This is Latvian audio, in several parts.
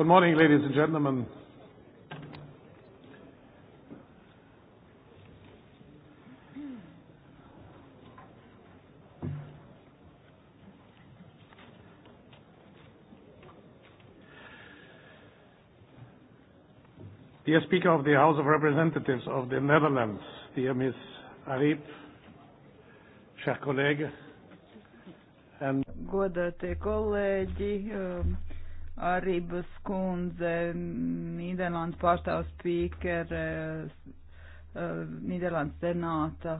Good morning, ladies and gentlemen. Dear Speaker of the House of Representatives of the Netherlands, dear Ms. Arip, chers collègues, and godātie kolēģi, um, Arības kundze, Nīderlandes pārstāvs Pīkere, eh, eh, Nīderlandes senāta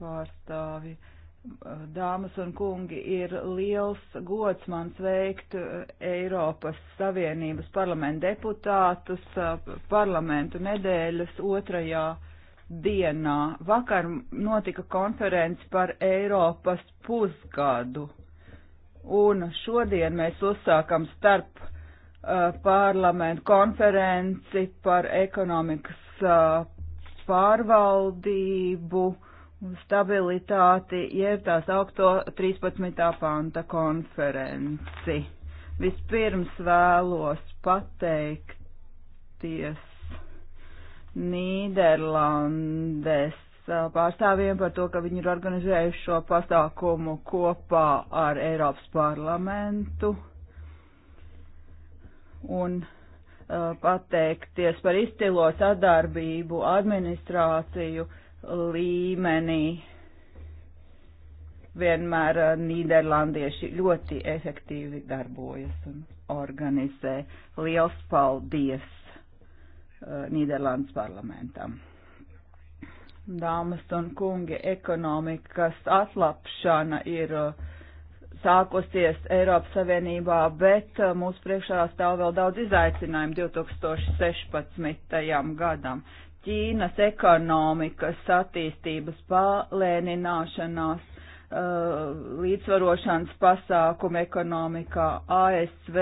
pārstāvi. Eh, dāmas un kungi, ir liels gods man sveikt Eiropas Savienības parlamenta deputātus parlamentu nedēļas otrajā dienā. Vakar notika konference par Eiropas pusgadu Un šodien mēs uzsākam starp uh, parlamentu konferenci par ekonomikas uh, pārvaldību stabilitāti, jeb tās augto 13. panta konferenci. Vispirms vēlos pateikties Nīderlandes pārstāvjiem par to, ka viņi ir organizējuši šo pasākumu kopā ar Eiropas parlamentu un uh, pateikties par izcilo sadarbību administrāciju līmenī. Vienmēr uh, Nīderlandieši ļoti efektīvi darbojas un organizē. Liels paldies uh, Nīderlandes parlamentam! Dāmas un kungi, ekonomikas atlapšana ir uh, sākusies Eiropas Savienībā, bet uh, mūsu priekšā stāv vēl daudz izaicinājumu 2016. gadam. Ķīnas ekonomikas attīstības palēnināšanās, uh, līdzvarošanas pasākumu ekonomikā, ASV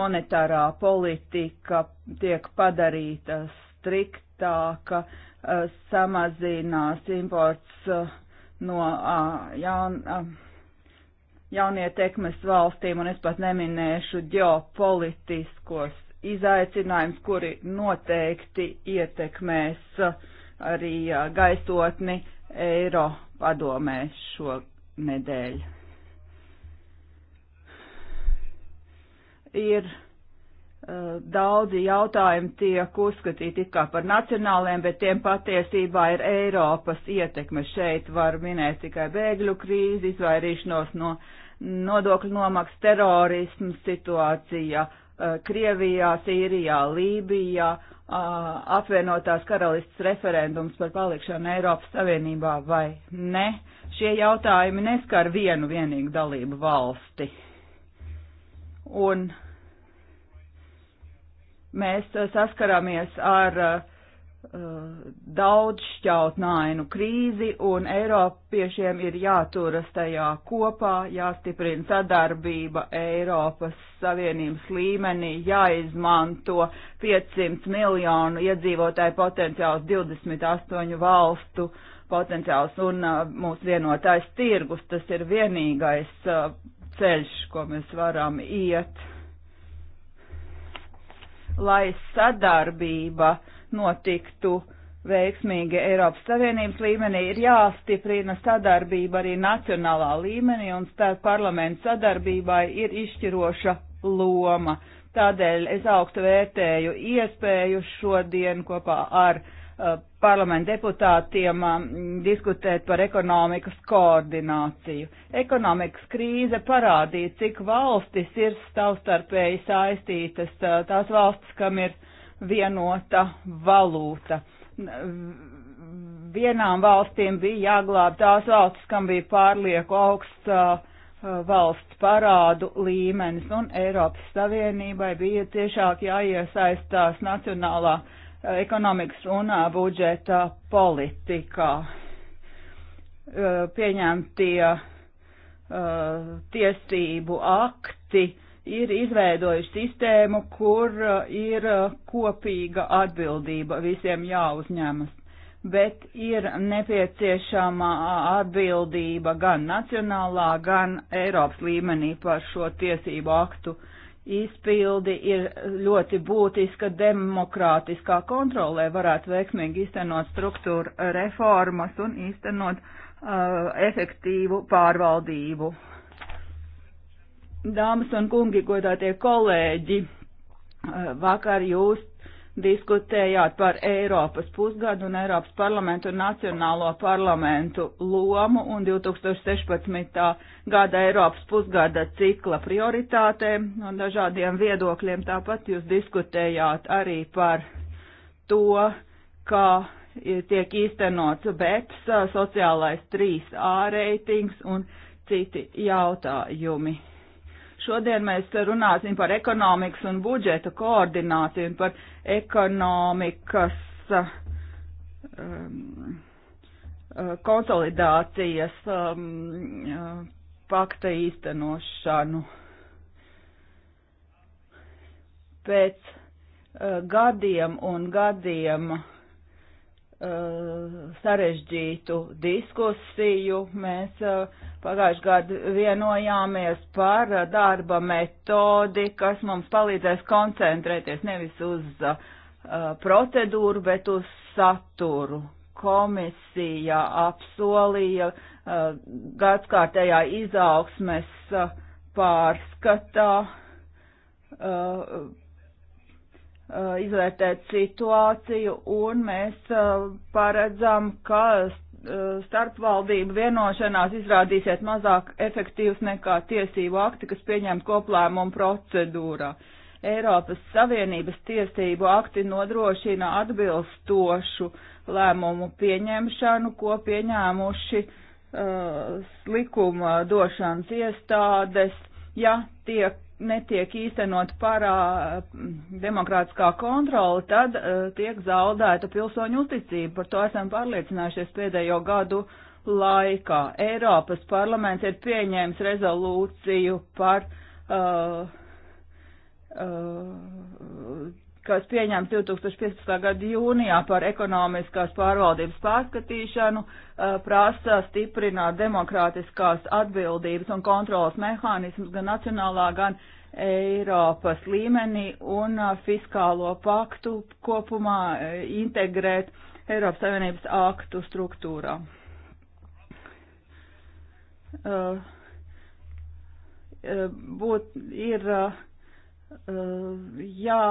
monetārā politika tiek padarīta striktāka, Eh, samazinās imports eh, no eh, jaun, jaunietekmes valstīm, un es pat neminēšu ģeopolitiskos izaicinājums, kuri noteikti ietekmēs arī gaisotni Eiro padomē šonedēļ. Ir daudzi jautājumi tiek uzskatīti kā par nacionāliem, bet tiem patiesībā ir Eiropas ietekme. Šeit var minēt tikai bēgļu krīzi, izvairīšanos no nodokļu nomaks, terorismu situācija eh, Krievijā, Sīrijā, Lībijā, apvienotās karalists referendums par palikšanu Eiropas Savienībā vai ne. Šie jautājumi neskar vienu vienīgu dalību valsti. Un uh, mēs eh, saskaramies ar uh, eh, daudzšķautnainu krīzi, un Eiropiešiem ir jāturas tajā kopā, jāstiprina sadarbība Eiropas Savienības līmenī, jāizmanto 500 miljonu iedzīvotāju potenciāls 28 valstu potenciāls un uh, mūsu vienotais tirgus. Tas ir vienīgais uh, ceļš, ko mēs varam iet lai sadarbība notiktu veiksmīgi Eiropas Savienības līmenī, ir jāstiprina sadarbība arī nacionālā līmenī un starp parlamentu sadarbībai ir izšķiroša loma. Tādēļ es augstu vērtēju iespēju šodien kopā ar uh, Eh, parlamenta deputātiem eh, diskutēt par ekonomikas koordināciju. Ekonomikas krīze parādīja, cik valstis ir savstarpēji saistītas, eh, tās valstis, kam ir vienota valūta. Vienām valstīm bija jāglāb tās valstis, kam bija pārlieku augsts valsts parādu līmenis, un Eiropas Savienībai bija tiešāk jāiesaistās nacionālā uh, Eh, ekonomikas un eh, budžeta politikā. Eh, pieņemtie tiesību akti ir izveidojuši sistēmu, kur ir kopīga atbildība visiem jāuzņemas, bet ir nepieciešama atbildība gan nacionālā, gan Eiropas līmenī par šo tiesību aktu uh, izpildi ir ļoti būtiska demokrātiskā kontrolē, varētu veiksmīgi iztenot struktūra reformas un iztenot uh, efektīvu pārvaldību. Dāmas un kungi, godātie kolēģi, uh, vakar jūs diskutējāt par Eiropas pusgadu un Eiropas parlamentu un Nacionālo parlamentu lomu un 2016. gada Eiropas pusgada cikla prioritātēm un dažādiem viedokļiem. Tāpat jūs diskutējāt arī par to, kā tiek īstenots BEPS, sociālais 3A reitings un citi jautājumi Šodien mēs runāsim par ekonomikas un budžeta koordināciju un par ekonomikas um, uh, konsolidācijas um, uh, pakta īstenošanu. Pēc uh, gadiem un gadiem uh, sarežģītu diskusiju mēs uh, Pagājuši gadu vienojāmies par uh, darba metodi, kas mums palīdzēs koncentrēties nevis uz uh, procedūru, bet uz saturu. Komisija apsolīja uh, gadskārtējā izaugsmes uh, pārskatā uh, uh, izvērtēt situāciju, un mēs paredzam, ka Eh, starpvaldību vienošanās izrādīsies mazāk efektīvs nekā tiesību akti, kas pieņemt koplēmumu procedūrā. Eiropas Savienības tiesību akti nodrošina atbilstošu lēmumu pieņemšanu, ko pieņēmuši uh, likuma došanas iestādes, ja tiek netiek īstenot parā demokrātiskā kontrola, tad uh, tiek zaudēta pilsoņu uzticība. Par to esam pārliecinājušies pēdējo gadu laikā. Eiropas parlaments ir pieņēmis rezolūciju par uh, uh, kas pieņemts 2015. gada jūnijā par ekonomiskās pārvaldības pārskatīšanu, prasa stiprināt demokrātiskās atbildības un kontrolas mehānismus gan nacionālā, gan Eiropas līmenī un fiskālo paktu kopumā integrēt Eiropas Savienības aktu struktūrā. Būt ir jā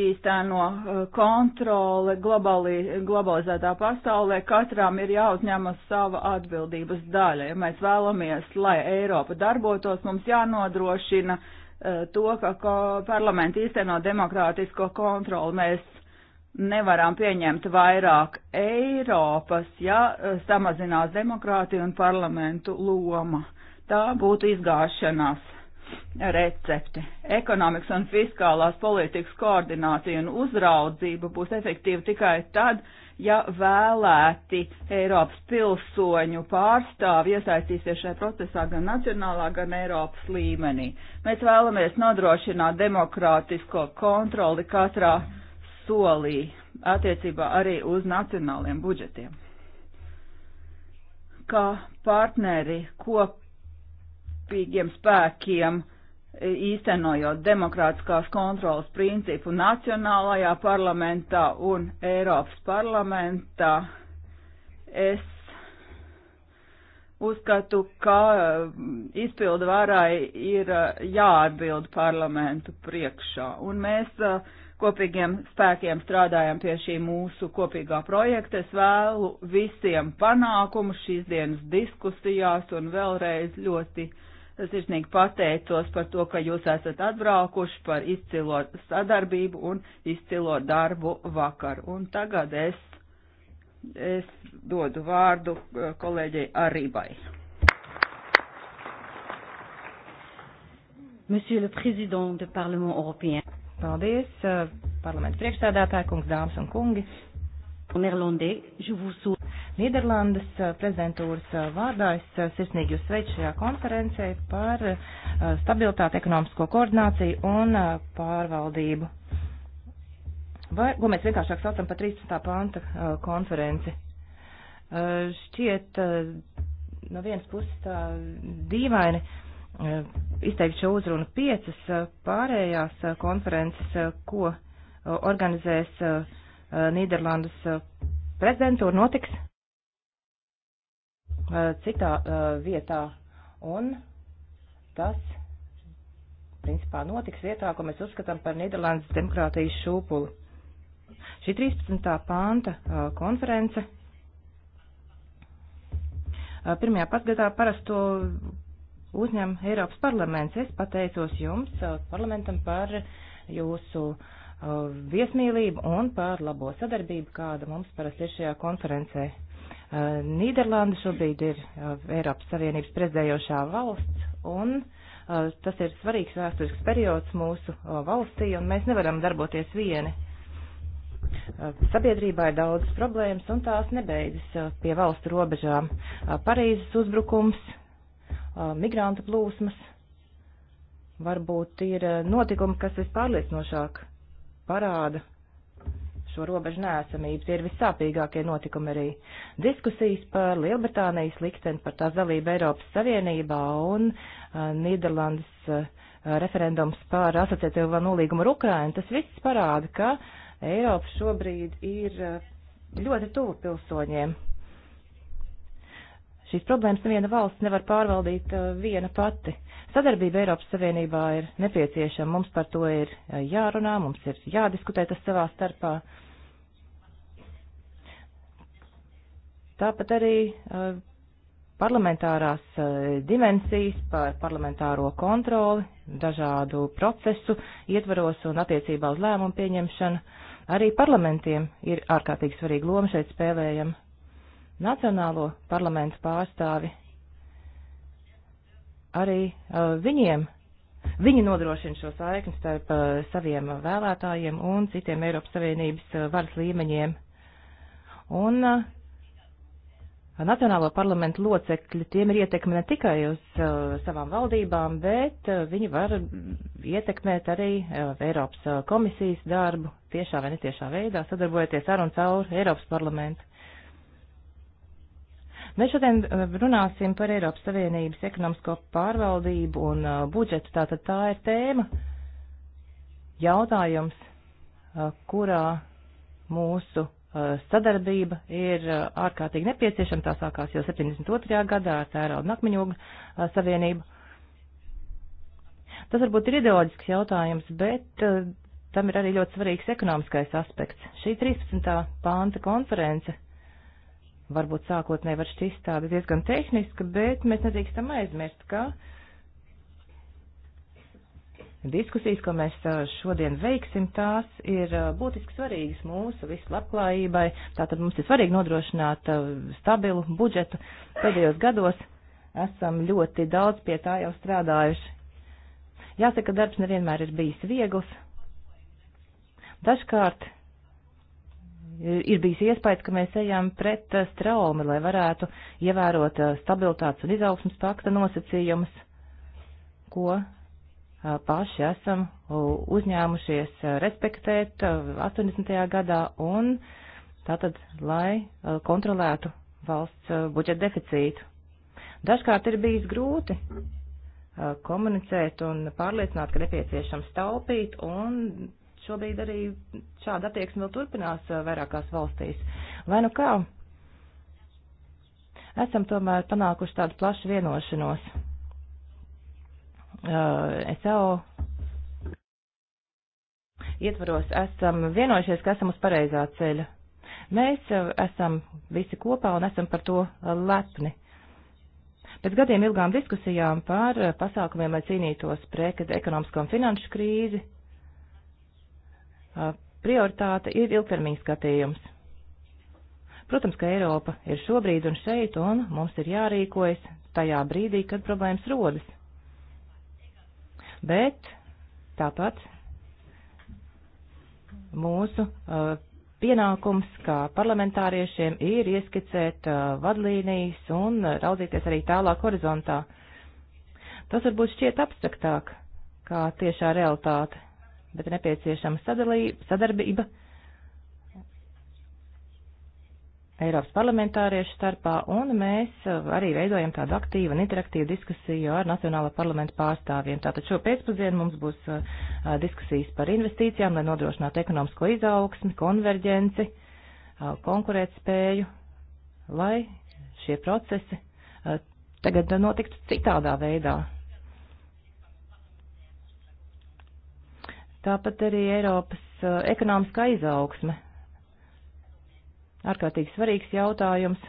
īsteno eh, kontrole globali, globalizētā pasaulē, katram ir jāuzņemas sava atbildības daļa. Ja mēs vēlamies, lai Eiropa darbotos, mums jānodrošina uh, to, ka ko, parlamenti īsteno demokrātisko kontroli. Mēs nevaram pieņemt vairāk Eiropas, ja uh, samazinās demokrātija un parlamentu loma. Tā būtu izgāšanās recepti. Ekonomikas un fiskālās politikas koordinācija un uzraudzība būs efektīva tikai tad, ja vēlēti Eiropas pilsoņu pārstāvi iesaistīsies šajā procesā gan nacionālā, gan Eiropas līmenī. Mēs vēlamies nodrošināt demokrātisko kontroli katrā solī attiecībā arī uz nacionāliem budžetiem. Kā partneri kop kopīgiem spēkiem e, īstenojot demokrātiskās kontrolas principu nacionālajā parlamentā un Eiropas parlamentā. Es uzskatu, ka e, izpildu varai ir e, jāatbild parlamentu priekšā. Un mēs kopīgiem spēkiem strādājam pie šī mūsu kopīgā projekta. Es vēlu visiem panākumu šīs dienas diskusijās un vēlreiz ļoti sirsnīgi pateicos par to, ka jūs esat atbraukuši par izcilo sadarbību un izcilo darbu vakar. Un tagad es, es dodu vārdu eh, kolēģei Arībai. Monsieur le Président du Parlement européen. Paldies, eh, parlamenta priekšsēdētāji, kungs, dāmas un kungi. En irlandais, je vous souhaite. Nīderlandes eh, prezidentūras eh, vārdā es eh, sirsnīgi jūs sveicu šajā konferencē par stabilitāti, ekonomisko koordināciju un pārvaldību. Vai, ko mēs vienkāršāk saucam par 13. panta konferenci. Šķiet no vienas puses tā dīvaini izteikt šo uzrunu piecas pārējās konferences, ko organizēs Nīderlandes prezidentūra notiks Uh, citā uh, vietā, un tas principā notiks vietā, ko mēs uzskatām par Nīderlandes demokrātijas šūpuli. Šī 13. panta uh, konference pirmajā pasgadā parasto uzņem Eiropas parlaments. Es pateicos jums, parlamentam, par jūsu viesmīlību un par labo sadarbību, kāda mums parasti ir šajā konferencē. Eh, Nīderlanda šobrīd ir eh, Eiropas Savienības prezidējošā valsts, un eh, tas ir svarīgs vēsturisks periods mūsu valstī, un mēs nevaram darboties vieni. Sabiedrībā ir daudz problēmas, un tās nebeidzas pie valstu robežām. Parīzes uzbrukums, migrāntu plūsmas, varbūt ir notikumi, kas vispārliecinošāk parāda šo robežu nēsamību. Tie ir vissāpīgākie notikumi arī diskusijas par Lielbritānijas likteni, par tās dalību Eiropas Savienībā un uh, Nīderlandes uh, referendums par asociatīvo nolīgumu ar Ukrainu. Tas viss parāda, ka Eiropa šobrīd ir uh, ļoti tuvu pilsoņiem. Šīs problēmas neviena valsts nevar pārvaldīt eh, viena pati. Sadarbība Eiropas Savienībā ir nepieciešama, mums par to ir eh, jārunā, mums ir jādiskutē tas savā starpā. Tāpat arī eh, parlamentārās dimensijas, par parlamentāro kontroli, dažādu procesu ietvaros un attiecībā uz lēmumu pieņemšanu. Arī parlamentiem ir ārkārtīgi svarīga loma šeit spēlējama nacionālo parlamentu pārstāvi, arī uh, viņiem, viņi nodrošina šo saikni starp uh, saviem vēlētājiem un citiem Eiropas Savienības uh, varas līmeņiem. Un uh, Nacionālo parlamentu locekļi, tiem ir ietekme ne tikai uz uh, savām valdībām, bet uh, viņi var ietekmēt arī uh, Eiropas uh, komisijas darbu tiešā vai netiešā veidā, sadarbojoties ar un caur Eiropas parlamentu. Mēs šodien eh, runāsim par Eiropas Savienības ekonomisko pārvaldību un eh, budžetu. Tātad tā ir tēma, jautājums, eh, kurā mūsu sadarbība ir ārkārtīgi nepieciešama. Tā sākās jau 72. gadā ar Tērauda Nakmiņoga savienību. Tas varbūt ir ideoloģisks jautājums, bet tam ir arī ļoti svarīgs ekonomiskais aspekts. Šī 13. pānta konference varbūt sākotnēji var šķist tāda diezgan tehniska, bet mēs nedrīkstam aizmirst, ka diskusijas, ko mēs šodien veiksim, tās ir būtiski svarīgas mūsu visu labklājībai. Tātad mums ir svarīgi nodrošināt stabilu budžetu. Pēdējos gados esam ļoti daudz pie tā jau strādājuši. Jāsaka, darbs nevienmēr ir bijis viegls. Dažkārt ir bijis iespējas, ka mēs ejam pret eh, straumi, lai varētu ievērot eh, stabilitātes un izaugsmas pakta nosacījumus, ko eh, paši esam uzņēmušies respektēt 80. gadā un tātad, lai kontrolētu valsts budžeta deficītu. Dažkārt ir bijis grūti komunicēt un pārliecināt, ka nepieciešams taupīt, un šobrīd arī šāda attieksme vēl turpinās eh, vairākās valstīs. Vai nu kā? Esam tomēr panākuši tādu plašu vienošanos. Uh, eh, SAO e ietvaros esam vienojušies, ka esam uz pareizā ceļa. Mēs eh, esam visi kopā un esam par to lepni. Pēc gadiem ilgām diskusijām par pasākumiem, lai cīnītos pret ekonomisko un finanšu krīzi, prioritāte ir ilgtermiņa skatījums. Protams, ka Eiropa ir šobrīd un šeit, un mums ir jārīkojas tajā brīdī, kad problēmas rodas. Bet tāpat mūsu uh, pienākums, kā parlamentāriešiem, ir ieskicēt uh, vadlīnijas un raudzīties arī tālāk horizontā. Tas varbūt šķiet abstraktāk kā tiešā realitāte, bet ir nepieciešama sadalī, sadarbība Eiropas parlamentāriešu starpā, un mēs uh, arī veidojam tādu aktīvu un interaktīvu diskusiju ar Nacionālo parlamentu pārstāvjiem. Tātad šo pēcpazienu mums būs uh, uh, diskusijas par investīcijām, lai nodrošinātu ekonomisko izaugsmi, konverģenci, konkurētspēju, lai šie procesi tagad notiktu citādā veidā, Tāpat arī Eiropas uh, ekonomiskā izaugsme. Ārkārtīgi svarīgs jautājums.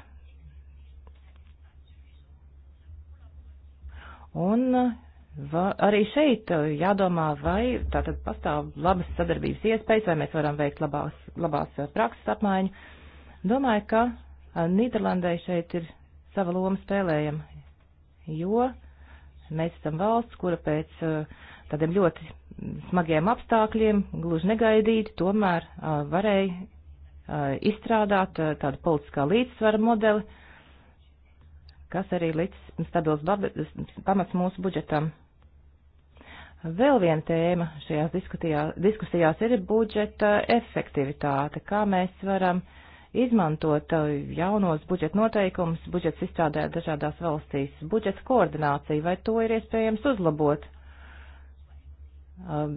Un uh, va, arī šeit uh, jādomā, vai tātad pastāv labas sadarbības iespējas, vai mēs varam veikt labās, labās prakses apmaiņu. Domāju, ka Nīderlandai šeit ir sava loma spēlējama, jo mēs esam valsts, kura pēc tādiem ļoti smagiem apstākļiem, gluži negaidīti, tomēr varēja izstrādāt tādu politiskā līdzsvara modeli, kas arī līdz stabils pamats mūsu budžetam. Vēl viena tēma šajās diskusijās ir budžeta efektivitāte, kā mēs varam izmantot jaunos budžeta noteikumus, budžets izstrādājot dažādās valstīs, budžeta koordinācija, vai to ir iespējams uzlabot Um,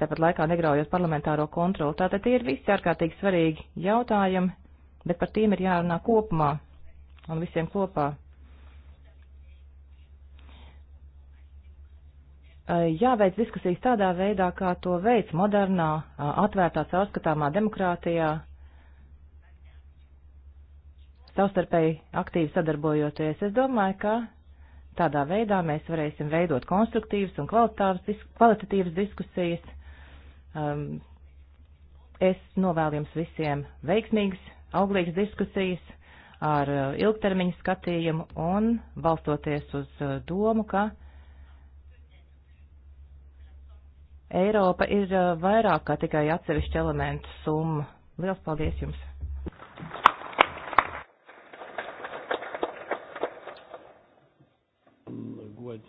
tāpat laikā negraujot parlamentāro kontroli. Tātad tie ir visi ārkārtīgi svarīgi jautājumi, bet par tiem ir jārunā kopumā un visiem kopā. Uh, jāveic diskusijas tādā veidā, kā to veids modernā, uh, atvērtā, caurskatāmā demokrātijā, savstarpēji aktīvi sadarbojoties. Es domāju, ka Tādā veidā mēs varēsim veidot konstruktīvas un kvalitatīvas diskusijas. Um, es novēlu jums visiem veiksmīgas, auglīgas diskusijas ar uh, ilgtermiņu skatījumu un balstoties uz uh, domu, ka Eiropa ir uh, vairāk kā tikai atsevišķu elementu summa. Liels paldies jums!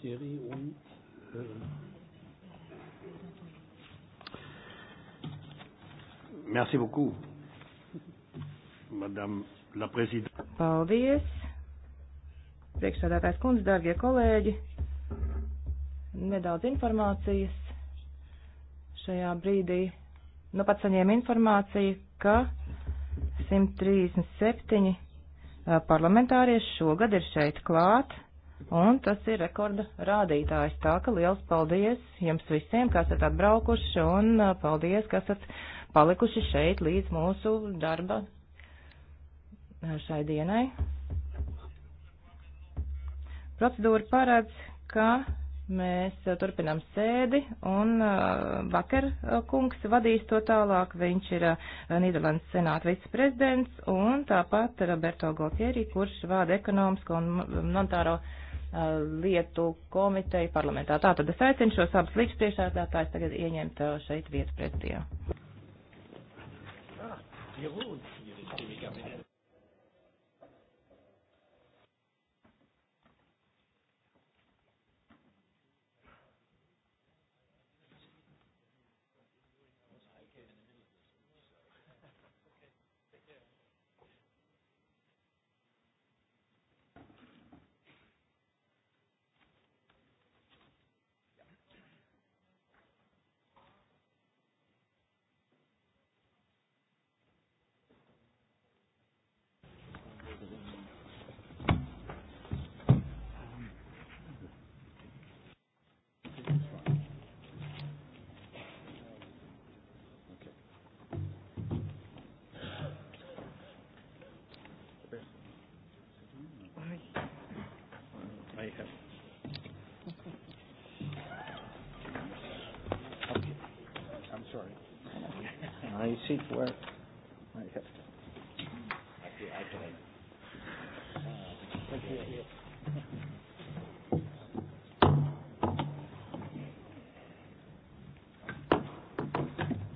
Thierry und. Äh, merci beaucoup, Madame la Présidente. Paldies, priekšsēdētājs kundze, dārgie kolēģi. Nedaudz informācijas šajā brīdī. Nu pat saņēma informāciju, ka 137 parlamentārieši šogad ir šeit klāt Un tas ir rekorda rādītājs. Tā ka liels paldies jums visiem, kas esat atbraukuši, un paldies, kas esat palikuši šeit līdz mūsu darba šai dienai. Procedūra paredz, ka mēs turpinām sēdi, un vakar kungs vadīs to tālāk. Viņš ir Nīderlandes senāta viceprezidents, un tāpat Roberto Gautieri, kurš vada ekonomisko un monetāro. No Uh, lietu komiteju parlamentā. Tātad es aicinu šos abus līdzpriekšādātājus tagad ieņemt uh, šeit vietu pretī. Ah,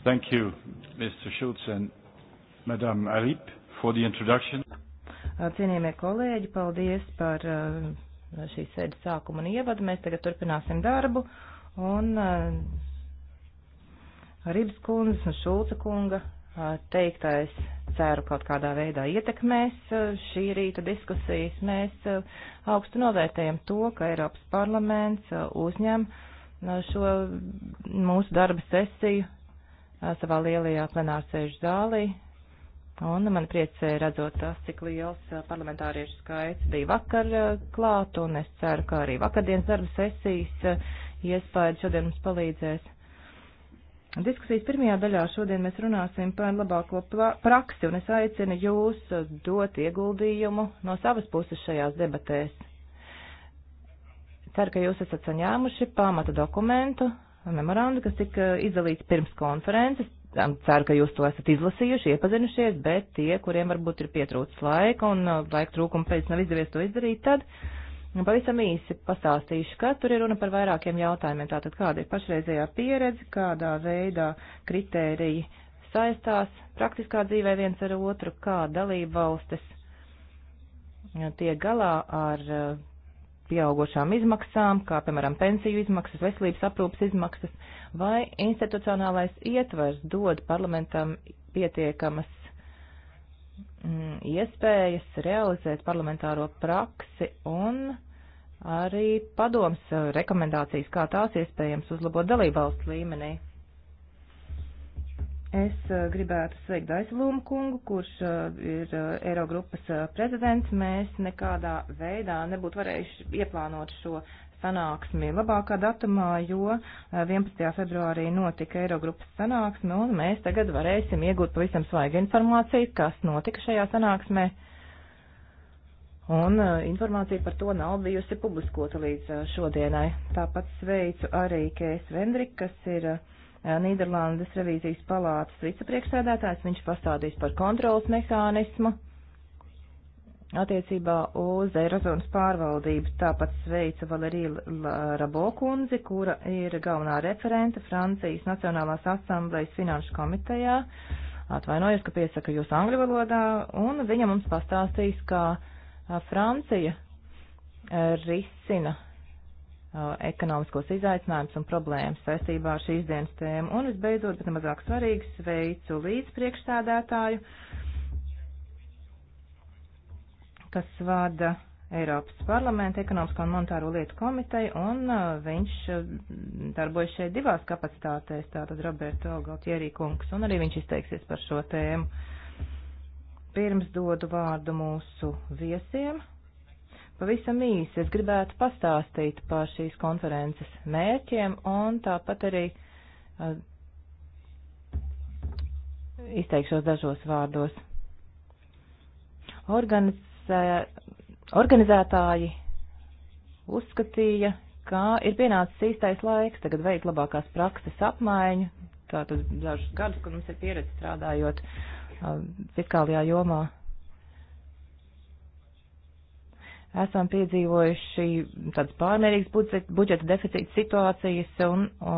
Thank you, Mr. Schulz and Madam Arip, for the introduction. Uh, cienījamie kolēģi, paldies par uh, šīs sēdes sākumu un ievadu. Mēs tagad turpināsim darbu. Un uh, Ribas kundzes un Šulca kunga teiktais ceru kaut kādā veidā ietekmēs šī rīta diskusijas. Mēs augstu novērtējam to, ka Eiropas parlaments uzņem šo mūsu darba sesiju savā lielajā plenārsēžu zālī. Un man priecē redzot tas, cik liels parlamentāriešu skaits bija vakar klāt, un es ceru, ka arī vakardienas darba sesijas iespēja šodien mums palīdzēs. Diskusijas pirmajā daļā šodien mēs runāsim par labāko praksi, un es aicinu jūs dot ieguldījumu no savas puses šajās debatēs. Ceru, ka jūs esat saņēmuši pamata dokumentu, memorandu, kas tika izdalīts pirms konferences. Ceru, ka jūs to esat izlasījuši, iepazinušies, bet tie, kuriem varbūt ir pietrūcis laika un uh, laika trūkuma pēc nav izdevies to izdarīt, tad nu, pavisam īsi pastāstīšu, ka tur ir runa par vairākiem jautājumiem. Tātad, kāda ir pašreizējā pieredze, kādā veidā kritēriji saistās praktiskā dzīvē viens ar otru, kā dalība valstis uh, tiek galā ar uh, pieaugušām izmaksām, kā piemēram pensiju izmaksas, veselības aprūpas izmaksas, vai institucionālais ietvers dod parlamentam pietiekamas mm, iespējas realizēt parlamentāro praksi un arī padoms rekomendācijas, kā tās iespējams uzlabot dalībvalstu līmenī. Es eh, gribētu sveikt Daisalūmu kungu, kurš eh, ir eh, Eirogrupas prezidents. Mēs nekādā veidā nebūtu varējuši ieplānot šo sanāksmi labākā datumā, jo 11. februārī notika Eirogrupas sanāksme, un mēs tagad varēsim iegūt pavisam svaigu informāciju, kas notika šajā sanāksmē. Un informācija par to nav bijusi publiskota līdz šodienai. Tāpat sveicu arī Kēs Vendrik, kas ir uh, Eh, Nīderlandes revīzijas palātas vicepriekšsēdētājs, viņš pastādīs par kontrolas mehānismu attiecībā uz Eirozonas pārvaldību. Tāpat sveica Valerija Rabokundzi, kura ir galvenā referente Francijas Nacionālās asamblejas finanšu komitejā. Atvainojos, ka piesaka jūs angļu valodā, un viņa mums pastāstīs, kā Francija risina Uh, ekonomiskos izaicinājumus un problēmas saistībā ar šīs dienas tēmu. Un visbeidzot, bet nemazāk svarīgs, sveicu līdz priekšstādātāju, kas vada Eiropas parlamenta ekonomisko un monetāro lietu komiteju, un uh, viņš uh, darbojas šeit divās kapacitātēs, tātad Roberto Galtieri kungs, un arī viņš izteiksies par šo tēmu. Pirms dodu vārdu mūsu viesiem, Pavisam īsi es gribētu pastāstīt par šīs konferences mērķiem un tāpat arī uh, izteikšos dažos vārdos. Organizē, organizētāji uzskatīja, ka ir pienācis īstais laiks tagad veikt labākās prakses apmaiņu, tātad dažus gadus, kad mums ir pieredze strādājot uh, fiskālajā jomā esam piedzīvojuši tādas pārmērīgas budžeta deficīta situācijas un o,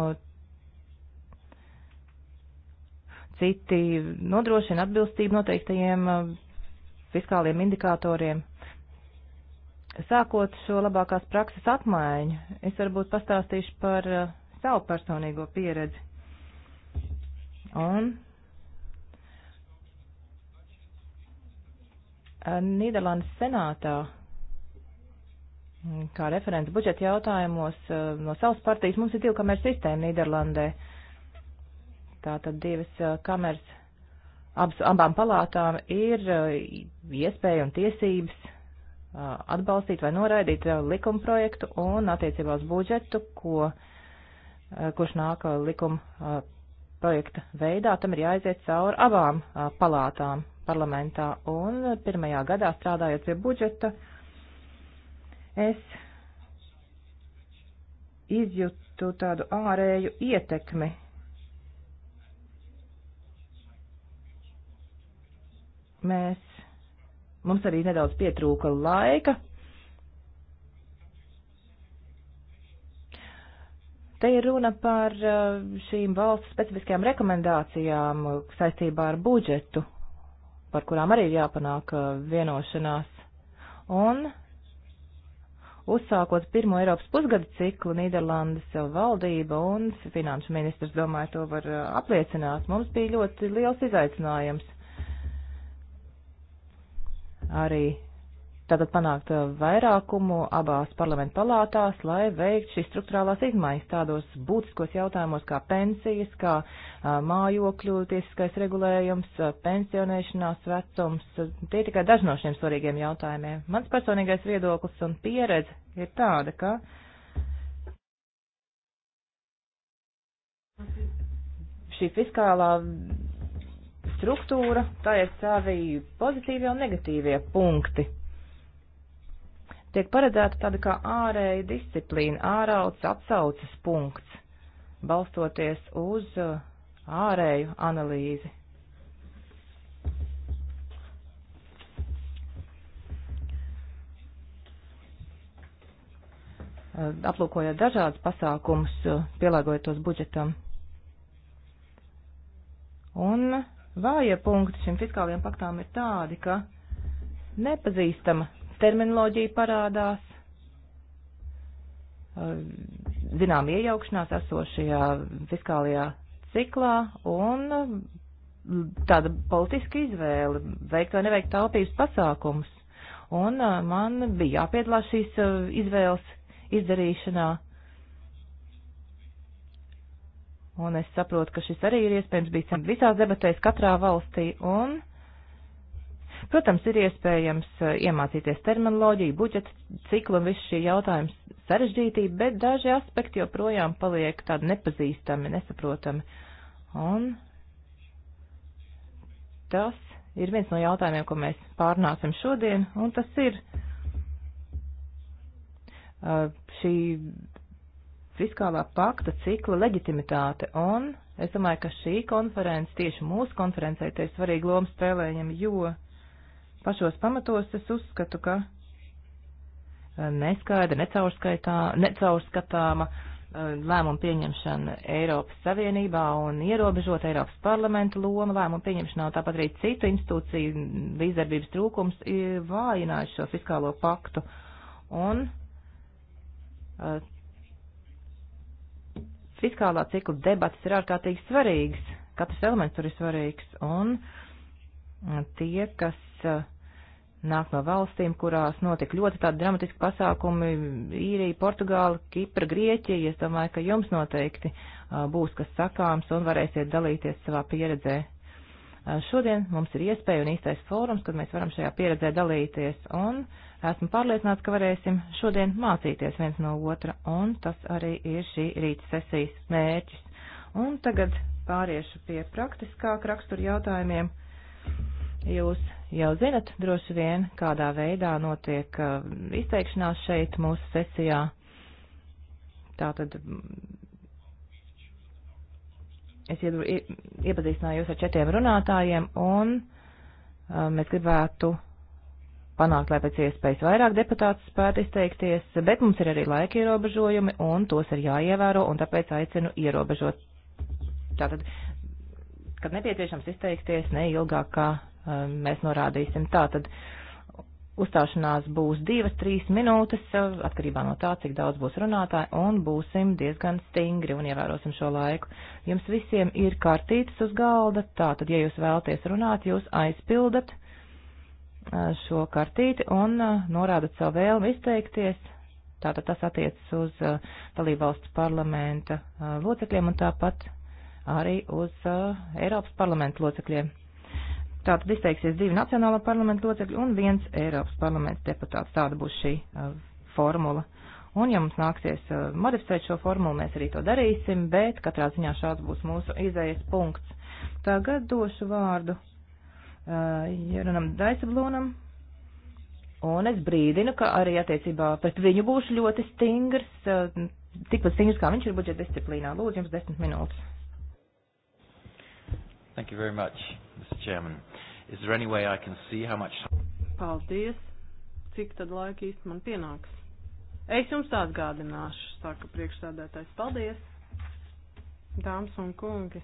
citi nodrošina atbilstību noteiktajiem fiskāliem indikatoriem. Sākot šo labākās prakses apmaiņu, es varbūt pastāstīšu par savu personīgo pieredzi. Un Nīderlandes senātā kā referenta budžeta jautājumos eh, no savas partijas. Mums ir divu kameru sistēma Nīderlandē. Tātad divas eh, kameras abs, abām palātām ir eh, iespēja un tiesības atbalstīt vai noraidīt likuma projektu un attiecībā uz budžetu, ko, kurš nāk likuma projekta veidā, tam ir jāaiziet cauri abām palātām parlamentā. Un pirmajā gadā strādājot pie budžeta, uh, Es izjūtu tādu ārēju ietekmi. Mēs, mums arī nedaudz pietrūka laika. Te ir runa par uh, šīm valsts specifiskajām rekomendācijām uh, saistībā ar budžetu, par kurām arī ir jāpanāk uh, vienošanās. Un uzsākot pirmo Eiropas pusgada ciklu, Nīderlandes valdība un finanšu ministrs, domāju, to var uh, apliecināt. Mums bija ļoti liels izaicinājums arī tātad panākt uh, vairākumu abās parlamentu palātās, lai veikt šīs struktūrālās izmaiņas tādos būtiskos jautājumos kā pensijas, kā uh, mājokļu tiesiskais regulējums, uh, pensionēšanās vecums. Tie tikai daži no šiem svarīgiem jautājumiem. Mans personīgais viedoklis un pieredze ir tāda, ka. Šī fiskālā struktūra, tā ir savi pozitīvie un negatīvie punkti tiek paredzēta tāda kā ārēja disciplīna, ārauts atsaucas punkts, balstoties uz uh, ārēju analīzi. Uh, aplūkojot dažādas pasākumus, uh, pielāgojot tos budžetam. Un vājie punkti šim fiskālajiem paktām ir tādi, ka nepazīstama terminoloģija parādās, zinām iejaukšanās esošajā fiskālajā ciklā un tāda politiska izvēle veikt vai neveikt taupības pasākumus. Un man bija jāpiedalās šīs izvēles izdarīšanā. Un es saprotu, ka šis arī ir iespējams bijis visās debatēs katrā valstī. Un uh, Protams, ir iespējams eh, iemācīties terminoloģiju, budžeta ciklu un visu šī jautājuma sarežģītību, bet daži aspekti joprojām paliek tādi nepazīstami, nesaprotami. Un tas ir viens no jautājumiem, ko mēs pārnāsim šodien, un tas ir eh, šī fiskālā pakta cikla leģitimitāte. Un es domāju, ka šī konference, tieši mūsu konferencē, te ir svarīga loma spēlējama, jo Pašos pamatos es uzskatu, ka eh, neskaidra, necaurskatāma eh, lēmumu pieņemšana Eiropas Savienībā un ierobežot Eiropas parlamenta loma lēmumu pieņemšanā, tāpat arī citu institūciju līdzdarbības trūkums ir vājinājis šo fiskālo paktu. Un uh, fiskālā cikla debatas ir ārkārtīgi svarīgas, katrs elements tur ir svarīgs, un tie, kas uh, nāk no valstīm, kurās notika ļoti tādi dramatiski pasākumi - īrija, Portugāla, Kipra, Grieķija. Es domāju, ka jums noteikti būs kas sakāms un varēsiet dalīties savā pieredzē. Šodien mums ir iespēja un īstais fórums, kad mēs varam šajā pieredzē dalīties, un esmu pārliecināts, ka varēsim šodien mācīties viens no otra, un tas arī ir šī rīta sesijas mērķis. Un tagad pāriešu pie praktiskāk rakstura jautājumiem. Jūs jau zinat droši vien, kādā veidā notiek uh, izteikšanās šeit mūsu sesijā. Tātad mm, es iepazīstināju jūs ar četriem runātājiem un uh, mēs gribētu panākt, lai pēc iespējas vairāk deputātus spētu izteikties, bet mums ir arī laika ierobežojumi, un tos ir jāievēro, un tāpēc aicinu ierobežot. Tātad, kad nepieciešams izteikties ne ilgāk kā Ehm, mēs norādīsim. Tātad uzstāšanās būs divas, trīs minūtes, eh, atkarībā no tā, cik daudz būs runātāji, un būsim diezgan stingri un ievērosim šo laiku. Jums visiem ir kartītes uz galda, tātad, ja jūs vēlaties runāt, jūs aizpildat eh, šo kartīti un eh, norādat savu vēlmu izteikties. Tātad tas attiecas uz dalībvalsts parlamenta locekļiem un tāpat arī uz Eiropas parlamenta locekļiem. Tātad izteiksies divi Nacionālā parlamenta locekļi un viens Eiropas parlaments deputāts. Tāda būs šī uh, formula. Un, ja mums nāksies uh, modificēt šo formulu, mēs arī to darīsim, bet katrā ziņā šāds būs mūsu izējas punkts. Tagad došu vārdu uh, Jeronam Daisablonam, un es brīdinu, ka arī attiecībā pret viņu būšu ļoti stingrs, uh, tikpat stingrs, kā viņš ir budžeta disciplīnā. Lūdzu, jums desmit minūtes. Thank you very much, Mr. Chairman. Is there any way I can see how much Paldies. Cik tad laika īsti man pienāks? Es jums atgādināšu, saka priekšsēdētājs. Paldies, dāmas un kungi.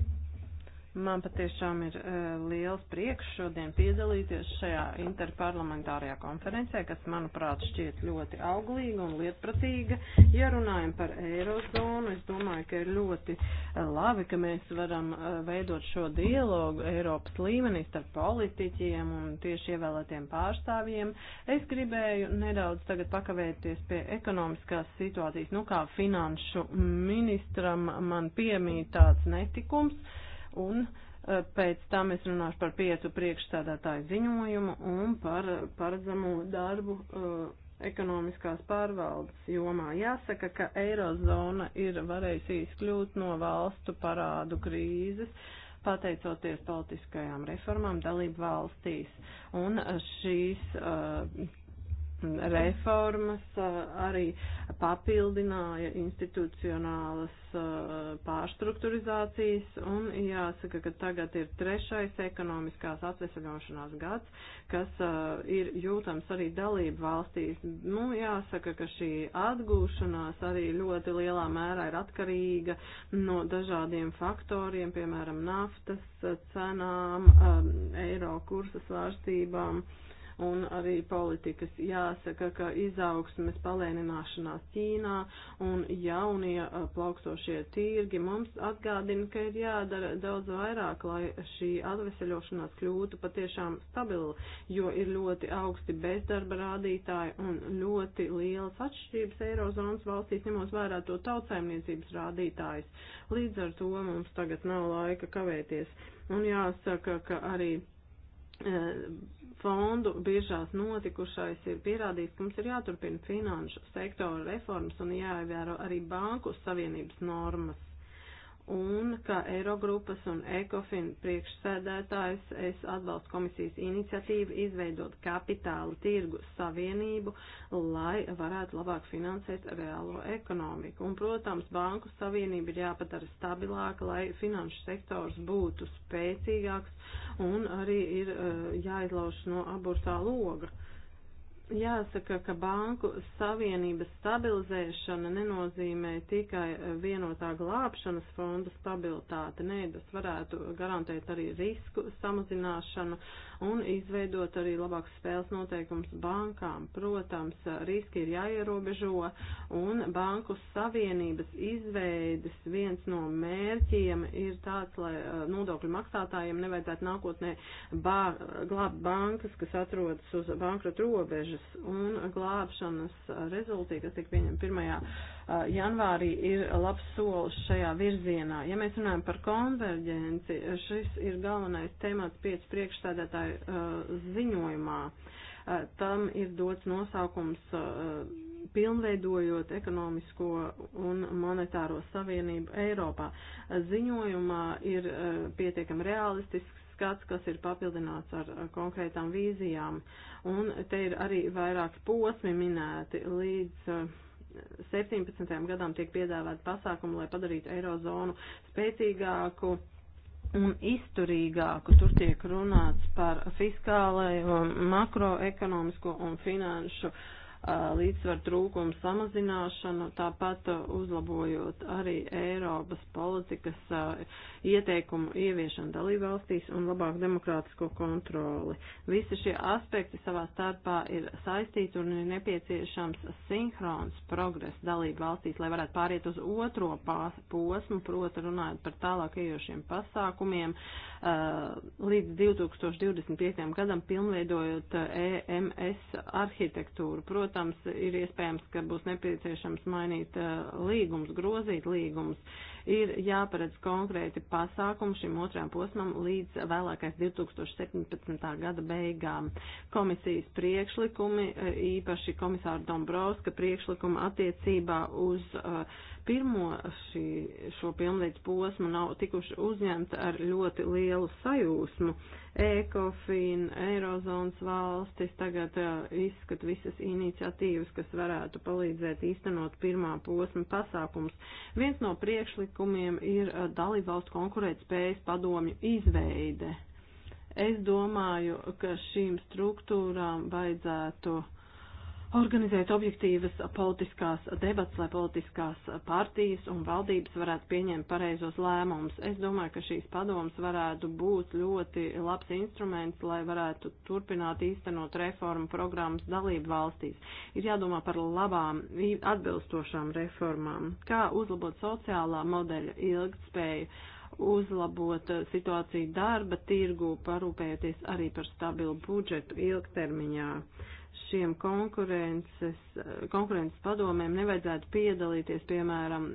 Man patiešām ir uh, liels prieks šodien piedalīties šajā interparlamentārajā konferencē, kas, manuprāt, šķiet ļoti auglīga un lietpratīga. Ja runājam par Eirozonu, es domāju, ka ir ļoti uh, labi, ka mēs varam uh, veidot šo dialogu Eiropas līmenī starp politiķiem un tieši ievēlētiem pārstāvjiem. Es gribēju nedaudz tagad pakavēties pie ekonomiskās situācijas. Nu, kā finanšu ministram man piemīt tāds netikums un eh, pēc tam es runāšu par piecu priekšstādātāju ziņojumu un par paredzamo darbu eh, ekonomiskās pārvaldes jomā. Jāsaka, ka Eirozona ir varējusi izkļūt no valstu parādu krīzes pateicoties politiskajām reformām dalību valstīs. Un eh, šīs uh, reformas eh, arī papildināja institucionālas eh, pārstrukturizācijas un jāsaka, ka tagad ir trešais ekonomiskās atvesaļošanās gads, kas eh, ir jūtams arī dalību valstīs. Nu, jāsaka, ka šī atgūšanās arī ļoti lielā mērā ir atkarīga no dažādiem faktoriem, piemēram, naftas cenām, eiro kursa svārstībām. Mm un arī politikas. Jāsaka, ka izaugsmes palēnināšanās Ķīnā un jaunie plaukstošie tirgi mums atgādina, ka ir jādara daudz vairāk, lai šī atveseļošanās kļūtu patiešām stabila, jo ir ļoti augsti bezdarba rādītāji un ļoti lielas atšķirības Eirozonas valstīs, ņemot vērā to tautsaimniecības rādītājus. Līdz ar to mums tagad nav laika kavēties. Un jāsaka, ka arī fondu biržās notikušais ir pierādījis, ka mums ir jāturpina finanšu sektora reformas un jāievēro arī banku savienības normas un kā Eirogrupas un Ekofin priekšsēdētājs es atbalstu komisijas iniciatīvu izveidot kapitāla tirgu savienību, lai varētu labāk finansēt reālo ekonomiku. Un, protams, banku savienība ir jāpadara stabilāka, lai finanšu sektors būtu spēcīgāks un arī ir uh, jāizlauž no aburtā loga. Jāsaka, ka banku savienības stabilizēšana nenozīmē tikai vienotā glābšanas fonda stabilitāti. Nē, tas varētu garantēt arī risku samazināšanu, uh, un izveidot arī labākus spēles noteikumus bankām. Protams, riski ir jāierobežo un banku savienības izveides viens no mērķiem ir tāds, lai eh, nodokļu maksātājiem nevajadzētu nākotnē bā, glābt bankas, kas atrodas uz bankrota robežas un glābšanas rezultātī, kas tika pieņemta pirmajā janvārī ir labs solis šajā virzienā. Ja mēs runājam par konverģenci, šis ir galvenais temats pēc priekšstādātāju ziņojumā. Tam ir dots nosaukums pilnveidojot ekonomisko un monetāro savienību Eiropā. Ziņojumā ir pietiekami realistisks skats, kas ir papildināts ar konkrētām vīzijām, un te ir arī vairāki posmi minēti līdz 17. gadam tiek piedāvāti pasākumi, lai padarītu eirozonu spēcīgāku un izturīgāku. Tur tiek runāts par fiskālajiem, makroekonomisko un finanšu uh, līdzsvaru trūkumu samazināšanu, tāpat uzlabojot arī Eiropas politikas ieteikumu ieviešanu dalībvalstīs un labāku demokrātisko kontroli. Visi šie aspekti savā starpā ir saistīti un ir nepieciešams sinhrons progress dalībvalstīs, lai varētu pāriet uz otro posmu, proti runājot par tālākajošiem pasākumiem. Uh, Uh, līdz 2025. gadam pilnveidojot uh, EMS arhitektūru. Protams, ir iespējams, ka būs nepieciešams mainīt uh, līgums, grozīt līgums. Ir jāparedz konkrēti pasākumi šim otrajam posmam līdz vēlākais 2017. gada beigām. Komisijas priekšlikumi, īpaši komisāra Dombrovska priekšlikuma attiecībā uz uh, pirmo šī, šo pilnveids posmu nav tikuši uzņemta ar ļoti lielu sajūsmu. Ekofin, Eirozonas valstis tagad uh, izskat visas iniciatīvas, kas varētu palīdzēt īstenot pirmā posma pasākums. Viens no priekšlikumiem ir uh, dalībvalstu konkurētspējas padomju izveide. Es domāju, ka šīm struktūrām vajadzētu organizēt objektīvas politiskās debats, lai politiskās partijas un valdības varētu pieņemt pareizos lēmumus. Es domāju, ka šīs padomas varētu būt ļoti labs instruments, lai varētu turpināt īstenot reformu programmas dalību valstīs. Ir jādomā par labām, atbilstošām reformām, kā uzlabot sociālā modeļa ilgtspēju uzlabot uh, situāciju darba tirgu, parūpējoties arī par stabilu budžetu ilgtermiņā šiem konkurences, konkurences padomēm nevajadzētu piedalīties, piemēram,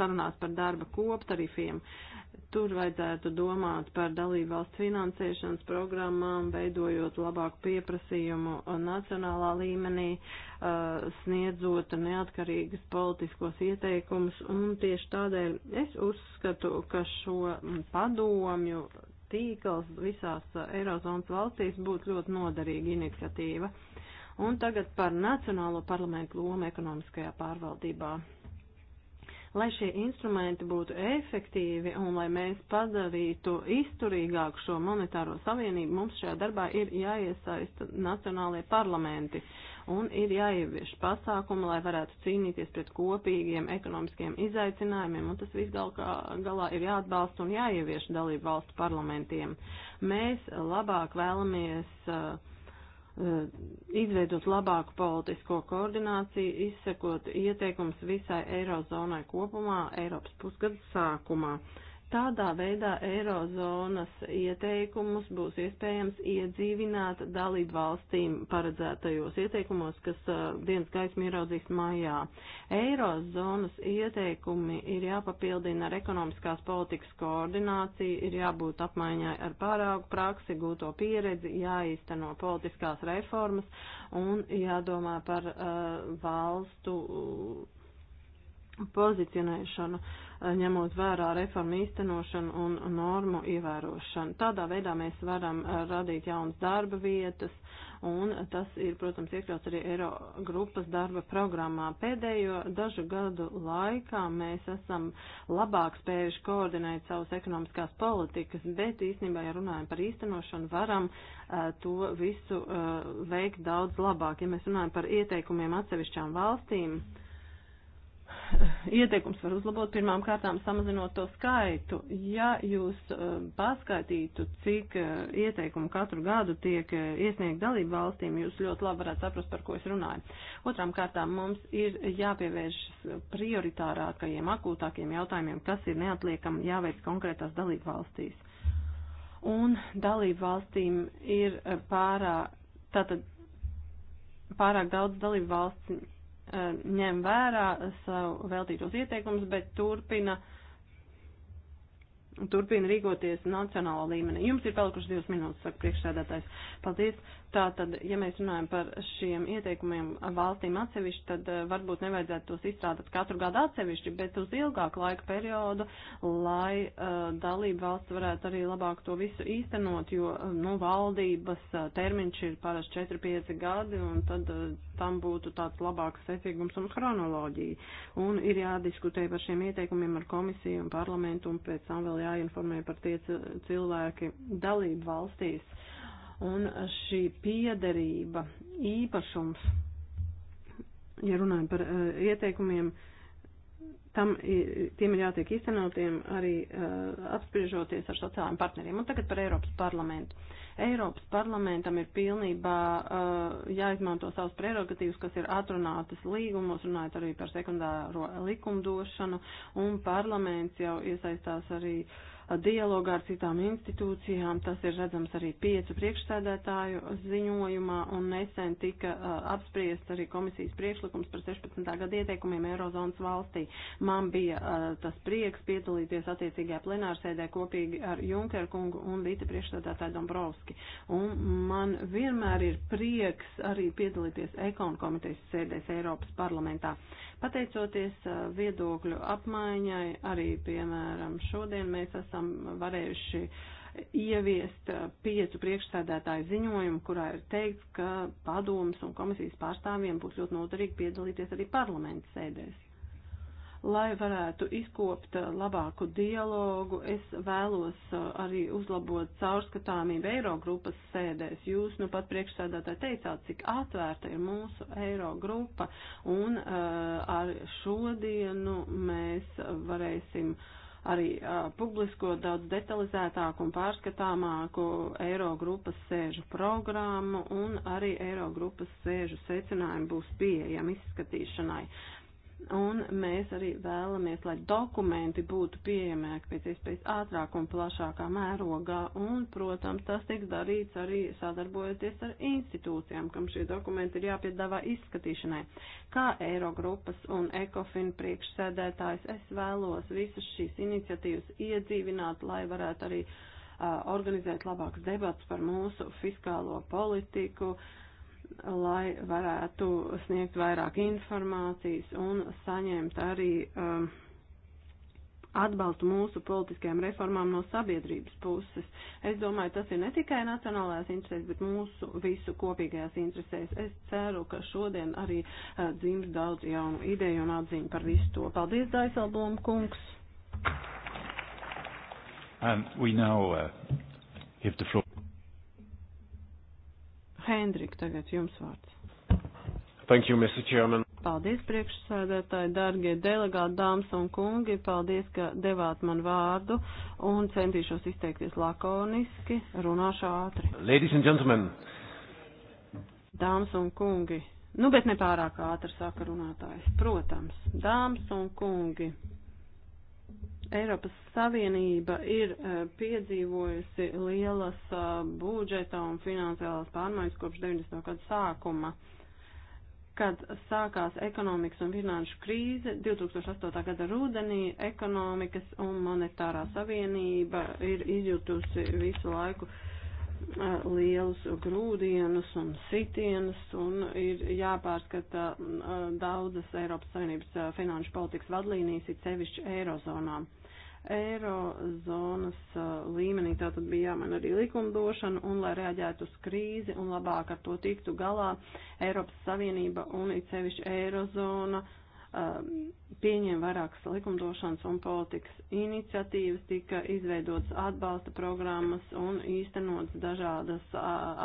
sarunās par darba koptarifiem. Tur vajadzētu domāt par dalību valsts finansēšanas programmām, veidojot labāku pieprasījumu nacionālā līmenī, sniedzot neatkarīgas politiskos ieteikumus. Un tieši tādēļ es uzskatu, ka šo padomju tīkls visās uh, Eirozonas valstīs būtu ļoti noderīga iniciatīva. Un tagad par Nacionālo parlamentu lomu ekonomiskajā pārvaldībā. Lai šie instrumenti būtu efektīvi un lai mēs padarītu izturīgāku šo monetāro savienību, mums šajā darbā ir jāiesaista nacionālajie parlamenti un ir jāievieš pasākumi, lai varētu cīnīties pret kopīgiem ekonomiskiem izaicinājumiem, un tas viss gal, galā ir jāatbalsta un jāievieš dalību valstu parlamentiem. Mēs labāk vēlamies uh, Eh, izveidot labāku politisko koordināciju, izsekot ieteikums visai Eirozonai kopumā, Eiropas pusgadu sākumā. Uh, Tādā veidā Eirozonas ieteikumus būs iespējams iedzīvināt dalību valstīm paredzētajos ieteikumos, kas uh, dienas gaismu ieraudzīs maijā. Eirozonas ieteikumi ir jāpapildina ar ekonomiskās politikas koordināciju, ir jābūt apmaiņai ar pārāgu praksi, gūto pieredzi, jāīsteno politiskās reformas un jādomā par uh, valstu uh, pozicionēšanu. Uh, ņemot vērā reformu īstenošanu un normu ievērošanu. Tādā veidā mēs varam eh, radīt jaunas darba vietas, un tas ir, protams, iekļauts arī Eiro grupas darba programmā. Pēdējo dažu gadu laikā mēs esam labāk spējuši koordinēt savus ekonomiskās politikas, bet īstenībā, ja runājam par īstenošanu, varam eh, to visu eh, veikt daudz labāk. Ja mēs runājam par ieteikumiem atsevišķām valstīm, mm ieteikums var uzlabot pirmām kārtām samazinot to skaitu. Ja jūs eh, paskaitītu, cik eh, ieteikumu katru gadu tiek eh, iesniegt dalību valstīm, jūs ļoti labi varētu saprast, par ko es runāju. Otrām kārtām mums ir jāpievēršas prioritārākajiem, akūtākiem jautājumiem, kas ir neatliekam jāveic konkrētās dalību valstīs. Un dalību valstīm ir pārāk, tātad pārāk daudz dalību valsts Eh, ņem vērā savu veltītos ieteikumus, bet turpina, turpina rīkoties nacionālā līmenī. Jums ir palikušas divas minūtes, saka priekšsēdētājs. Paldies. Tātad, ja mēs runājam par šiem ieteikumiem valstīm atsevišķi, tad eh, varbūt nevajadzētu tos izstrādāt katru gadu atsevišķi, bet uz ilgāku laika periodu, lai uh, dalība valsts varētu arī labāk to visu īstenot, jo eh, nu, valdības uh, termiņš ir parasti 4-5 gadi, un tad uh, tam būtu tāds labāks secīgums un chronoloģija. Un ir jādiskutē par šiem ieteikumiem ar komisiju un parlamentu, un pēc tam vēl jāinformē par tie cilvēki dalību valstīs. Uh, un šī piederība, īpašums, ja runājam par uh, ieteikumiem, tam, tiem ir jātiek īstenotiem arī uh, apspriežoties ar sociālajiem partneriem. Un tagad par Eiropas parlamentu. Eiropas parlamentam ir pilnībā uh, jāizmanto savas prerogatīvas, kas ir atrunātas līgumos, runājot arī par sekundāro likumdošanu, un parlaments jau iesaistās arī uh, dialogā ar citām institūcijām. Tas ir redzams arī piecu priekšsēdētāju ziņojumā un nesen tika apspriests arī komisijas priekšlikums par 16. gada ieteikumiem Eirozonas valstī. Man bija tas prieks piedalīties attiecīgajā plenārsēdē kopīgi ar Junkerkungu un vicepriekšsēdētāju Dombrovski. Un man vienmēr ir prieks arī piedalīties ekonu komitejas sēdēs Eiropas parlamentā. Uh, Pateicoties viedokļu apmaiņai, arī, piemēram, šodien mēs esam varējuši ieviest piecu priekšsēdētāju ziņojumu, kurā ir teikts, ka padomas un komisijas pārstāvjiem būs ļoti noderīgi piedalīties arī parlamentu sēdēs lai varētu izkopt uh, labāku dialogu. Es vēlos uh, arī uzlabot caurskatāmību Eirogrupas sēdēs. Jūs nu pat priekšsēdētāji teicāt, cik atvērta ir mūsu Eirogrupa, un uh, ar šodienu mēs varēsim arī uh, publiskot daudz detalizētāku un pārskatāmāku Eirogrupas sēžu programmu un arī Eirogrupas sēžu secinājumi būs pieejami izskatīšanai. Un mēs arī vēlamies, lai dokumenti būtu pieejamāki pēc iespējas ātrāk un plašākā mērogā. Un, protams, tas tiks darīts arī sadarbojoties ar institūcijām, kam šie dokumenti ir jāpiedāvā izskatīšanai. Kā Eirogrupas un Ekofin priekšsēdētājs es vēlos visas šīs iniciatīvas iedzīvināt, lai varētu arī uh, organizēt labākas debats par mūsu fiskālo politiku. Uh, lai varētu sniegt vairāk informācijas un saņemt arī um, atbalstu mūsu politiskajām reformām no sabiedrības puses. Es domāju, tas ir ne tikai nacionālajās interesēs, bet mūsu visu kopīgajās interesēs. Es ceru, ka šodien arī uh, dzims daudz jaunu ideju un atziņu par visu to. Paldies, Daisalblom kungs! Um, we now uh, give the floor. Hendrik, tagad jums vārds. Thank you, Mr. Chairman. Paldies, priekšsēdētāji, dargie delegāti, dāmas un kungi. Paldies, ka devāt man vārdu un centīšos izteikties lakoniski, runāšu ātri. Ladies and gentlemen. Dāmas un kungi. Nu, bet ne pārāk ātri saka runātājs. Protams, dāmas un kungi. Eiropas Savienība ir eh, piedzīvojusi lielas eh, budžeta un finansiālās pārmaiņas kopš 90. gadu sākuma, kad sākās ekonomikas un finanšu krīze. 2008. gada rudenī ekonomikas un monetārā savienība ir izjutusi visu laiku eh, lielus grūdienus un sitienus un ir jāpārskata daudzas Eiropas Savienības finanšu politikas vadlīnijas, it sevišķi Eirozonām. Eirozonas uh, līmenī tātad bija jāmaina arī likumdošana un, lai reaģētu uz krīzi un labāk ar to tiktu galā, Eiropas Savienība un it sevišķi Eirozona uh, Um, pieņēma vairākas likumdošanas un politikas iniciatīvas, tika izveidotas atbalsta programmas un īstenotas dažādas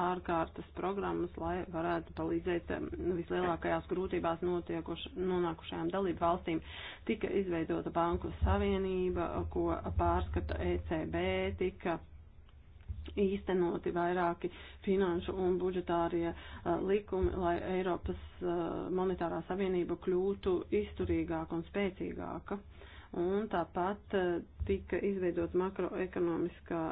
ārkārtas programmas, lai varētu palīdzēt um, vislielākajās grūtībās nonākušajām dalību valstīm. Tika izveidota Banku Savienība, ko pārskata ECB, tika īstenoti vairāki finanšu un budžetārie uh, likumi, lai Eiropas uh, monetārā savienība kļūtu izturīgāka un spēcīgāka. Un tāpat uh, tika izveidot makroekonomiskā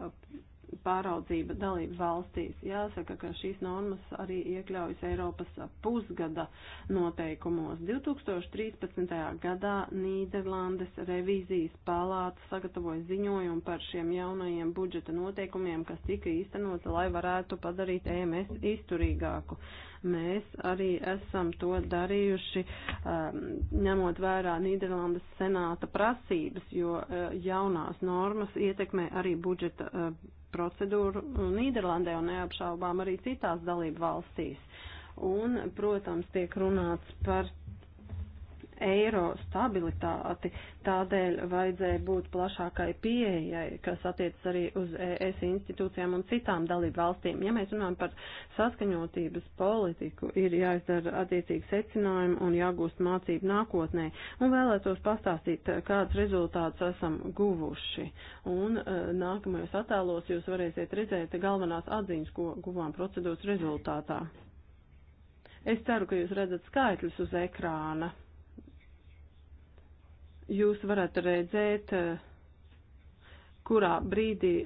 pāraudzība dalību valstīs. Jāsaka, ka šīs normas arī iekļaujas Eiropas pusgada noteikumos. 2013. gadā Nīderlandes revīzijas palāta sagatavoja ziņojumu par šiem jaunajiem budžeta noteikumiem, kas tika īstenoti, lai varētu padarīt EMS izturīgāku mēs arī esam to darījuši, um, ņemot vērā Nīderlandes senāta prasības, jo uh, jaunās normas ietekmē arī budžeta uh, procedūru Nīderlandē un neapšaubām arī citās dalību valstīs. Un, protams, tiek runāts par eiro stabilitāti, tādēļ vajadzēja būt plašākai pieejai, kas attiecas arī uz ES institūcijām un citām dalību valstīm. Ja mēs runājam par saskaņotības politiku, ir jāizdara attiecīgi secinājumi un jāgūst mācību nākotnē, un vēlētos pastāstīt, kāds rezultāts esam guvuši. Un e, nākamajos attēlos jūs varēsiet redzēt galvenās atziņas, ko guvām procedūras rezultātā. Es ceru, ka jūs redzat skaitļus uz ekrāna jūs varat redzēt, eh, kurā brīdī eh,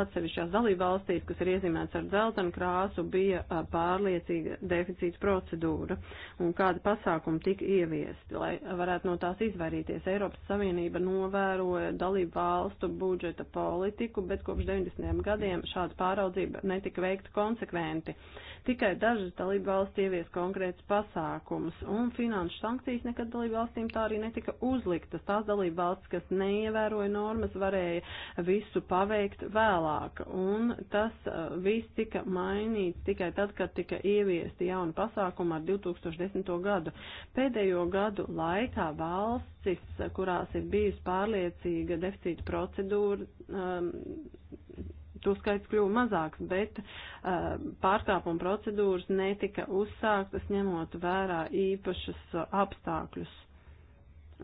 atsevišķās dalībvalstīs, kas ir iezīmēts ar dzeltenu krāsu, bija eh, pārliecīga deficīta procedūra un kāda pasākuma tika ieviesti, lai varētu no tās izvairīties. Eiropas Savienība novēroja dalībvalstu budžeta politiku, bet kopš 90. gadiem šāda pāraudzība netika veikta konsekventi. Uh, Tikai dažas dalība valsts ievies konkrētas pasākumus, un finanšu sankcijas nekad dalība valstīm tā arī netika uzliktas. Tās dalība valsts, kas neievēroja normas, varēja visu paveikt vēlāk, un tas uh, viss tika mainīts tikai tad, kad tika ieviesti jauni pasākumi ar 2010. gadu. Pēdējo gadu laikā valstis, kurās ir bijusi pārliecīga deficīta procedūra, um, to skaits kļuva mazāks, bet uh, pārkāpuma procedūras netika uzsāktas, ņemot vērā īpašas uh, apstākļus.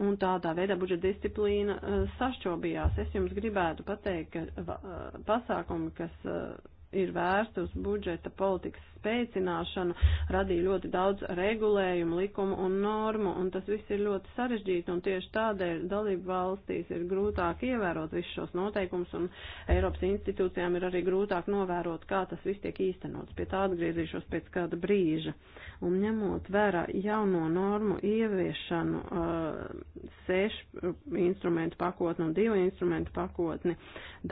Un tādā veidā budžeta disciplīna uh, sašķobījās. Es jums gribētu pateikt, ka pasākumi, kas ir vērsta uz budžeta politikas spēcināšanu, radīja ļoti daudz regulējumu, likumu un normu, un tas viss ir ļoti sarežģīti, un tieši tādēļ dalību valstīs ir grūtāk ievērot visus šos noteikumus, un Eiropas institūcijām ir arī grūtāk novērot, kā tas viss tiek īstenots. Pie tā atgriezīšos pēc kāda brīža. Un ņemot vērā jauno normu ieviešanu, uh, eh, sešu eh, instrumentu pakotni un divu instrumentu pakotni,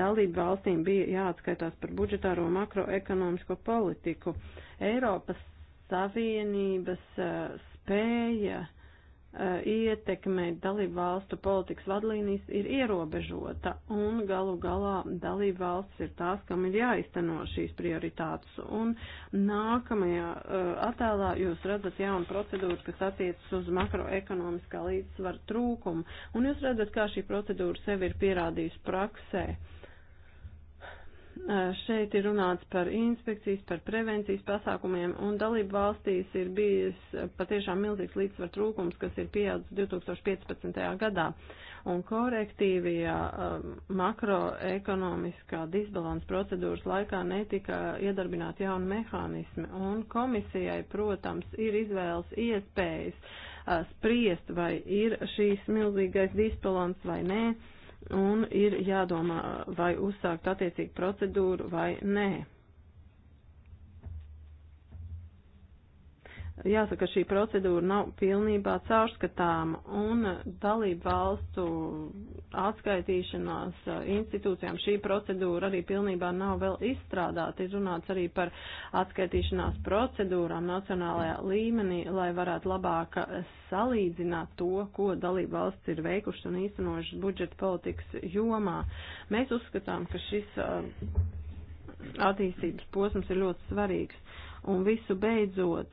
dalību valstīm bija jāatskaitās par budžetāro makroekonomisko politiku. Eiropas Savienības uh, spēja Eh, ietekme dalību valstu politikas vadlīnijas ir ierobežota, un galu galā dalību valsts ir tās, kam ir jāizteno šīs prioritātes. Un nākamajā eh, attēlā jūs redzat jaunu procedūru, kas attiecas uz makroekonomiskā līdzsvara trūkumu, un jūs redzat, kā šī procedūra sevi ir pierādījusi praksē. Uh, Šeit ir runāts par inspekcijas, par prevencijas pasākumiem, un dalību valstīs ir bijis patiešām milzīgs līdzsvar trūkums, kas ir pieaudzis 2015. gadā, un korektīvajā makroekonomiskā disbalans procedūras laikā netika iedarbināti jauni mehānismi, un komisijai, protams, ir izvēles iespējas spriest, vai ir šīs milzīgais disbalans vai nē un ir jādomā, vai uzsākt attiecīgu procedūru vai nē. Jāsaka, šī procedūra nav pilnībā caurskatāma un dalību valstu atskaitīšanās institūcijām šī procedūra arī pilnībā nav vēl izstrādāta. Ir runāts arī par atskaitīšanās procedūrām nacionālajā līmenī, lai varētu labāk salīdzināt to, ko dalību valsts ir veikušas un īstenojušas budžeta politikas jomā. Mēs uzskatām, ka šis attīstības posms ir ļoti svarīgs. Un visu beidzot,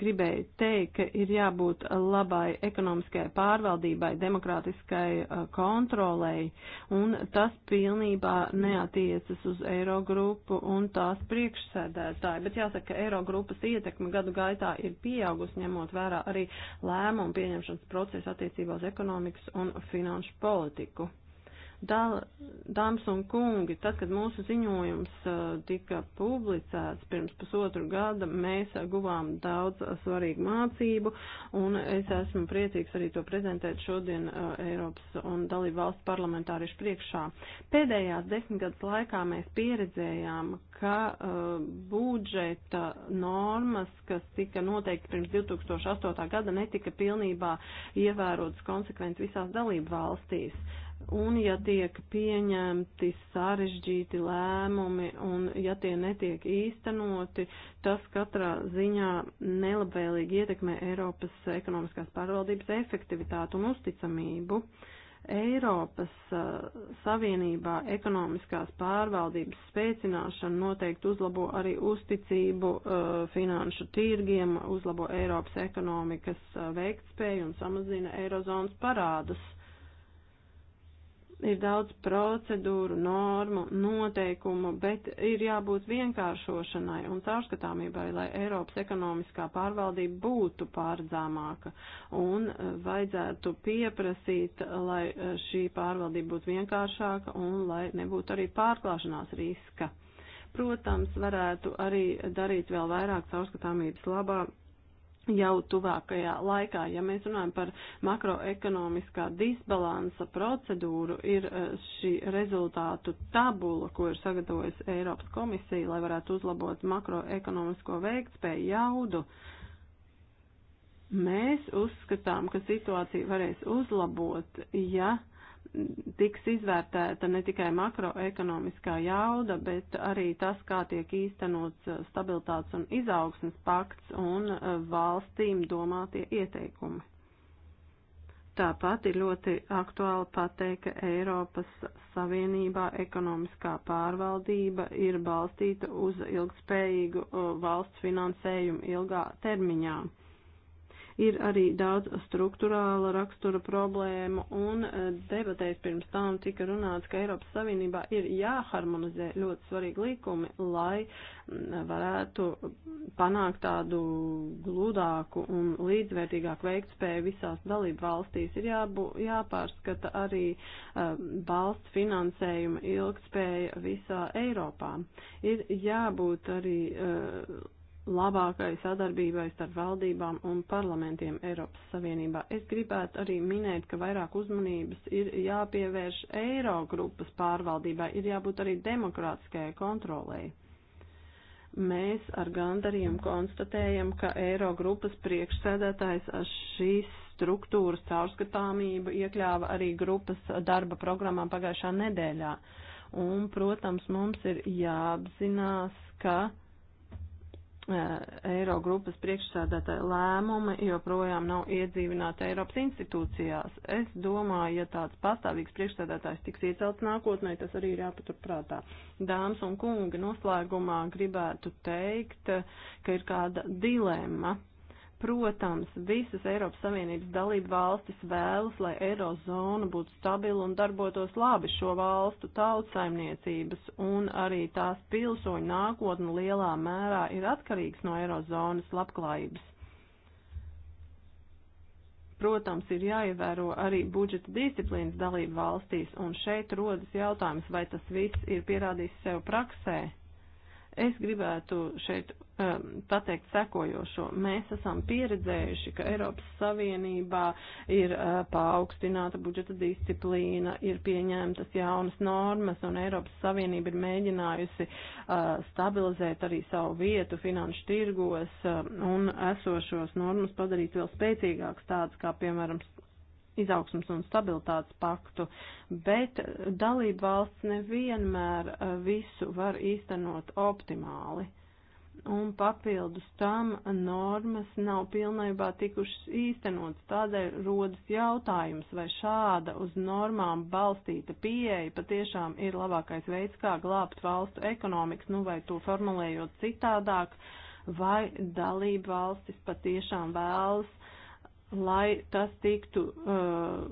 gribēju teikt, ka ir jābūt labai ekonomiskajai pārvaldībai, demokrātiskai eh, kontrolei, un tas pilnībā neatiecas uz Eirogrupu un tās priekšsēdētāju. Bet jāsaka, ka Eirogrupas ietekme gadu gaitā ir pieaugusi, ņemot vērā arī lēmumu pieņemšanas procesu attiecībā uz ekonomikas un finanšu politiku. Dāmas un kungi, tad, kad mūsu ziņojums uh, tika publicēts pirms pusotru gada, mēs uh, guvām daudz uh, svarīgu mācību, un es esmu priecīgs arī to prezentēt šodien Eiropas un dalību valsts parlamentāriešu priekšā. Pēdējās desmit gadus laikā mēs pieredzējām, ka uh, budžeta normas, kas tika noteikti pirms 2008. gada, netika pilnībā ievērotas konsekvences visās dalību valstīs. Uh, Un ja tiek pieņemti sarežģīti lēmumi un ja tie netiek īstenoti, tas katrā ziņā nelabvēlīgi ietekmē Eiropas ekonomiskās pārvaldības efektivitātu un uzticamību. Eiropas uh, Savienībā ekonomiskās pārvaldības spēcināšana noteikti uzlabo arī uzticību uh, finanšu tirgiem, uzlabo Eiropas ekonomikas uh, veiktspēju un samazina Eirozonas parādus ir daudz procedūru, normu, noteikumu, bet ir jābūt vienkāršošanai un caurskatāmībai, lai Eiropas ekonomiskā pārvaldība būtu pārdzāmāka un eh, vajadzētu pieprasīt, lai eh, šī pārvaldība būtu vienkāršāka un lai nebūtu arī pārklāšanās riska. Protams, varētu arī darīt vēl vairāk caurskatāmības labā jau tuvākajā laikā. Ja mēs runājam par makroekonomiskā disbalansa procedūru, ir e, šī rezultātu tabula, ko ir sagatavojusi Eiropas komisija, lai varētu uzlabot makroekonomisko veiktspēju jaudu. Mēs uzskatām, ka situācija varēs uzlabot, ja uh, tiks izvērtēta ne tikai makroekonomiskā jauda, bet arī tas, kā tiek īstenots stabilitātes un izaugsmas pakts un e, valstīm domātie ieteikumi. Tāpat ir ļoti aktuāli pateikt, ka Eiropas Savienībā ekonomiskā pārvaldība ir balstīta uz ilgspējīgu e, valsts finansējumu ilgā termiņā. Ir arī daudz struktūrāla rakstura problēmu un e, debatēs pirms tam tika runāts, ka Eiropas Savienībā ir jāharmonizē ļoti svarīgi likumi, lai varētu panākt tādu gludāku un līdzvērtīgāku veiktspēju visās dalību valstīs. Ir jābū, jāpārskata arī uh, valsts finansējuma ilgspēja visā Eiropā. Ir jābūt arī uh, labākai sadarbībai starp valdībām un parlamentiem Eiropas Savienībā. Es gribētu arī minēt, ka vairāk uzmanības ir jāpievērš Eirogrupas pārvaldībai, ir jābūt arī demokrātiskajai kontrolei. Mēs ar gandarījumu konstatējam, ka Eirogrupas priekšsēdētājs šīs struktūras caurskatāmību iekļāva arī grupas darba programmā pagājušā nedēļā. Un, protams, mums ir jāapzinās, ka Eh, Eiro grupas priekšsādātāja lēmumi joprojām nav iedzīvināti Eiropas institūcijās. Es domāju, ja tāds pastāvīgs priekšsādātājs tiks iecelts nākotnē, tas arī ir jāpaturprātā. Dāmas un kungi, noslēgumā gribētu teikt, eh, ka ir kāda dilemma Protams, visas Eiropas Savienības dalību valstis vēlas, lai Eirozona būtu stabila un darbotos labi šo valstu tautsaimniecības un arī tās pilsoņu nākotne lielā mērā ir atkarīgs no Eirozonas labklājības. Protams, ir jāievēro arī budžeta disciplīnas dalību valstīs, un šeit rodas jautājums, vai tas viss ir pierādījis sev praksē. Es gribētu šeit um, pateikt sekojošo. Mēs esam pieredzējuši, ka Eiropas Savienībā ir uh, paaugstināta budžeta disciplīna, ir pieņemtas jaunas normas, un Eiropas Savienība ir mēģinājusi uh, stabilizēt arī savu vietu finanšu tirgos uh, un esošos normas padarīt vēl spēcīgākas tādas kā, piemēram, izaugsmas un stabilitātes paktu, bet dalība valsts nevienmēr eh, visu var īstenot optimāli. Un papildus tam normas nav pilnībā tikušas īstenotas, tādēļ rodas jautājums, vai šāda uz normām balstīta pieeja patiešām ir labākais veids, kā glābt valstu ekonomikas, nu vai to formulējot citādāk, vai dalība valstis patiešām vēlas lai tas tiktu uh,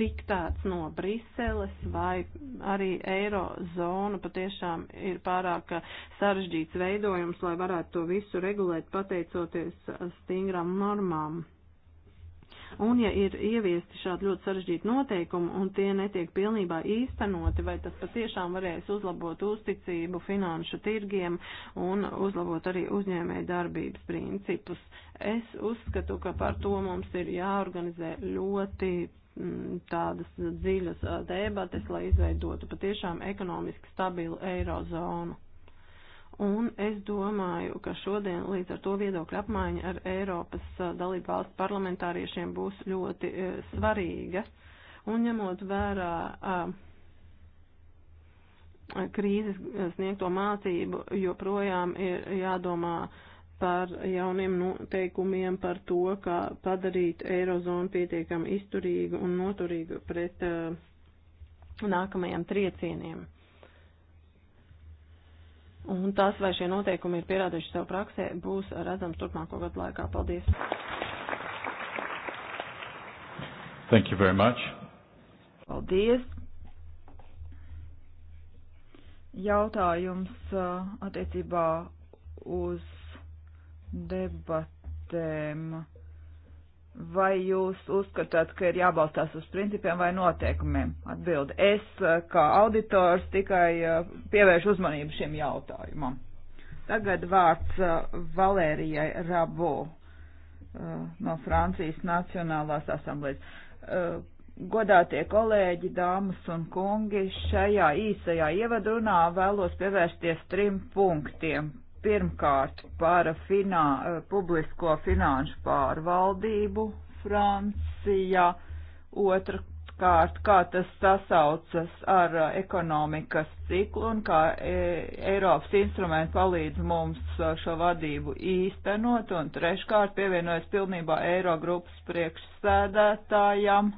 diktēts no Briseles, vai arī eirozona patiešām ir pārāk uh, sarežģīts veidojums, lai varētu to visu regulēt pateicoties uh, stingram normām. Un ja ir ieviesti šādi ļoti sarežģīti noteikumi un tie netiek pilnībā īstenoti, vai tas patiešām varēs uzlabot uzticību finanšu tirgiem un uzlabot arī uzņēmēju darbības principus. Es uzskatu, ka par to mums ir jāorganizē ļoti mm, tādas dziļas debates, lai izveidotu patiešām ekonomiski stabilu eirozonu. Un es domāju, ka šodien līdz ar to viedokļu apmaiņa ar Eiropas uh, dalību valstu parlamentāriešiem būs ļoti e, svarīga. Un ņemot vērā a, uh, krīzes sniegto mācību, joprojām ir jādomā par jauniem noteikumiem, par to, kā padarīt Eirozonu pietiekami izturīgu un noturīgu pret a, nākamajiem triecieniem. Un tas, vai šie noteikumi ir pierādījuši sev praksē, būs redzams turpmāko gadu laikā. Paldies! Thank you very much. Paldies! Jautājums uh, attiecībā uz debatēm. Vai jūs uzskatāt, ka ir jābalstās uz principiem vai noteikumiem? Atbildi. Es eh, kā auditors tikai eh, pievēršu uzmanību šim jautājumam. Tagad vārds eh, Valērijai Rabo no Francijas Nacionālās asamblēs. Godātie kolēģi, dāmas un kungi, šajā īsajā ievadrunā vēlos pievērsties trim punktiem, Pirmkārt par finā, eh, publisko finanšu pārvaldību Francijā, otrkārt, kā tas sasaucas ar eh, ekonomikas ciklu un kā eh, Eiropas instrumenti palīdz mums šo vadību īstenot, un treškārt pievienojas pilnībā Eirogrupas priekšsēdētājam,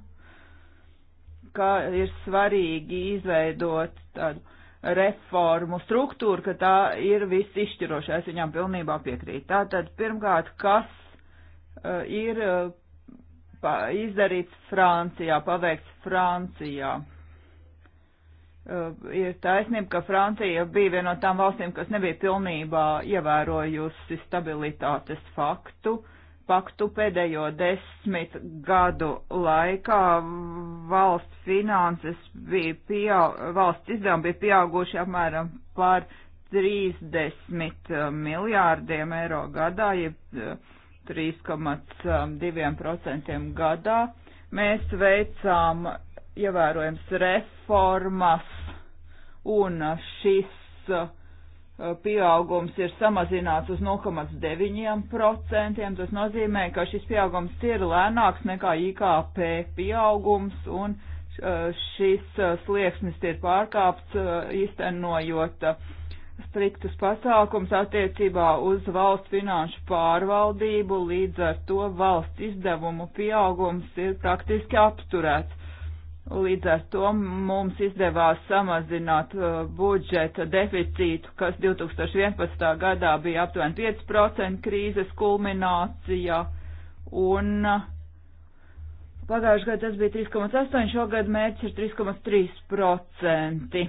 ka ir svarīgi izveidot tādu reformu struktūru, ka tā ir viss izšķirošais, viņām pilnībā piekrīt. Tātad pirmkārt, kas uh, ir uh, izdarīts Francijā, paveikts Francijā? Uh, ir taisnība, ka Francija bija viena no tām valstīm, kas nebija pilnībā ievērojusi stabilitātes faktu. Uh, paktu pēdējo desmit gadu laikā valsts finanses bija pieaug, valsts izdevumi bija pieauguši apmēram par 30 eh, miljārdiem eiro gadā, jeb 3,2% eh, gadā. Mēs veicām ievērojams reformas un šis uh, Uh, pieaugums ir samazināts uz 0,9%. Tas nozīmē, ka šis pieaugums ir lēnāks nekā IKP pieaugums un uh, šis uh, slieksnis ir pārkāpts īstenojot striktus pasākums attiecībā uz valsts finanšu pārvaldību, līdz ar to valsts izdevumu pieaugums ir praktiski apturēts. Līdz ar to mums izdevās samazināt uh, budžeta deficītu, kas 2011. gadā bija aptuveni 5% krīzes kulminācija, un uh, pagājušajā gadā tas bija 3,8, šogad mērķis ir 3,3%.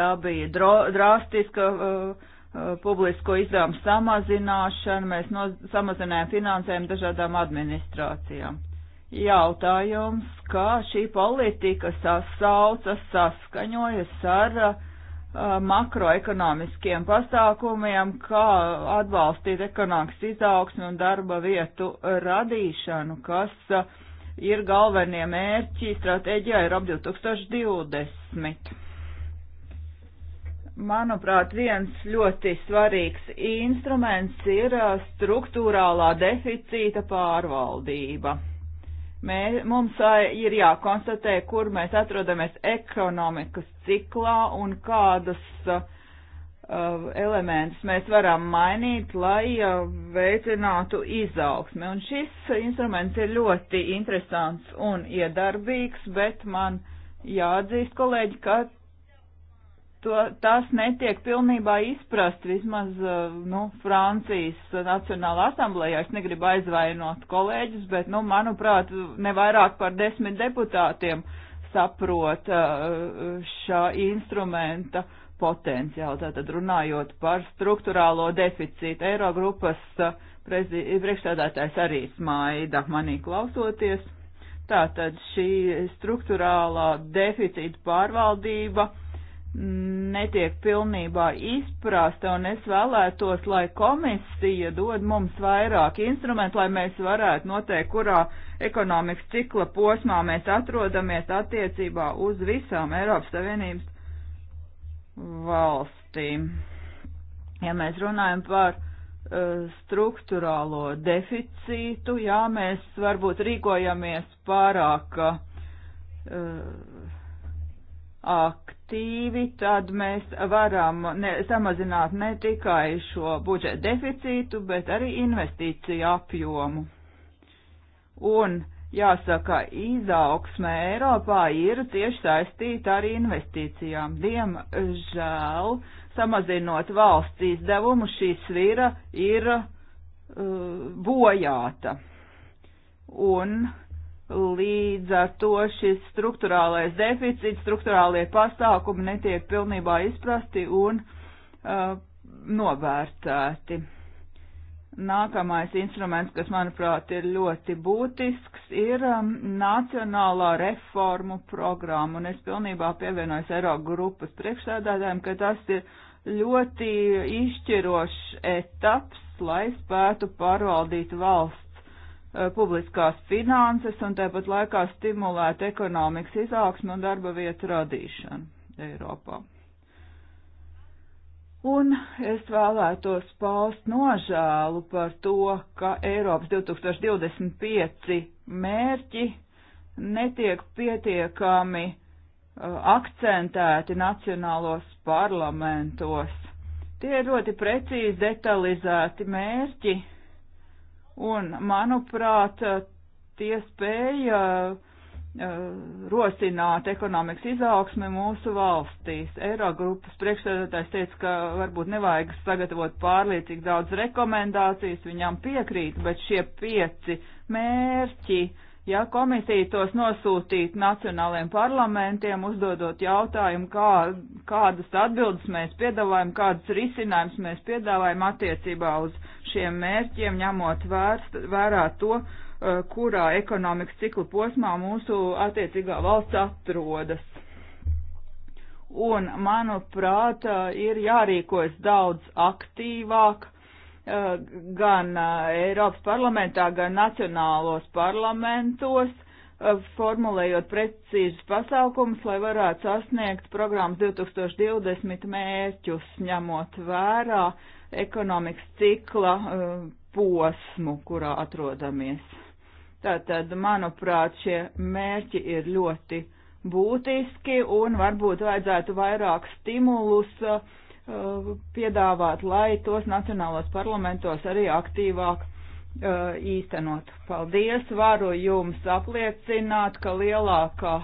Tā bija dro, drastiska uh, uh, publisko izdevumu samazināšana, mēs no, samazinājām finansējumu dažādām administrācijām jautājums, kā šī politika sasaucas, saskaņojas ar uh, makroekonomiskiem pasākumiem, kā atbalstīt ekonomikas izaugsmu un darba vietu radīšanu, kas uh, ir galvenie mērķi stratēģijā Eiropa 2020. Manuprāt, viens ļoti svarīgs instruments ir uh, struktūrālā deficīta pārvaldība Mē, mums ir jākonstatē, kur mēs atrodamies ekonomikas ciklā un kādas uh, elements mēs varam mainīt, lai uh, veicinātu izaugsmi. Un šis instruments ir ļoti interesants un iedarbīgs, bet man jāatzīst, kolēģi, ka to, tas netiek pilnībā izprast vismaz eh, nu, Francijas Nacionālā asamblējā. Es negribu aizvainot kolēģus, bet, nu, manuprāt, ne vairāk par desmit deputātiem saprot eh, šā instrumenta potenciālu. Tātad runājot par struktūrālo deficītu, Eirogrupas eh, priekšstādātājs arī smaida manī klausoties. Tātad šī struktūrālā deficīta pārvaldība netiek pilnībā izprasta, un es vēlētos, lai komisija dod mums vairāk instrumentu, lai mēs varētu noteikt, kurā ekonomikas cikla posmā mēs atrodamies attiecībā uz visām Eiropas Savienības valstīm. Ja mēs runājam par uh, struktūrālo deficītu, jā, mēs varbūt rīkojamies pārāk uh, e, akt efektīvi, tad mēs varam ne, samazināt ne tikai šo budžeta deficītu, bet arī investīciju apjomu. Un jāsaka, izaugsme Eiropā ir cieši saistīta ar investīcijām. Diemžēl, samazinot valsts izdevumu, šī svira ir uh, bojāta. Un uh, Līdz ar to šis struktūrālais deficīts, struktūrālie pasākumi netiek pilnībā izprasti un uh, novērtēti. Nākamais instruments, kas manuprāt ir ļoti būtisks, ir um, Nacionālā reformu programma, un es pilnībā pievienojos Eiropa grupas priekšsēdētājiem, ka tas ir ļoti izšķirošs etaps, lai spētu pārvaldīt valsts Eh, publiskās finanses un tāpat laikā stimulēt ekonomikas izaugsmu un darba vietu radīšanu Eiropā. Un es vēlētos paust nožēlu par to, ka Eiropas 2025 mērķi netiek pietiekami eh, akcentēti nacionālos parlamentos. Tie ir ļoti precīzi detalizēti mērķi, Un, manuprāt, tie spēja eh, rosināt ekonomikas izaugsmi mūsu valstīs. Eirogrupas priekšsēdētājs teica, ka varbūt nevajag sagatavot pārliecīgi daudz rekomendācijas, viņām piekrīt, bet šie pieci mērķi uh, ja komisija tos nosūtītu nacionāliem parlamentiem, uzdodot jautājumu, kā, kādas atbildes mēs piedāvājam, kādas risinājumus mēs piedāvājam attiecībā uz šiem mērķiem, ņemot vērst, vērā to, eh, kurā ekonomikas cikla posmā mūsu attiecīgā valsts atrodas. Un, manuprāt, eh, ir jārīkojas daudz aktīvāk, Eh, gan eh, Eiropas parlamentā, gan nacionālos parlamentos, eh, formulējot precīzus pasākumus, lai varētu sasniegt programmas 2020 mērķus, ņemot vērā ekonomikas cikla posmu, kurā atrodamies. Tātad, manuprāt, šie mērķi ir ļoti būtiski un varbūt vajadzētu vairāk stimulus uh, Uh, piedāvāt, lai tos nacionālos parlamentos arī aktīvāk uh, īstenot. Paldies, varu jums apliecināt, ka lielākā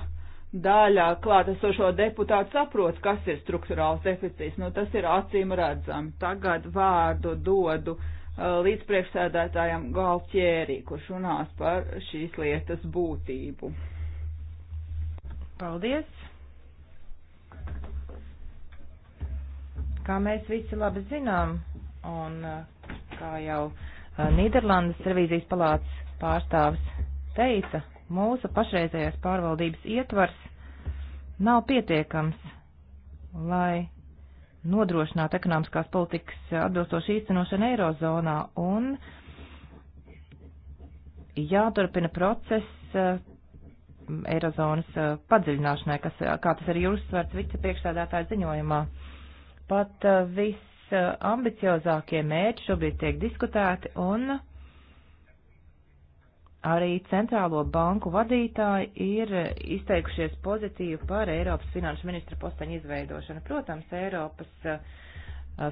daļā klātesošo deputātu saprot, kas ir struktūrāls deficīts. Nu, tas ir acīm redzam. Tagad vārdu dodu uh, līdz priekšsēdētājam Galķierī, kurš runās par šīs lietas būtību. Paldies! Kā mēs visi labi zinām, un eh, kā jau eh, Nīderlandes revīzijas palātas pārstāvis teica, mūsu pašreizējais pārvaldības ietvars nav pietiekams, lai nodrošinātu ekonomiskās politikas atbilstošu īstenošanu Eirozonā un jāturpina process eh, Eirozonas padziļināšanai, kas, kā tas arī ir uzsverts vicepriekšsēdētāja ziņojumā. Pat uh, visambiciozākie uh, mērķi šobrīd tiek diskutēti un arī centrālo banku vadītāji ir uh, izteikušies pozitīvi par Eiropas finanšu ministra posteņu izveidošanu. Protams, Eiropas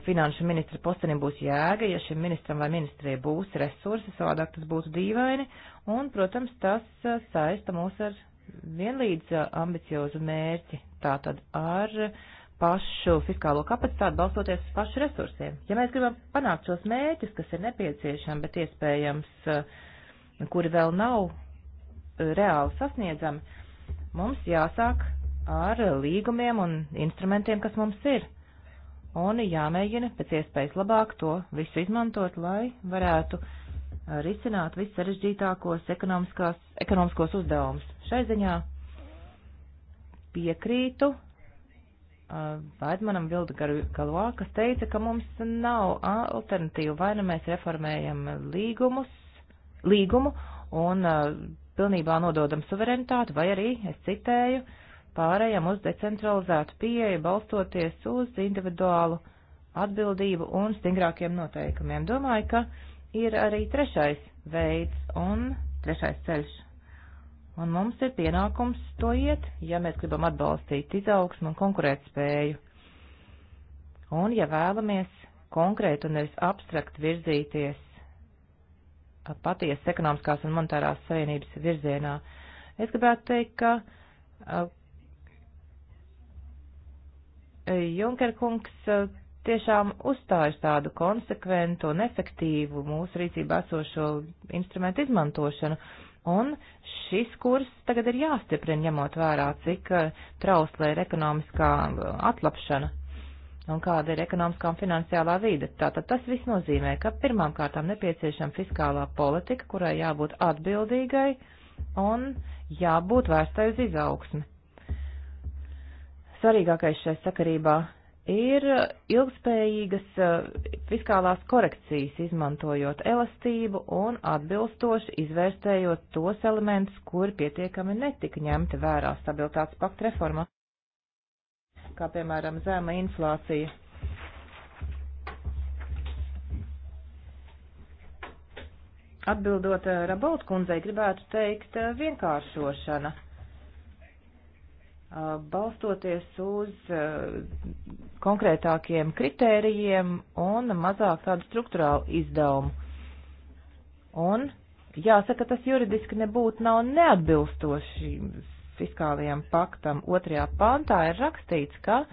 finanšu ministra postenim būs jēga, ja šim ministram vai ministrē būs resursi, savādāk tas būtu dīvaini, un, protams, tas saista mūs ar vienlīdz ambiciozu mērķi, tātad ar uh, pašu fiskālo kapacitāti, balstoties uz pašu resursiem. Ja mēs gribam panākt šos mēķus, kas ir nepieciešami, bet iespējams, eh, kuri vēl nav eh, reāli sasniedzami, mums jāsāk ar līgumiem un instrumentiem, kas mums ir. Un jāmēģina pēc iespējas labāk to visu izmantot, lai varētu eh, risināt vissarežģītākos ekonomiskos uzdevumus. Šai ziņā piekrītu Vaidmanam Vilda Galvā, kas teica, ka mums nav alternatīvu, vai nu mēs reformējam līgumus, līgumu un pilnībā nododam suverenitāti, vai arī, es citēju, pārējam uz decentralizētu pieeju, balstoties uz individuālu atbildību un stingrākiem noteikumiem. Domāju, ka ir arī trešais veids un trešais ceļš un mums ir pienākums to iet, ja mēs gribam atbalstīt izaugsmu un konkurētspēju. Un ja vēlamies konkrēti un nevis abstrakt virzīties patiesas ekonomiskās un monetārās savienības virzienā, es gribētu teikt, ka Junker kungs tiešām uzstājas tādu konsekventu un efektīvu mūsu rīcībā esošo instrumentu izmantošanu. Uh, Un šis kurs tagad ir jāstiprina, ņemot vērā, cik eh, trausla ir ekonomiskā eh, atlapšana un kāda ir ekonomiskā un finansiālā vīde. Tātad tas viss nozīmē, ka pirmām kārtām nepieciešama fiskālā politika, kurai jābūt atbildīgai un jābūt vērstai uz izaugsmi. Svarīgākais šai sakarībā ir uh, ilgspējīgas uh, fiskālās korekcijas, izmantojot elastību un atbilstoši izvērstējot tos elementus, kuri pietiekami netika ņemti vērā stabilitātes pakta reformā, kā piemēram zema inflācija. Atbildot uh, Rabaut kundzei, gribētu teikt vienkāršošana balstoties uz eh, konkrētākiem kritērijiem un mazāk tādu struktūrālu izdevumu. Un jāsaka, tas juridiski nebūtu nav neatbilstoši fiskālajam paktam. Otrajā pantā ir rakstīts, ka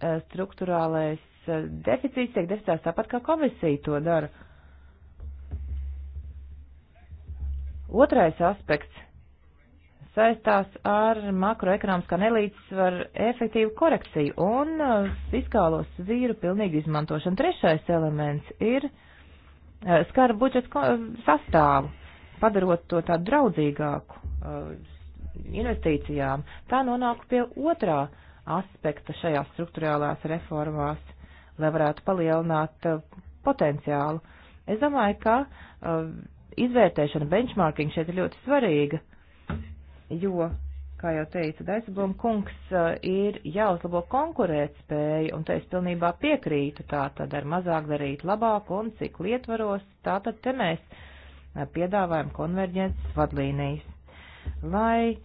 eh, struktūrālais eh, deficīts tiek deficēts tāpat, kā komisija to dara. Otrais aspekts saistās ar makroekonomiskā nelīdzsvaru efektīvu korekciju un uh, fiskālo svīru pilnīgu izmantošanu. Trešais elements ir uh, skara budžeta uh, sastāvu, padarot to tādu draudzīgāku investīcijām. Tā nonāk pie otrā aspekta šajās struktūrālās reformās, lai varētu palielināt potenciālu. Es domāju, ka izvērtēšana, benchmarking šeit ir ļoti svarīga jo, kā jau teica Daisablom kungs, ir jāuzlabo konkurētspēja, un te es pilnībā piekrītu, tā tad ar mazāk darīt labāk un cik lietvaros, tā tad te mēs piedāvājam konverģences vadlīnijas. Lai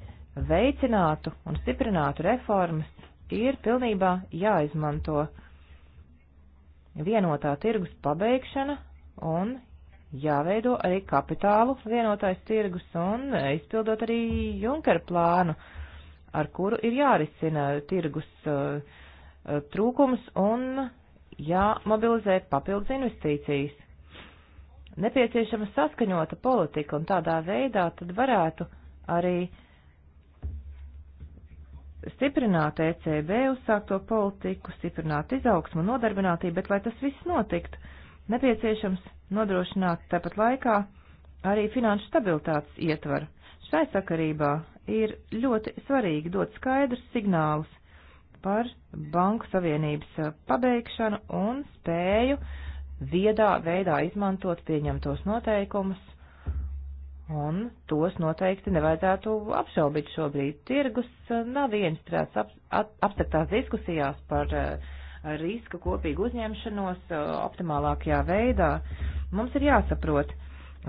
veicinātu un stiprinātu reformas, ir pilnībā jāizmanto vienotā tirgus pabeigšana un jāveido arī kapitālu vienotais tirgus un izpildot arī Junkera plānu, ar kuru ir jārisina tirgus uh, uh, trūkums un jāmobilizē papildus investīcijas. Nepieciešama saskaņota politika un tādā veidā tad varētu arī stiprināt ECB uzsākto politiku, stiprināt izaugsmu, nodarbinātību, bet lai tas viss notiktu, Nepieciešams nodrošināt tāpat laikā arī finanšu stabilitātes ietvaru. Šai sakarībā ir ļoti svarīgi dot skaidrus signālus par Banku Savienības pabeigšanu un spēju viedā veidā izmantot pieņemtos noteikumus, un tos noteikti nevajadzētu apšaubīt šobrīd. Tirgus nav iestrēts ap, ap, apstaktās diskusijās par uh, riska kopīgu uzņemšanos uh, optimālākajā veidā. Mums ir jāsaprot,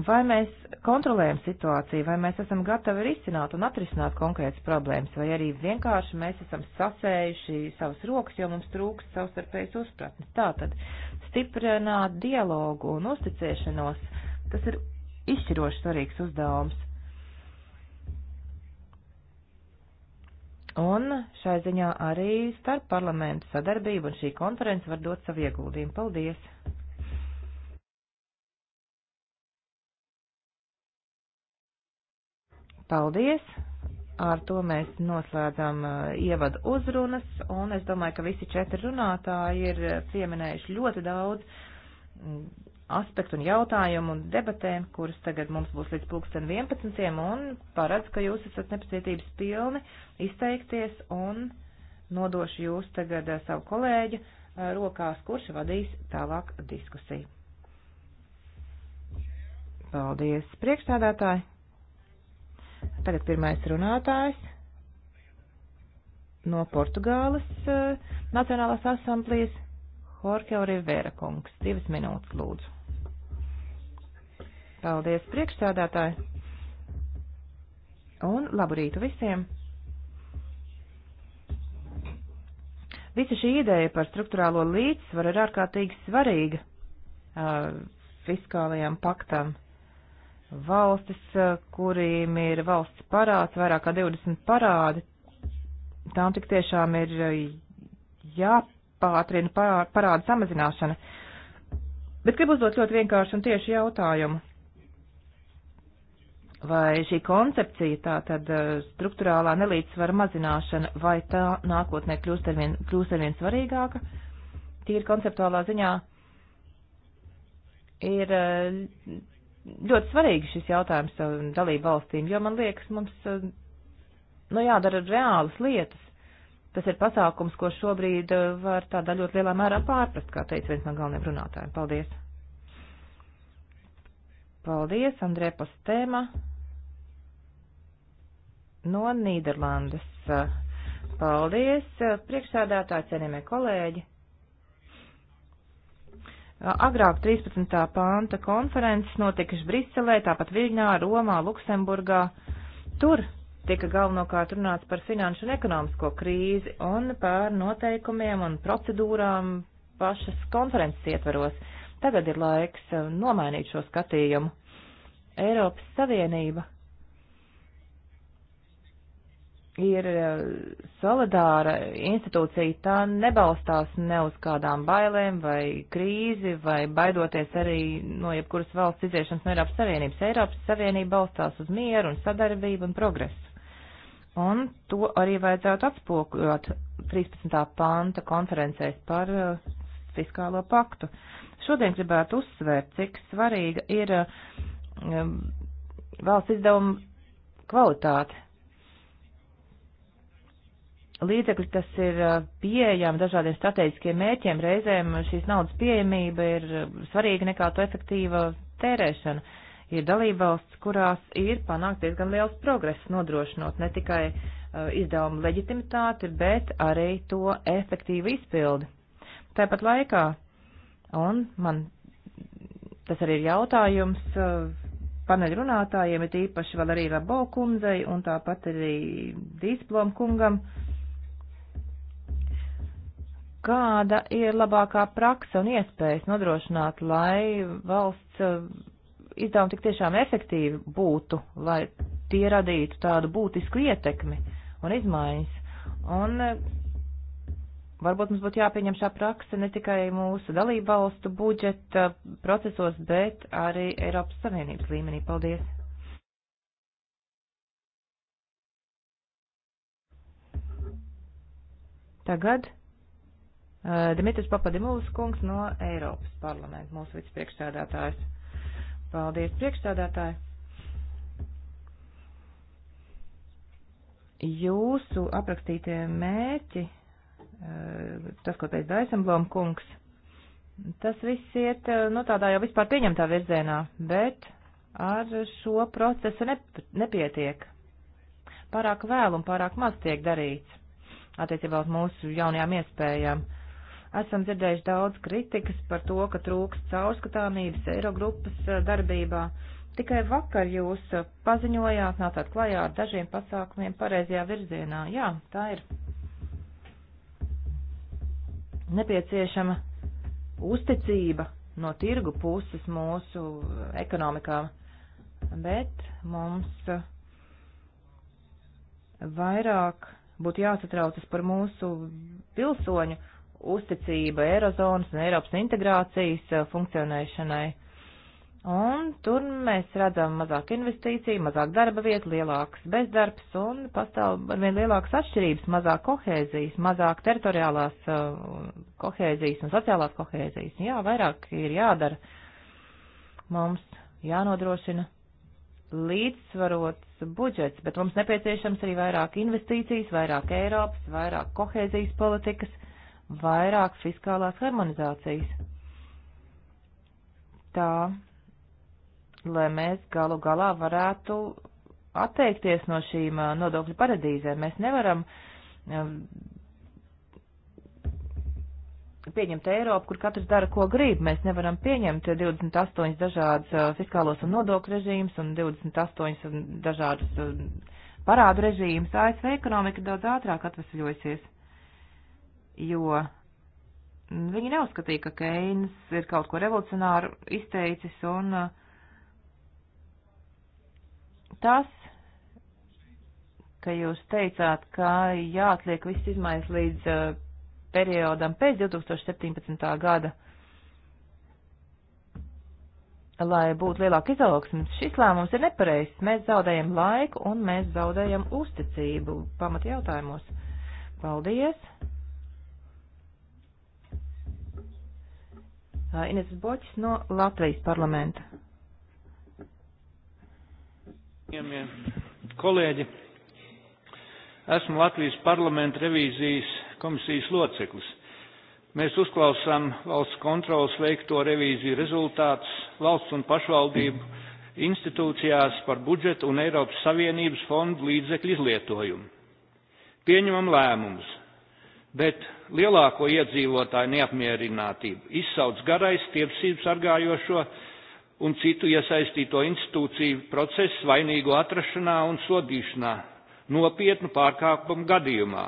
vai mēs kontrolējam situāciju, vai mēs esam gatavi risināt un atrisināt konkrētas problēmas, vai arī vienkārši mēs esam sasējuši savas rokas, jo mums trūkst savstarpējas uzpratnes. Tātad stiprināt dialogu un uzticēšanos, tas ir izšķiroši svarīgs uzdevums. Un šai ziņā arī starp parlamentu sadarbību un šī konference var dot savu ieguldījumu. Paldies! Paldies! Ar to mēs noslēdzam uh, ievadu uzrunas, un es domāju, ka visi četri runātāji ir pieminējuši ļoti daudz aspektu un jautājumu un debatēm, kuras tagad mums būs līdz pulksten 11. un paredz, ka jūs esat nepacietības pilni izteikties un nodošu jūs tagad eh, savu kolēģu eh, rokās, kurš vadīs tālāk diskusiju. Paldies, priekšstādātāji. Tagad pirmais runātājs no Portugāles eh, Nacionālās asamblējas Jorge Rivera kungs. Divas minūtes lūdzu. Paldies, priekšsādātāji! Un labu rītu visiem! Visa šī ideja par struktūrālo līdzsvaru ir ārkārtīgi svarīga uh, fiskālajam paktam. Valstis, uh, kurīm ir valsts parāds, vairāk kā 20 parādi, tām tik tiešām ir jāpātrina parāda samazināšana. Bet gribu uzdot ļoti vienkāršu un tiešu jautājumu vai šī koncepcija, tā tad eh, struktūrālā nelīdzsvara mazināšana, vai tā nākotnē kļūst arvien, kļūst arvien svarīgāka, tīri konceptuālā ziņā, ir eh, ļoti svarīgi šis jautājums eh, dalību valstīm, jo man liekas, mums, nu jādara reālas lietas. Tas ir pasākums, ko šobrīd var tādā ļoti lielā mērā pārprast, kā teica viens no galvenajiem runātājiem. Paldies! Paldies, Andrē Postēma! no Nīderlandes. Paldies, priekšsādātāji, cienījamie kolēģi. Agrāk 13. panta konferences notikušas Briselē, tāpat Viļņā, Romā, Luksemburgā. Tur tika galvenokārt runāts par finanšu un ekonomisko krīzi un par noteikumiem un procedūrām pašas konferences ietvaros. Tagad ir laiks nomainīt šo skatījumu. Eiropas Savienība ir e, solidāra institūcija, tā nebalstās ne uz kādām bailēm vai krīzi vai baidoties arī no jebkuras valsts iziešanas no Eiropas Savienības. Eiropas Savienība balstās uz mieru un sadarbību un progresu. Un to arī vajadzētu atspoguļot 13. panta konferencēs par e, fiskālo paktu. Šodien gribētu uzsvērt, cik svarīga ir e, valsts izdevuma kvalitāte līdzekļi, kas ir uh, pieejami dažādiem strateģiskiem mērķiem, reizēm šīs naudas pieejamība ir uh, svarīga nekā to efektīva tērēšana. Ir dalībvalsts, kurās ir panākt diezgan liels progress, nodrošinot ne tikai uh, izdevumu leģitimitāti, bet arī to efektīvu izpildi. Tāpat laikā, un man tas arī ir jautājums paneļrunātājiem, ir īpaši vēl arī Labo kundzei un tāpat arī Dīsplom kungam, uh, kāda ir labākā praksa un iespējas nodrošināt, lai valsts eh, izdevumi tik tiešām efektīvi būtu, lai tie radītu tādu būtisku ietekmi un izmaiņas. Un eh, varbūt mums būtu jāpieņem šā praksa ne tikai mūsu dalībvalstu budžeta procesos, bet arī Eiropas Savienības līmenī. Paldies! Tagad Eh, Dimitris Papadimulis kungs no Eiropas parlamenta, mūsu vicepriekšstādātājs. Paldies, priekšstādātāji! Jūsu aprakstītie mērķi, eh, tas, ko teica Daisemblom kungs, tas viss iet eh, no nu, tādā jau vispār pieņemtā virzienā, bet ar šo procesu nep nepietiek. Pārāk vēl un pārāk maz tiek darīts attiecībā uz mūsu jaunajām iespējām. Uh, Esam dzirdējuši daudz kritikas par to, ka trūks caurskatāmības Eirogrupas eh, darbībā. Tikai vakar jūs eh, paziņojāt, nācāt klajā ar dažiem pasākumiem pareizajā virzienā. Jā, tā ir. Nepieciešama uzticība no tirgu puses mūsu eh, ekonomikām, bet mums vairāk būtu jāsatraucas par mūsu pilsoņu uzticība Eirozonas un Eiropas integrācijas eh, funkcionēšanai. Un tur mēs redzam mazāk investīciju, mazāk darba vietu, lielāks bezdarbs un pastāv arvien lielākas atšķirības, mazāk kohēzijas, mazāk teritoriālās eh, kohēzijas un sociālās kohēzijas. Jā, vairāk ir jādara. Mums jānodrošina līdzsvarots budžets, bet mums nepieciešams arī vairāk investīcijas, vairāk Eiropas, vairāk kohēzijas politikas vairāk fiskālās harmonizācijas. Tā, lai mēs galu galā varētu atteikties no šīm nodokļu paradīzēm. Mēs nevaram pieņemt Eiropu, kur katrs dara, ko grib. Mēs nevaram pieņemt 28 dažādas fiskālos un nodokļu režīmus un 28 dažādas parādu režīmus. ASV ekonomika daudz ātrāk atvesļojusies jo viņi neuzskatīja, ka Keins ir kaut ko revolucionāru izteicis, un uh, tas, ka jūs teicāt, ka jāatliek viss izmaiņas līdz uh, periodam pēc 2017. gada, lai būtu lielāka izaugsme, šis lēmums ir nepareizs. Mēs zaudējam laiku un mēs zaudējam uzticību pamat jautājumos. Paldies! Uh, Ines Boķis no Latvijas parlamenta. Jumie, kolēģi, esmu Latvijas parlamenta revīzijas komisijas loceklis. Mēs uzklausām valsts kontrolas veikto revīziju rezultātus valsts un pašvaldību institūcijās par budžetu un Eiropas Savienības fondu līdzekļu izlietojumu. Pieņemam lēmumus bet lielāko iedzīvotāju neapmierinātību izsauc garais tiesību sargājošo un citu iesaistīto institūciju procesu vainīgo atrašanā un sodīšanā nopietnu pārkāpumu gadījumā.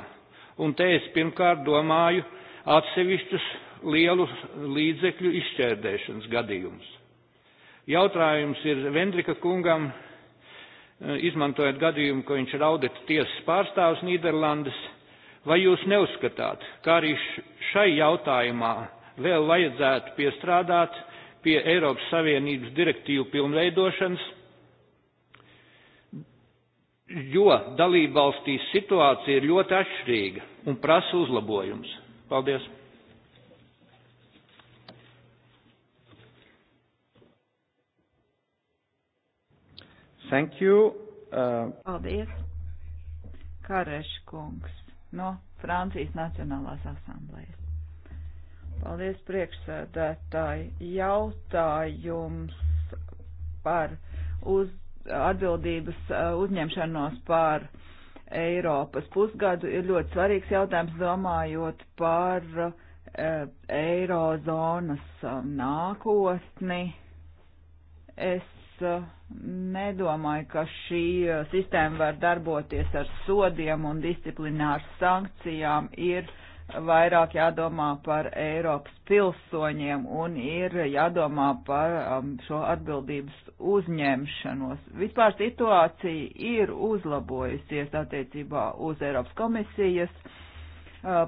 Un te es pirmkārt domāju atsevišķus lielu līdzekļu izšķērdēšanas gadījumus. Jautājums ir Vendrika kungam, eh, izmantojot gadījumu, ka viņš ir audita tiesas pārstāvs Nīderlandes Vai jūs neuzskatāt, ka arī šai jautājumā vēl vajadzētu piestrādāt pie Eiropas Savienības direktīvu pilnveidošanas, jo dalībvalstīs situācija ir ļoti atšķirīga un prasa uzlabojums? Paldies! Thank you. Uh... Paldies, Kareškungs no Francijas Nacionālās asamblējas. Paldies priekšsēdētāji. Jautājums par uz, atbildības eh, uzņemšanos par Eiropas pusgadu ir ļoti svarīgs jautājums, domājot par e, Eirozonas eh, nākotni. Es Eh, nedomāju, ka šī eh, sistēma var darboties ar sodiem un disciplināru sankcijām. Ir vairāk jādomā par Eiropas pilsoņiem un ir jādomā par um, šo atbildības uzņemšanos. Vispār situācija ir uzlabojusies attiecībā uz Eiropas komisijas uh,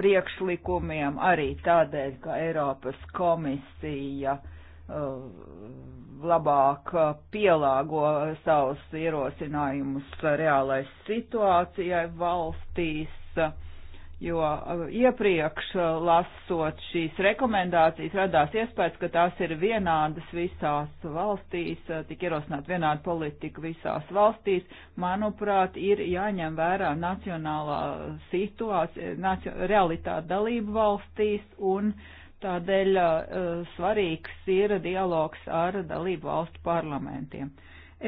priekšlikumiem arī tādēļ, ka Eiropas komisija uh, Uh, labāk uh, pielāgo savus ierosinājumus reālais situācijai valstīs, uh, jo iepriekš lasot šīs rekomendācijas radās iespējas, ka tās ir vienādas visās valstīs, tik ierosināt vienādu politiku visās valstīs. Manuprāt, ir jāņem vērā nacionālā situācija, nacio, realitāte dalību valstīs un uh, Tādēļ eh, svarīgs ir dialogs ar dalību valstu parlamentiem.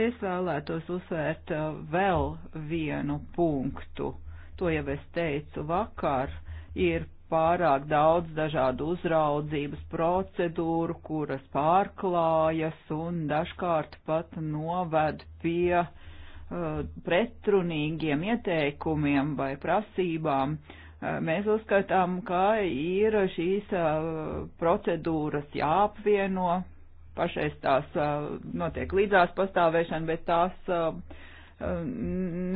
Es vēlētos uzsvērt eh, vēl vienu punktu. To jau es teicu vakar, ir pārāk daudz dažādu uzraudzības procedūru, kuras pārklājas un dažkārt pat noved pie uh, pretrunīgiem ieteikumiem vai prasībām uh, Mēs uzskatām, ka ir šīs procedūras jāapvieno, pašreiz tās notiek līdzās pastāvēšana, bet tās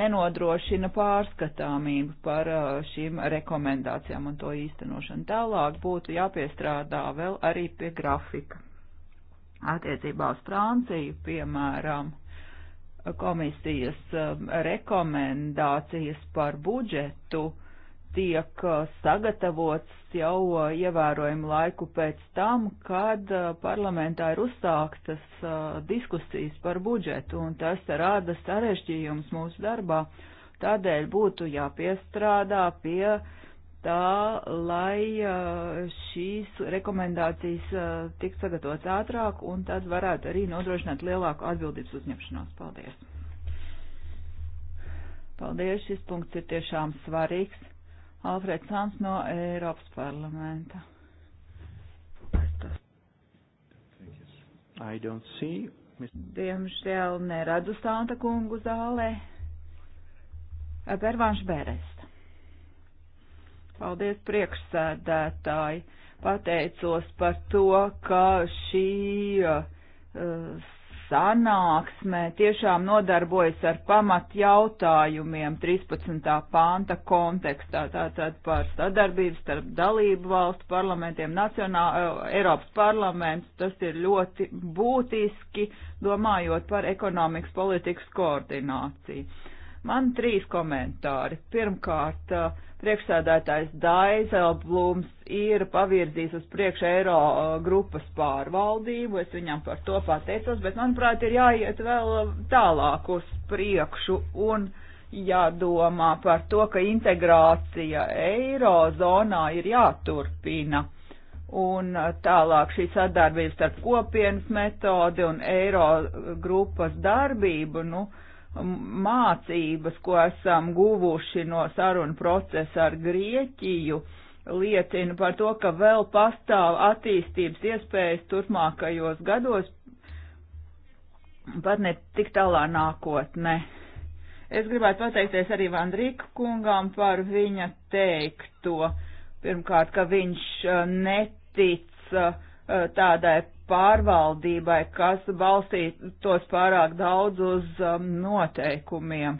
nenodrošina pārskatāmību par šīm rekomendācijām un to īstenošanu. Tālāk būtu jāpiestrādā vēl arī pie grafika. Attiecībā uz Franciju, piemēram, komisijas rekomendācijas par budžetu uh, tiek uh, sagatavots jau uh, ievērojumu laiku pēc tam, kad uh, parlamentā ir uzsāktas diskusijas par budžetu, un tas rada sarežģījums mūsu darbā. Tādēļ būtu jāpiestrādā pie tā, lai šīs rekomendācijas tiktu sagatavotas ātrāk, un tad varētu arī nodrošināt lielāku atbildības uzņemšanos. Paldies! Paldies, šis punkts ir tiešām svarīgs Alfreds Sants no Eiropas parlamenta. I don't see. Diemžēl neradu Santa kungu zālē. Pervāns Berest. Paldies priekšsēdētāji. Pateicos par to, ka šī uh, sanāksmē tiešām nodarbojas ar pamat jautājumiem 13. panta kontekstā, tātad par sadarbību starp dalību valstu parlamentiem, nacionā, eh, Eiropas parlaments, tas ir ļoti būtiski, domājot par ekonomikas politikas koordināciju. Man trīs komentāri. Pirmkārt, uh, priekšsēdētājs Daizelblūms ir pavirzījis uz priekšu eiro uh, grupas pārvaldību. Es viņam par to pateicos, bet manuprāt ir jāiet vēl tālāk uz priekšu un jādomā par to, ka integrācija eirozonā ir jāturpina. Un uh, tālāk šī sadarbības starp kopienas metodi un eiro uh, grupas darbību, nu, uh, mācības, ko esam guvuši no sarunu procesa ar Grieķiju, liecina par to, ka vēl pastāv attīstības iespējas turpmākajos gados, pat ne tik tālā nākotnē. Es gribētu pateikties arī Vandrīka kungām par viņa teikto. Pirmkārt, ka viņš eh, netic eh, tādai pārvaldībai, kas balstītos pārāk daudz uz um, noteikumiem.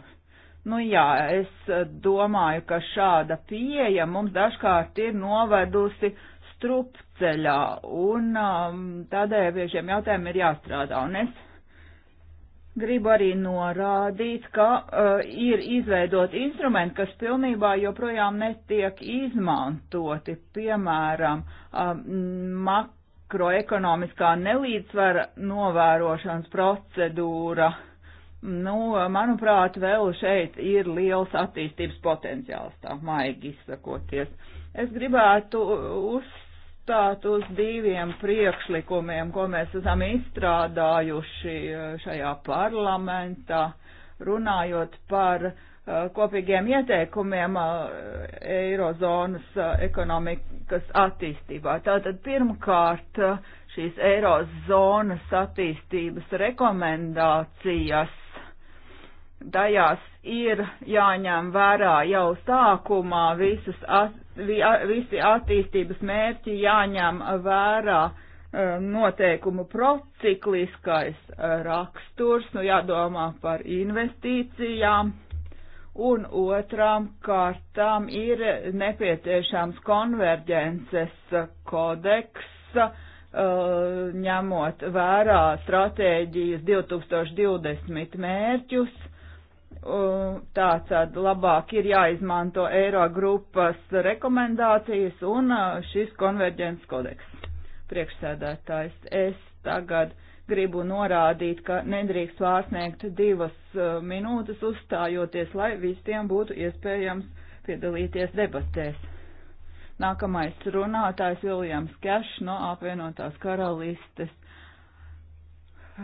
Nu jā, es uh, domāju, ka šāda pieeja mums dažkārt ir novedusi strupceļā, un um, tādēļ pie šiem jautājumiem ir jāstrādā. Un es gribu arī norādīt, ka uh, ir izveidot instrumenti, kas pilnībā joprojām netiek izmantoti, piemēram, uh, mak makroekonomiskā nelīdzsvara novērošanas procedūra, nu, manuprāt, vēl šeit ir liels attīstības potenciāls, tā maigi izsakoties. Es gribētu uzstāt uz diviem priekšlikumiem, ko mēs esam izstrādājuši eh, šajā parlamentā, runājot par uh, Uh, kopīgiem ieteikumiem uh, Eirozonas uh, ekonomikas attīstībā. Tātad pirmkārt šīs Eirozonas attīstības rekomendācijas, tajās ir jāņem vērā jau sākumā visas, visi attīstības mērķi jāņem vērā noteikumu procikliskais raksturs, nu jādomā par investīcijām un otrām kārtām ir nepieciešams konverģences kodeks, uh, ņemot vērā stratēģijas 2020 mērķus. Tātad labāk ir jāizmanto Eiro grupas rekomendācijas un uh, šis konverģences kodeks. Priekšsēdētājs, es tagad gribu norādīt, ka nedrīkst pārsniegt divas uh, minūtes uzstājoties, lai visiem būtu iespējams piedalīties debatēs. Nākamais runātājs Viljams Kešs no apvienotās karalistes uh,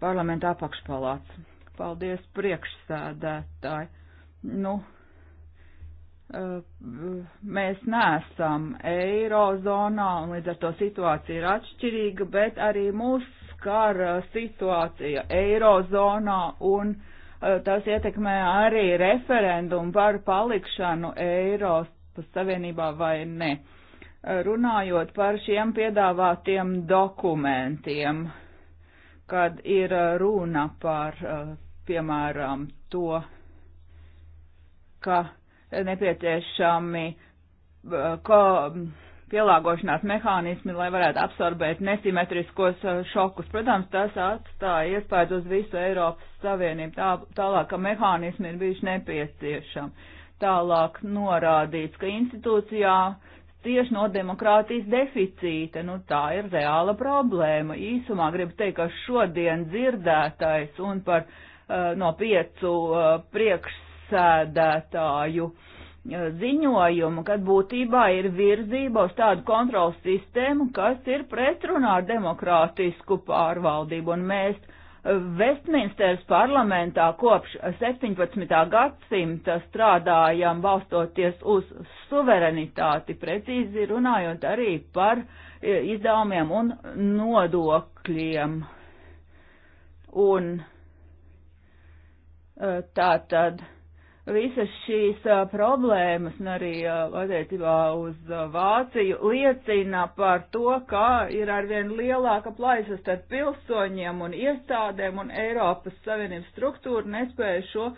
parlamenta apakšpalāts. Paldies priekšsēdētāji. Nu, uh, mēs neesam eirozonā un līdz ar to situācija ir atšķirīga, bet arī mūsu skar situācija Eirozonā un eh, tas ietekmē arī referendumu par palikšanu Eiropas Savienībā vai ne. Eh, runājot par šiem piedāvātiem dokumentiem, kad ir eh, runa par, piemēram, to, ka nepieciešami ko, pielāgošanās mehānismi, lai varētu absorbēt nesimetriskos uh, šokus. Protams, tas atstāja iespēju uz visu Eiropas Savienību, tā, tālāk, ka mehānismi ir bijuši nepieciešami. Tālāk norādīts, ka institūcijā cieši no demokrātijas deficīta, nu tā ir reāla problēma. Īsumā gribu teikt, ka šodien dzirdētais un par uh, no piecu uh, priekšsēdētāju uh, ziņojumu, kad būtībā ir virzība uz tādu kontrols sistēmu, kas ir pretrunā ar demokrātisku pārvaldību. Un mēs Vestminsteras parlamentā kopš 17. gadsimta strādājām balstoties uz suverenitāti, precīzi runājot arī par izdevumiem un nodokļiem. Un tā tad visas šīs uh, problēmas, un arī uh, attiecībā uz uh, Vāciju, liecina par to, ka ir arvien lielāka plaisa starp pilsoņiem un iestādēm, un Eiropas Savienības struktūra nespēja šo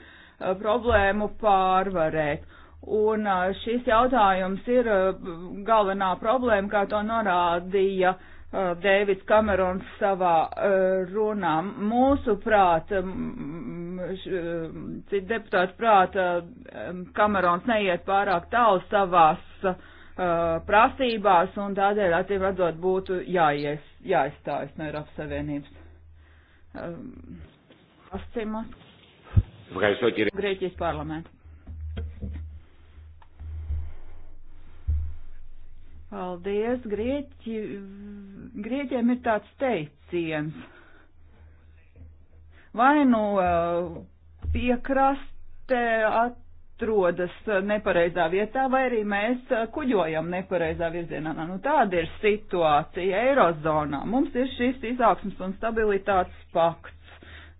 problēmu pārvarēt. Un šis jautājums ir galvenā problēma, kā to norādīja uh, Uh, Dēvids Kamerons savā uh, runā. Mūsu prāt, um, um, citi deputāti prāt, Kamerons um, neiet pārāk tālu savās uh, prasībās un tādēļ attīm redzot būtu jāies, jāizstājas no Eiropas Savienības. Ascimas. Grieķijas parlamenta. Paldies! Grieķi, grieķiem ir tāds teiciens. Vai nu eh, piekraste atrodas nepareizā vietā, vai arī mēs eh, kuģojam nepareizā virzienā. Nu, nu, tāda ir situācija Eirozonā. Mums ir šis izaugsmas un stabilitātes pakts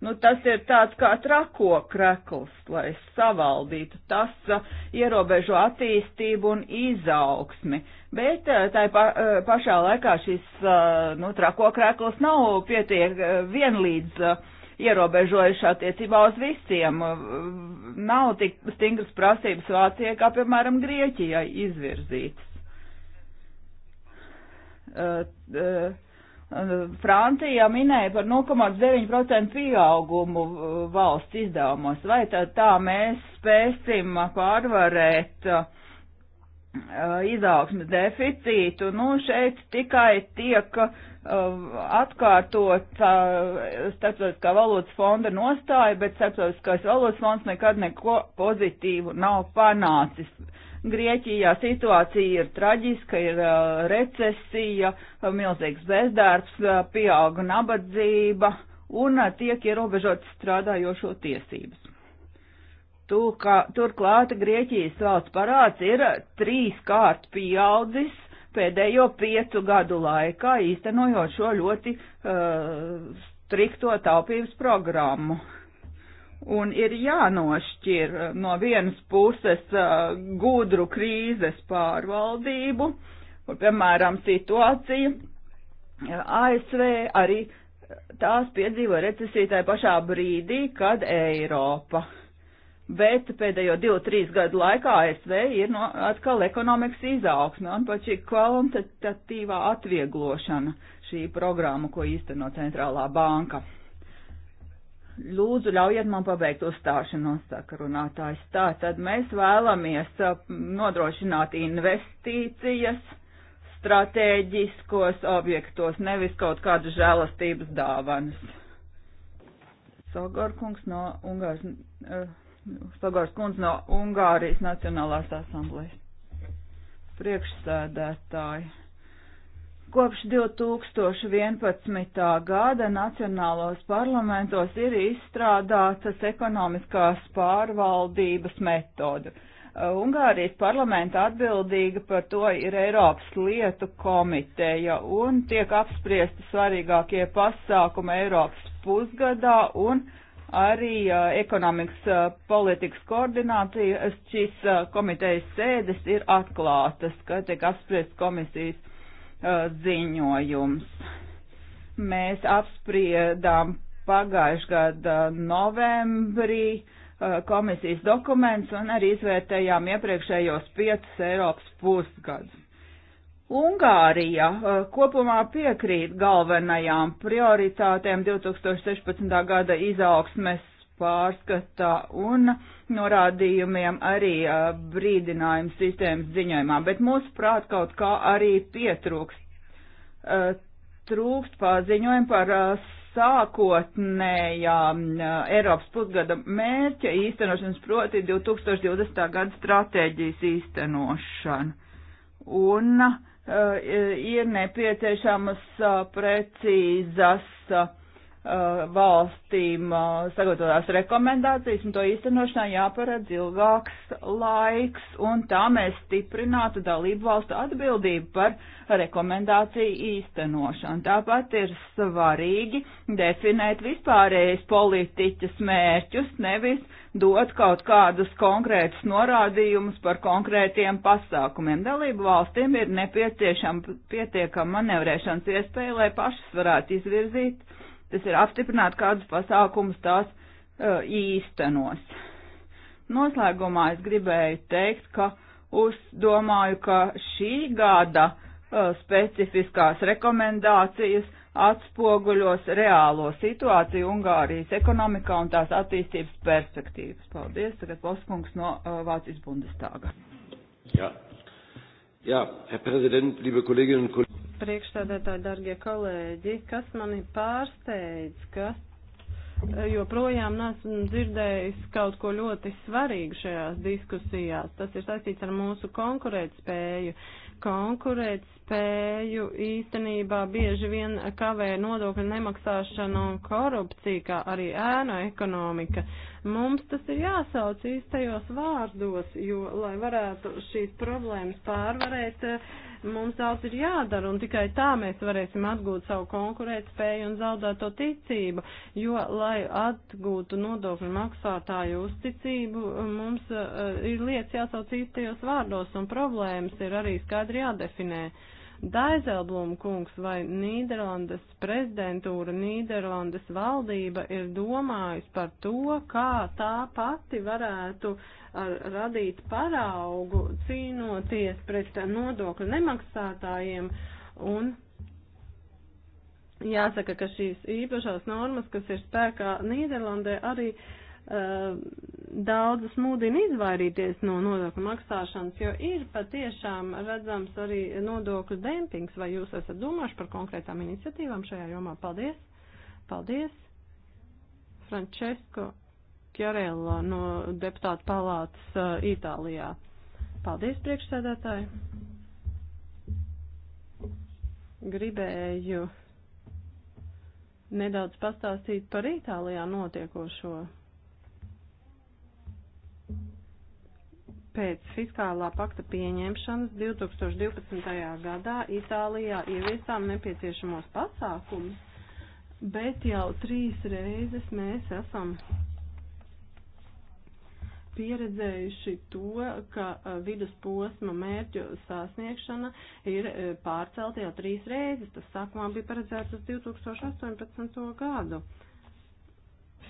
Nu, tas ir tāds kā trako krekls, lai savaldītu. Tas uh, ierobežo attīstību un izaugsmi. Bet uh, tai pa, uh, pašā laikā šis, uh, nu, trako krekls nav pietiek uh, vienlīdz uh, ierobežojuši attiecībā uz visiem. Uh, nav tik stingras prasības Vācijai, kā, piemēram, Grieķijai izvirzītas. Uh, uh, Uh, Francija minēja par 0,9% pieaugumu uh, valsts izdevumos. Vai tad tā mēs spēsim pārvarēt uh, izaugsmes deficītu? Nu, šeit tikai tiek uh, atkārtot uh, starptautiskā valodas fonda nostāja, bet starptautiskais valodas fonds nekad neko pozitīvu nav panācis Grieķijā situācija ir traģiska, ir uh, recesija, milzīgs bezdarbs, uh, pieauga nabadzība un uh, tiek ierobežotas strādājošo tiesības. Tūkā, turklāt Grieķijas valsts parāds ir trīs kārt pieaudzis pēdējo piecu gadu laikā, īstenojot šo ļoti uh, strikto taupības programmu. Uh, un ir jānošķir eh, no vienas puses uh, gudru krīzes pārvaldību, un, piemēram, situācija eh, ASV arī tās piedzīvo recesiju tajā pašā brīdī, kad Eiropa. Bet pēdējo divu, trīs gadu laikā ASV ir no, atkal ekonomikas izaugsme un pat šī kvalitatīvā atvieglošana šī programma, ko īsteno centrālā banka. Lūdzu, ļaujiet man pabeigt uzstāšanos, saka runātājs. Tā tad mēs vēlamies uh, nodrošināt investīcijas stratēģiskos objektos, nevis kaut kādu žēlastības dāvanas. Sogorkungs no Ungārs, uh, Sogors kundz no Ungārijas Nacionālās asamblējas. Priekšsēdētāji. Kopš 2011. gada nacionālos parlamentos ir izstrādātas ekonomiskās pārvaldības metodu. Uh, Ungārijas parlamenta atbildīga par to ir Eiropas lietu komiteja un tiek apspriesti svarīgākie pasākumi Eiropas pusgadā un arī uh, ekonomikas uh, politikas koordinācijas šīs uh, komitejas sēdes ir atklātas, kad tiek apspriest komisijas Uh, ziņojums. Mēs apspriedām pagājušā gada novembrī uh, komisijas dokuments un arī izvērtējām iepriekšējos piecus Eiropas pusgadus. Ungārija uh, kopumā piekrīt galvenajām prioritātēm 2016. gada izaugsmes pārskatā un uh, norādījumiem, arī uh, brīdinājumu sistēmas ziņojumā, bet mūsu prāt kaut kā arī pietrūkst. Uh, trūkst paziņojumu par uh, sākotnējā Eiropas pusgada mērķa īstenošanas, proti 2020. gada stratēģijas īstenošanu. Un uh, ir nepieciešamas uh, precīzas uh, Uh, valstīm uh, sagatavotās rekomendācijas un to īstenošanā jāparedz ilgāks laiks, un tā mēs stiprinātu dalību valstu atbildību par rekomendāciju īstenošanu. Tāpat ir svarīgi definēt vispārējais politiķas mērķus, nevis dot kaut kādus konkrētus norādījumus par konkrētiem pasākumiem. Dalību valstīm ir nepieciešama pietiekama manevrēšanas iespēja, lai pašas varētu izvirzīt tas ir apstiprināt, kādus pasākumus tās uh, īstenos. Noslēgumā es gribēju teikt, ka uzdomāju, ka šī gada uh, specifiskās rekomendācijas atspoguļos reālo situāciju Ungārijas ekonomikā un tās attīstības perspektīvas. Paldies, tagad Poskungs no uh, Vācijas Bundestāga. Jā. Jā, Herr Präsident, liebe Kolleginnen und Kollegen priekšstādētāji, dargie kolēģi, kas mani pārsteidz, ka e, joprojām nesmu dzirdējis kaut ko ļoti svarīgu šajās diskusijās. Tas ir saistīts ar mūsu konkurētspēju. Konkurētspēju īstenībā bieži vien kavē nodokļu nemaksāšana un korupcija, kā arī ēnu ekonomika. Uh, Mums tas ir jāsauc īstajos vārdos, jo, lai varētu šīs problēmas pārvarēt, eh, mums daudz ir jādara, un tikai tā mēs varēsim atgūt savu konkurētspēju un zaudēto ticību, jo, lai atgūtu nodokļu maksātāju uzticību, eh, mums uh, ir lietas jāsauc īstajos vārdos, un problēmas ir arī skaidri jādefinē. Uh, Daizelblūma kungs vai Nīderlandes prezidentūra, Nīderlandes valdība ir domājis par to, kā tā pati varētu ar, radīt paraugu cīnoties pret nodokļu nemaksātājiem un jāsaka, ka šīs īpašās normas, kas ir spēkā Nīderlandē, arī uh, Eh, daudzus mūdina izvairīties no nodokļu maksāšanas, jo ir patiešām redzams arī nodokļu dempings. Vai jūs esat domājuši par konkrētām iniciatīvām šajā jomā? Paldies! Paldies! Francesco Chiarella no deputāta palātas uh, Itālijā. Paldies, priekšsēdētāji! Gribēju nedaudz pastāstīt par Itālijā notiekošo. Pēc fiskālā pakta pieņemšanas 2012. gadā Itālijā ieviesām nepieciešamos pasākumus, bet jau trīs reizes mēs esam pieredzējuši to, ka vidusposma mērķu sasniegšana ir e, pārcelta jau trīs reizes. Tas sākumā bija paredzēts uz 2018. gadu.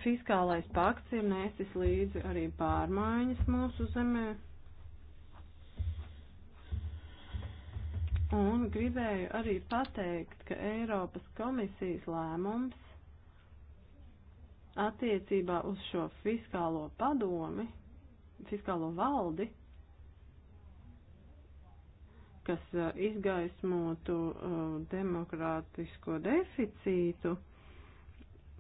Fiskālais pakts ir nesis līdzi arī pārmaiņas mūsu zemē. Un gribēju arī pateikt, ka Eiropas komisijas lēmums attiecībā uz šo fiskālo padomi, fiskālo valdi, kas uh, izgaismotu uh, demokrātisko deficītu,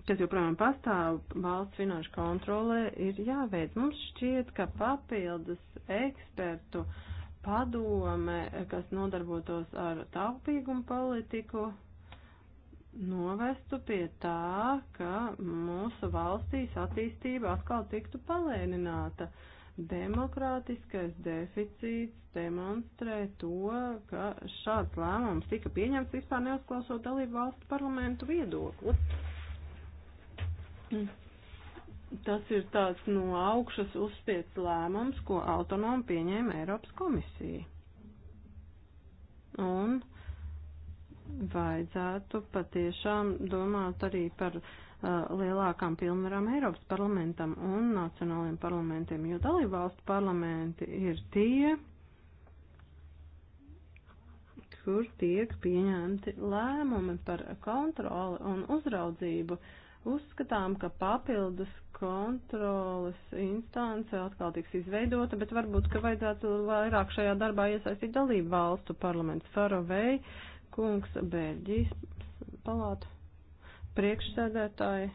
kas joprojām pastāv valsts finanšu kontrolē, ir jāveic. Mums šķiet, ka papildus eksperts padome, kas nodarbotos ar taupīgumu politiku, novestu pie tā, ka mūsu valstīs attīstība atkal tiktu palēnināta. Demokrātiskais deficīts demonstrē to, ka šāds lēmums tika pieņemts vispār neuzklausot dalību valstu parlamentu viedokli. Mm. Tas ir tāds no augšas uzspiedts lēmums, ko autonomi pieņēma Eiropas komisija. Un vajadzētu patiešām domāt arī par uh, lielākām pilnvarām Eiropas parlamentam un nacionāliem parlamentiem, jo dalībvalstu parlamenti ir tie, kur tiek pieņemti lēmumi par kontroli un uzraudzību. Uzskatām, ka papildus kontrolas instance atkal tiks izveidota, bet varbūt, ka vajadzētu vairāk šajā darbā iesaistīt dalību valstu parlaments Farovei, kungs Bēļģijas palāta priekšsēdētāji.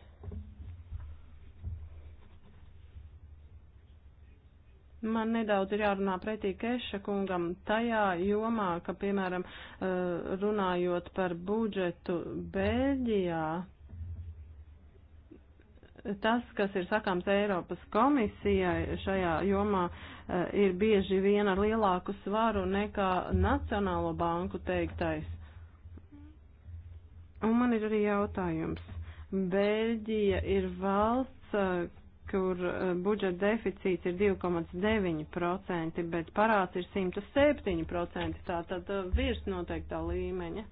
Man nedaudz ir jārunā pretī Keša kungam tajā jomā, ka, piemēram, eh, runājot par budžetu Bēļģijā, tas, kas ir sakāms Eiropas komisijai šajā jomā, eh, ir bieži vien ar lielāku svaru nekā Nacionālo banku teiktais. Un man ir arī jautājums. Beļģija ir valsts, eh, kur eh, budžeta deficīts ir 2,9%, bet parāds ir 107%, tātad virs noteiktā līmeņa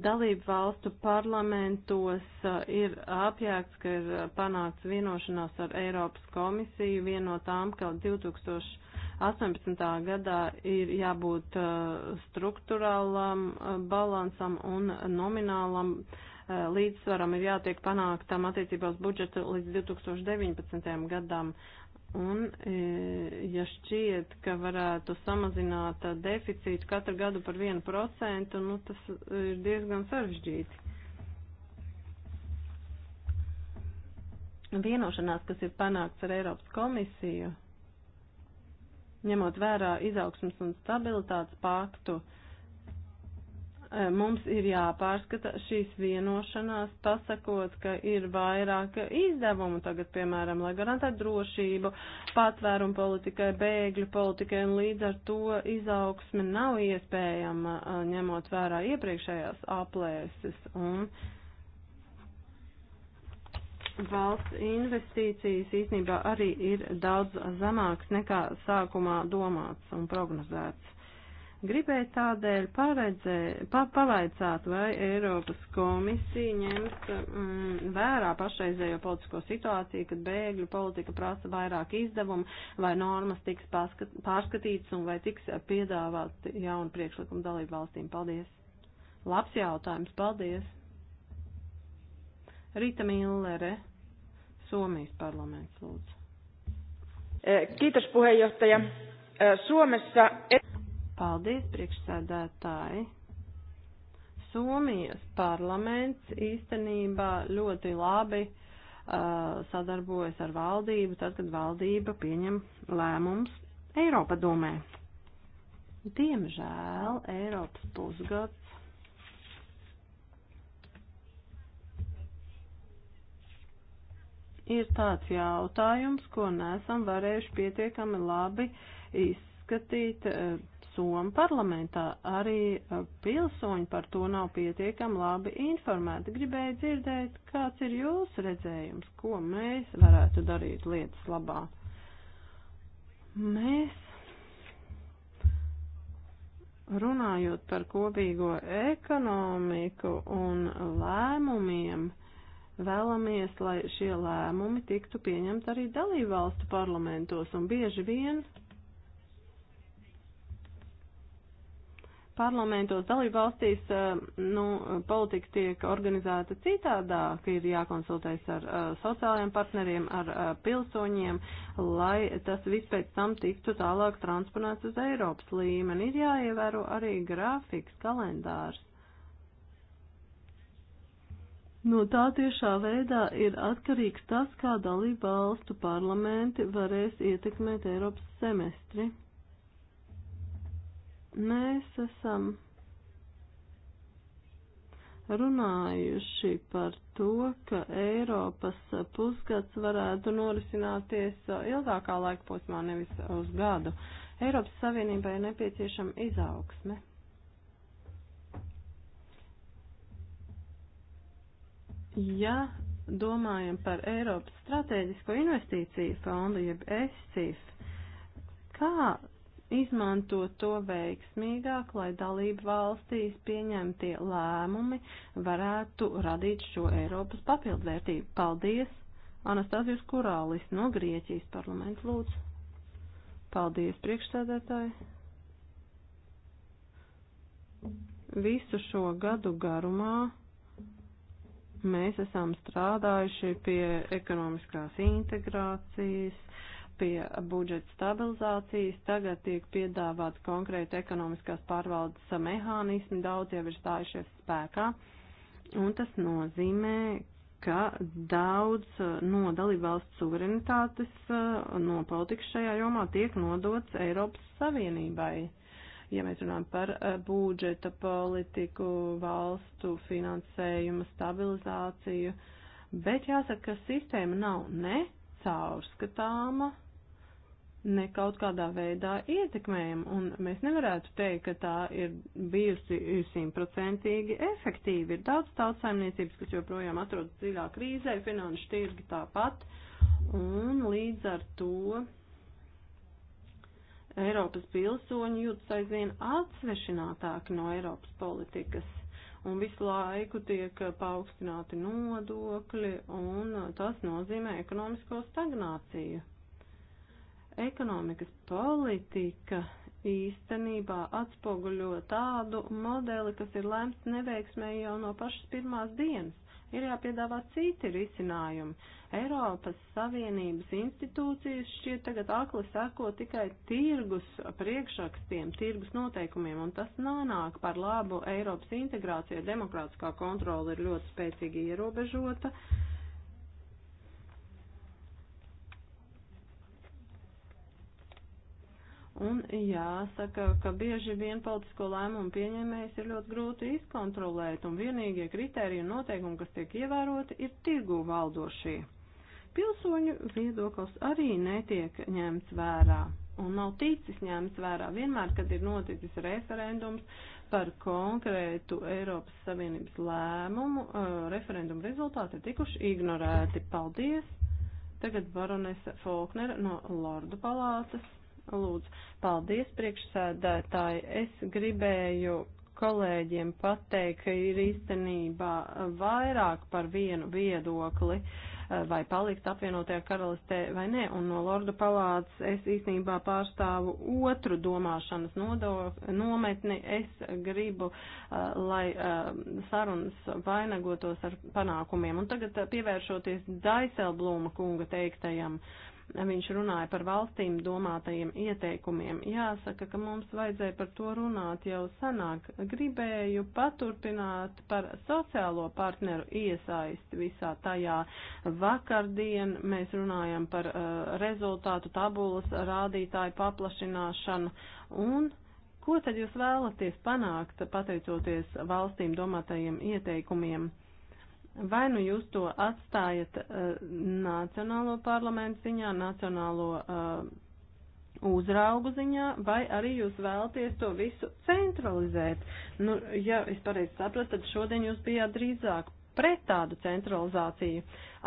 dalību valstu parlamentos uh, ir apjēgts, ka ir uh, panāks vienošanās ar Eiropas komisiju, viena no tām, ka 2018. gadā ir jābūt uh, struktūrālam balansam un nominālam līdzsvaram, ir jātiek panāktam attiecībās budžetu līdz 2019. gadam. Un, e, ja šķiet, ka varētu samazināt deficītu katru gadu par 1%, nu, tas ir diezgan sarežģīti. Vienošanās, kas ir panākts ar Eiropas komisiju, ņemot vērā izaugsmas un stabilitātes paktu, uh, Eh, mums ir jāpārskata šīs vienošanās, pasakot, ka ir vairāk izdevumu tagad, piemēram, lai garantētu drošību, patvērumu politikai, bēgļu politikai, un līdz ar to izaugsme nav iespējama, eh, ņemot vērā iepriekšējās aplēses. Un, valsts investīcijas īstenībā arī ir daudz zemāks nekā sākumā domāts un prognozēts. Gribēju tādēļ paredzē, pa, pavaicāt, vai Eiropas komisija ņems mm, vērā pašreizējo politisko situāciju, kad bēgļu politika prasa vairāk izdevumu, vai normas tiks paskat, pārskatītas un vai tiks piedāvāt jaunu priekšlikumu dalību valstīm. Paldies! Labs jautājums, paldies! Rita Millere, Suomijas parlaments, lūdzu. Eh, kiitos puheenjohtaja. Eh, Suomessa... Et... Paldies, priekšsēdētāji! Somijas parlaments īstenībā ļoti labi uh, sadarbojas ar valdību, tad, kad valdība pieņem lēmums Eiropa domē. Diemžēl Eiropas pusgads ir tāds jautājums, ko nesam varējuši pietiekami labi izskatīt Somu parlamentā arī e, pilsoņi par to nav pietiekami labi informēti. Gribēju dzirdēt, kāds ir jūsu redzējums, ko mēs varētu darīt lietas labā. Mēs runājot par kopīgo ekonomiku un lēmumiem, vēlamies, lai šie lēmumi tiktu pieņemti arī dalībvalstu parlamentos, un bieži vien parlamentos dalībvalstīs eh, nu, politika tiek organizēta citādāk, ir jākonsultējas ar eh, sociālajiem partneriem, ar eh, pilsoņiem, lai tas viss pēc tam tiktu tālāk transponēts uz Eiropas līmeni. Ir jāievēro arī grafiks, kalendārs. No tā tiešā veidā ir atkarīgs tas, kā dalībvalstu parlamenti varēs ietekmēt Eiropas semestri. Mēs esam runājuši par to, ka Eiropas pusgads varētu norisināties ilgākā laika posmā, nevis uz gadu. Eiropas Savienībai ir nepieciešama izaugsme. Ja domājam par Eiropas strateģisko investīciju fondu, jeb ESCIF, kā izmantot to veiksmīgāk, lai dalību valstīs pieņemtie lēmumi varētu radīt šo Eiropas papildvērtību. Paldies! Anastasijas Kurālis no Grieķijas parlamenta lūdzu. Paldies, priekšsēdētāji! Visu šo gadu garumā mēs esam strādājuši pie ekonomiskās integrācijas, pie budžeta stabilizācijas, tagad tiek piedāvāts konkrēti ekonomiskās pārvaldes mehānismi, daudz jau ir stājušies spēkā, un tas nozīmē, ka daudz no dalībvalsts suverenitātes uh, no politikas šajā jomā tiek nodots Eiropas Savienībai. Ja mēs runājam par uh, budžeta politiku, valstu finansējumu, stabilizāciju, bet jāsaka, ka sistēma nav ne caurskatāma, ne kaut kādā veidā ietekmējam, un mēs nevarētu teikt, ka tā ir bijusi simtprocentīgi efektīva. Ir daudz tautsaimniecības, kas joprojām atrodas dziļā krīzē, finanšu tirgi tāpat, un līdz ar to Eiropas pilsoņi jūtas aizvien atsvešinātāki no Eiropas politikas. Un visu laiku tiek paaugstināti nodokļi, un tas nozīmē ekonomisko stagnāciju. Ekonomikas politika īstenībā atspoguļo tādu modeli, kas ir lemts neveiksmē jau no pašas pirmās dienas. Ir jāpiedāvā citi risinājumi. Eiropas Savienības institūcijas šķiet tagad akli sako tikai tirgus priekšrakstiem, tirgus noteikumiem, un tas nonāk par labu Eiropas integrācijai. Demokrātiskā kontrola ir ļoti spēcīgi ierobežota. Uh, Un jāsaka, ka bieži vien politisko lēmumu pieņēmējs ir ļoti grūti izkontrolēt, un vienīgie kriteriji un noteikumi, kas tiek ievēroti, ir tirgu valdošie. Pilsoņu viedoklis arī netiek ņemts vērā un nav ticis ņemts vērā vienmēr, kad ir noticis referendums par konkrētu Eiropas Savienības lēmumu. Eh, referendumu rezultāti ir tikuši ignorēti. Paldies! Tagad baronese Faulkner no Lordu palātas. Lūdzu, paldies priekšsēdētāji. Es gribēju kolēģiem pateikt, ka ir īstenībā vairāk par vienu viedokli, vai palikt apvienotajā karalistē vai nē, un no Lordu palādes es īstenībā pārstāvu otru domāšanas nodo, nometni. Es gribu, uh, lai uh, sarunas vainagotos ar panākumiem. Un tagad uh, pievēršoties Daiselblūma kunga teiktajam, viņš runāja par valstīm domātajiem ieteikumiem. Jāsaka, ka mums vajadzēja par to runāt jau senāk. Gribēju paturpināt par sociālo partneru iesaisti visā tajā. Vakardien mēs runājam par uh, rezultātu tabulas rādītāju paplašināšanu un. Ko tad jūs vēlaties panākt, pateicoties valstīm domātajiem ieteikumiem? Vai nu jūs to atstājat uh, nacionālo parlamentu ziņā, nacionālo uh, uzraugu ziņā, vai arī jūs vēlaties to visu centralizēt? Nu, ja es pareizi sapratu, tad šodien jūs bijāt drīzāk pret tādu centralizāciju.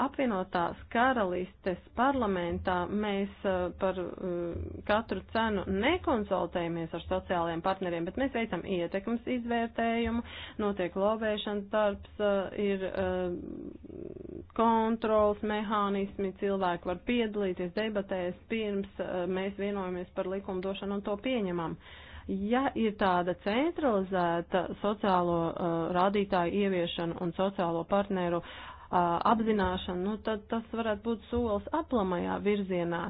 Apvienotās karalistes parlamentā mēs uh, par uh, katru cenu nekonsultējamies ar sociālajiem partneriem, bet mēs veicam ietekmes izvērtējumu, notiek lobēšanas darbs, uh, ir kontrols mehānismi, cilvēki var piedalīties debatēs pirms mēs vienojamies par likumdošanu un to pieņemam. Uh, Ja ir tāda centralizēta sociālo uh, rādītāju ieviešana un sociālo partneru uh, apzināšana, nu, tad tas varētu būt solis aplamajā virzienā.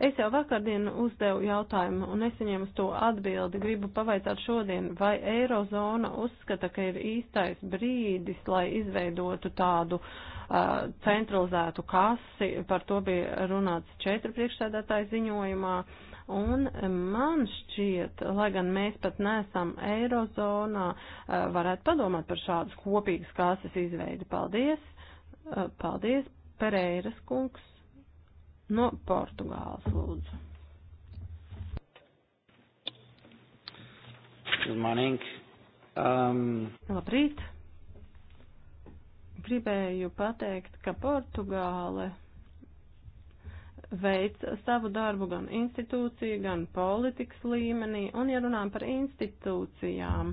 Es jau vakardien uzdevu jautājumu, un es viņiem uz to atbildi gribu pavaicāt šodien, vai Eirozona uzskata, ka ir īstais brīdis, lai izveidotu tādu uh, centralizētu kasi, par to bija runāts četri priekšsēdētāji ziņojumā, uh, Un man šķiet, lai gan mēs pat nesam eirozonā, eh, varētu padomāt par šādas kopīgas kāses izveidi. Paldies! Eh, paldies, Pereiras kungs no Portugāles lūdzu. Good morning. Um... Labrīt! Gribēju pateikt, ka Portugāle veic savu darbu gan institūcija, gan politikas līmenī, un ja runājam par institūcijām,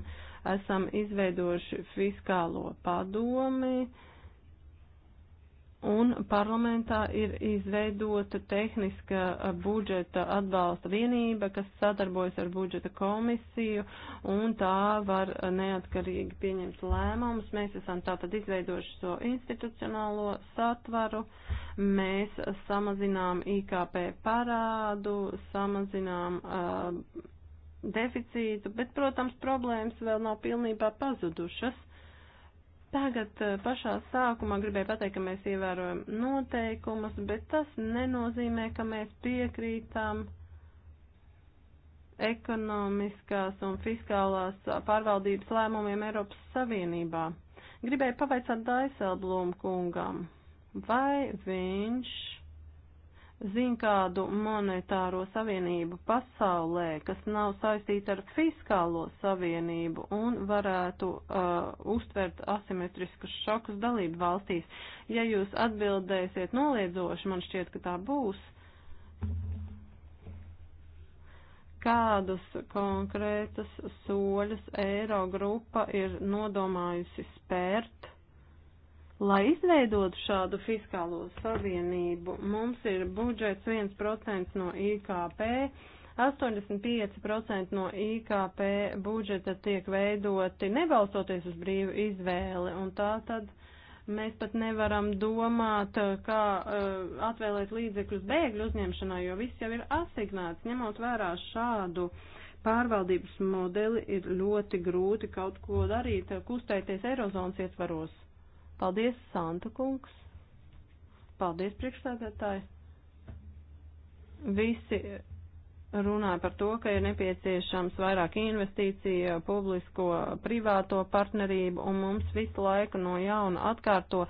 esam izveidojuši fiskālo padomi, uh, un parlamentā ir izveidota tehniska budžeta atbalsta vienība, kas sadarbojas ar budžeta komisiju, un tā var neatkarīgi pieņemt lēmumus. Mēs esam tātad izveidojuši šo so institucionālo satvaru, mēs samazinām IKP parādu, samazinām uh, deficītu, bet, protams, problēmas vēl nav pilnībā pazudušas Tagad eh, pašā sākumā gribēju pateikt, ka mēs ievērojam noteikumus, bet tas nenozīmē, ka mēs piekrītam ekonomiskās un fiskālās pārvaldības lēmumiem Eiropas Savienībā. Gribēju pavaicāt Daiselblūmu kungam, vai viņš zina kādu monetāro savienību pasaulē, kas nav saistīta ar fiskālo savienību un varētu uh, uztvert asimetriskus šokus dalību valstīs. Ja jūs atbildēsiet noliedzoši, man šķiet, ka tā būs. Kādus konkrētus soļus Eirogrupa ir nodomājusi spērt, Lai izveidotu šādu fiskālo savienību, mums ir budžets 1% no IKP, 85% no IKP budžeta tiek veidoti nebalstoties uz brīvu izvēli, un tā tad mēs pat nevaram domāt, kā uh, atvēlēt līdzekļus bēgļu uzņemšanai, jo viss jau ir asignēts, ņemot vērā šādu pārvaldības modeli ir ļoti grūti kaut ko darīt, kustēties Eirozonas ietvaros. Paldies, Santa kungs. Paldies, priekšstādātāji. Visi runāja par to, ka ir nepieciešams vairāk investīcija, publisko, privāto partnerību, un mums visu laiku no jauna atkārto,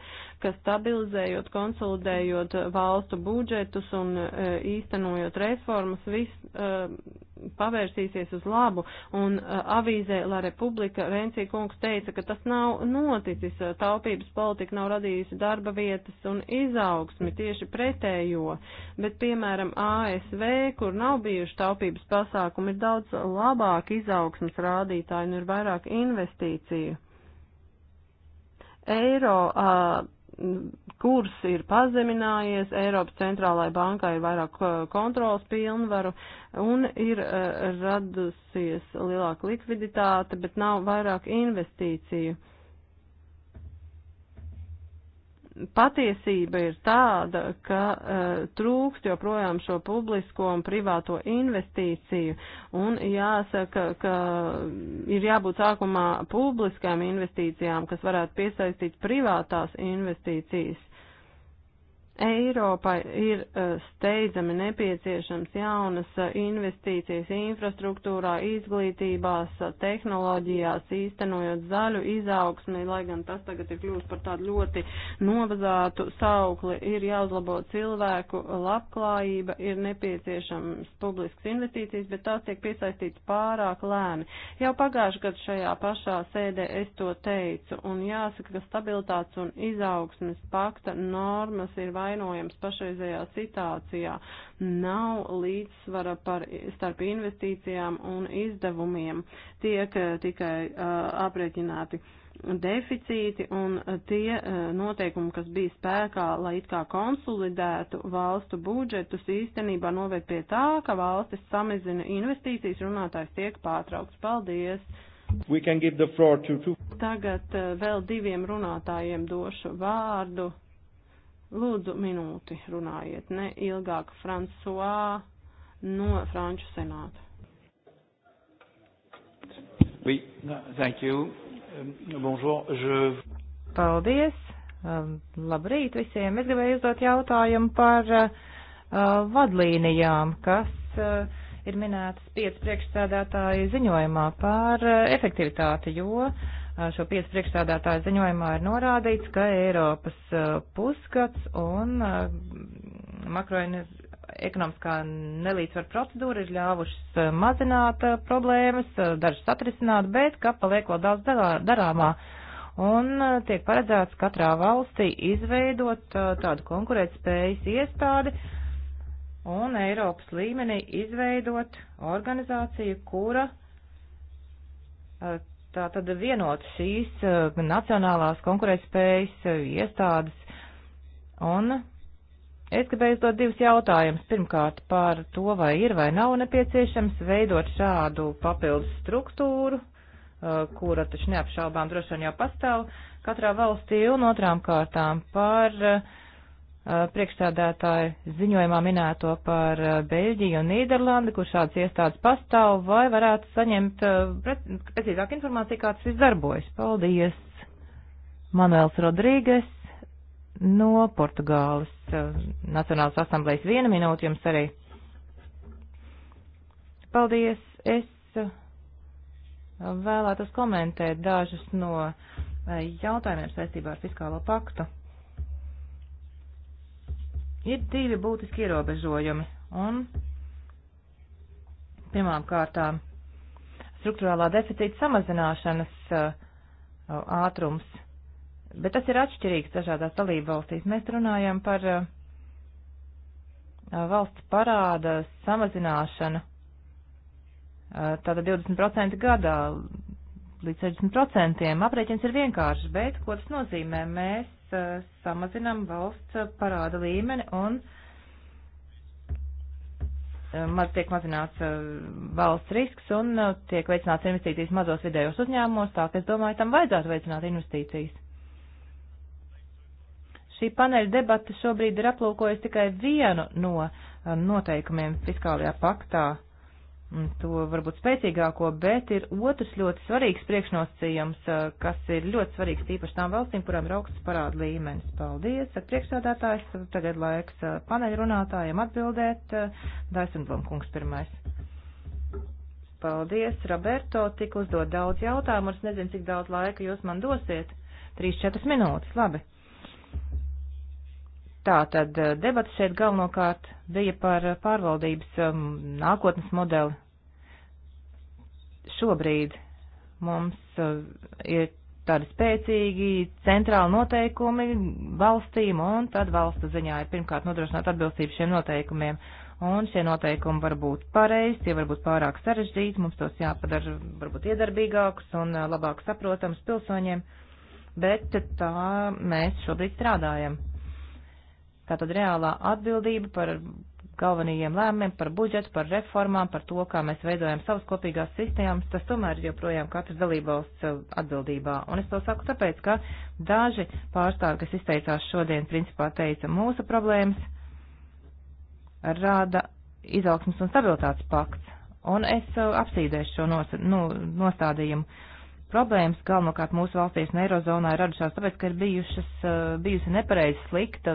ka stabilizējot, konsolidējot valstu budžetus un e, īstenojot reformas, viss e, pavērsīsies uz labu, un uh, avīzē La Republika Vencija kungs teica, ka tas nav noticis, uh, taupības politika nav radījusi darba vietas un izaugsmi tieši pretējo, bet, piemēram, ASV, kur nav bijuši taupības pasākumi, ir daudz labāk izaugsmas rādītāji un ir vairāk investīciju. Eiro uh, kurs ir pazeminājies, Eiropas centrālajai bankai ir vairāk uh, kontrols pilnvaru un ir uh, radusies lielāka likviditāte, bet nav vairāk investīciju patiesība ir tāda, ka uh, trūkst joprojām šo publisko un privāto investīciju, un jāsaka, ka ir jābūt sākumā publiskām investīcijām, kas varētu piesaistīt privātās investīcijas. Eiropai ir eh, steidzami nepieciešams jaunas eh, investīcijas infrastruktūrā, izglītībās, eh, tehnoloģijās, īstenojot zaļu izaugsmi, lai gan tas tagad ir kļūst par tādu ļoti novazātu saukli, ir jāuzlabo cilvēku labklājība, ir nepieciešams publisks investīcijas, bet tās tiek piesaistīts pārāk lēni. Jau pagājuši gadu šajā pašā sēdē es to teicu, un jāsaka, ka stabilitātes un izaugsmes pakta normas ir vairāk vainojams pašreizējā situācijā. Nav līdzsvara par, starp investīcijām un izdevumiem. Tiek eh, tikai uh, aprēķināti deficīti un eh, tie noteikumi, kas bija spēkā, lai it kā konsolidētu valstu budžetus, īstenībā noved pie tā, ka valstis samazina investīcijas, runātājs tiek pārtraukts. Paldies! To... Tagad vēl diviem runātājiem došu vārdu. Lūdzu, minūti runājiet, ne ilgāk Fransuā no Franču senāta. Oui, thank you. Um, bonjour, je... Paldies. Um, labrīt visiem. Es gribēju uzdot jautājumu par uh, vadlīnijām, kas uh, ir minētas piec priekšsēdētāju ziņojumā par uh, efektivitāti, jo uh, šo piecu priekšstādātāju ziņojumā ir norādīts, ka Eiropas pusgads un makroekonomiskā nelīdzsvar procedūra ir ļāvušas mazināt problēmas, dažas atrisināt, bet ka paliek vēl daudz darāmā. Un tiek paredzēts katrā valstī izveidot tādu konkurētspējas iestādi un Eiropas līmenī izveidot organizāciju, kura Tā tad vienot šīs eh, nacionālās konkurētspējas eh, iestādes. Un es gribēju uzdot divus jautājumus. Pirmkārt, par to, vai ir vai nav nepieciešams veidot šādu papildus struktūru, eh, kura taču neapšaubām droši vien jau pastāv katrā valstī, un otrām kārtām par uh, Uh, priekšstādātāju ziņojumā minēto par uh, Beļģiju un Nīderlandi, kur šādas iestādes pastāv, vai varētu saņemt uh, precīzāk informāciju, kā tas viss darbojas. Paldies! Manuels Rodrīgas no Portugāles Nacionālas asamblējas viena minūte jums arī. Paldies! Es vēlētos komentēt dažus no jautājumiem saistībā ar fiskālo paktu. Ir divi būtiski ierobežojumi, un pirmām kārtām struktūrālā deficīta samazināšanas uh, ātrums, bet tas ir atšķirīgs dažādās dalību valstīs. Mēs runājam par uh, valsts parāda samazināšanu, uh, tātad 20% gadā līdz 60%. Aprēķins ir vienkāršs, bet ko tas nozīmē? Mēs Eh, samazinām valsts eh, parāda līmeni un eh, maz tiek mazināts valsts risks un tiek veicināts investīcijas mazos vidējos uzņēmumos, tā ka es domāju, tam vajadzētu veicināt investīcijas. Šī paneļa debata šobrīd ir aplūkojusi tikai vienu no noteikumiem fiskālajā paktā to varbūt spēcīgāko, bet ir otrs ļoti svarīgs priekšnosacījums, eh, kas ir ļoti svarīgs tīpaši tām valstīm, kurām ir augsts parāda līmenis. Paldies, priekšsādātājs. Tagad laiks eh, paneļrunātājiem atbildēt. Eh, Daisenblom kungs pirmais. Paldies, Roberto, tik uzdot daudz jautājumu, es nezinu, cik daudz laika jūs man dosiet. 3-4 minūtes, labi. Tā tad debats šeit galvenokārt bija par pārvaldības um, nākotnes modeli šobrīd mums eh, ir tādi spēcīgi centrāli noteikumi valstīm, un tad valstu ziņā ir pirmkārt nodrošināt atbilstību šiem noteikumiem. Un šie noteikumi var būt pareizi, tie var būt pārāk sarežģīti, mums tos jāpadara varbūt iedarbīgākus un eh, labāk saprotams pilsoņiem, bet tā mēs šobrīd strādājam. Tātad reālā atbildība par galvenajiem lēmumiem par budžetu, par reformām, par to, kā mēs veidojam savas kopīgās sistēmas, tas tomēr ir joprojām katras dalībvalsts atbildībā. Un es to saku tāpēc, ka daži pārstāvi, kas izteicās šodien, principā teica, mūsu problēmas rāda izaugsmas un stabilitātes pakts. Un es uh, apsīdēšu šo nos, nu, nostādījumu. Problēmas galvenokārt mūsu valstīs un Eirozonā ir radušās tāpēc, ka ir bijušas, eh, bijusi nepareizi slikta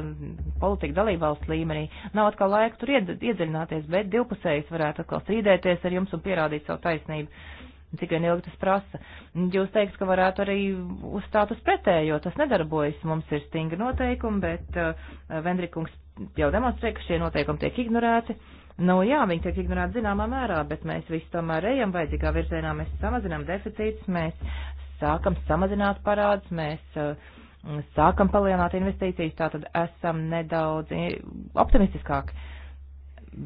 politika dalībvalsts līmenī. Nav atkal laika tur iedziļināties, bet divpusējas varētu atkal strīdēties ar jums un pierādīt savu taisnību cik vien ilgi tas prasa. Jūs teikt, ka varētu arī uzstāt uz pretējo, tas nedarbojas, mums ir stingri noteikumi, bet uh, Vendrikungs jau demonstrē, ka šie noteikumi tiek ignorēti. Uh, Nu jā, viņi tiek ignorēti zināmā mērā, bet mēs visi tomēr ejam vajadzīgā virzienā, mēs samazinām deficītus, mēs sākam samazināt parādus, mēs uh, sākam palielināt investīcijas, tātad esam nedaudz optimistiskāki.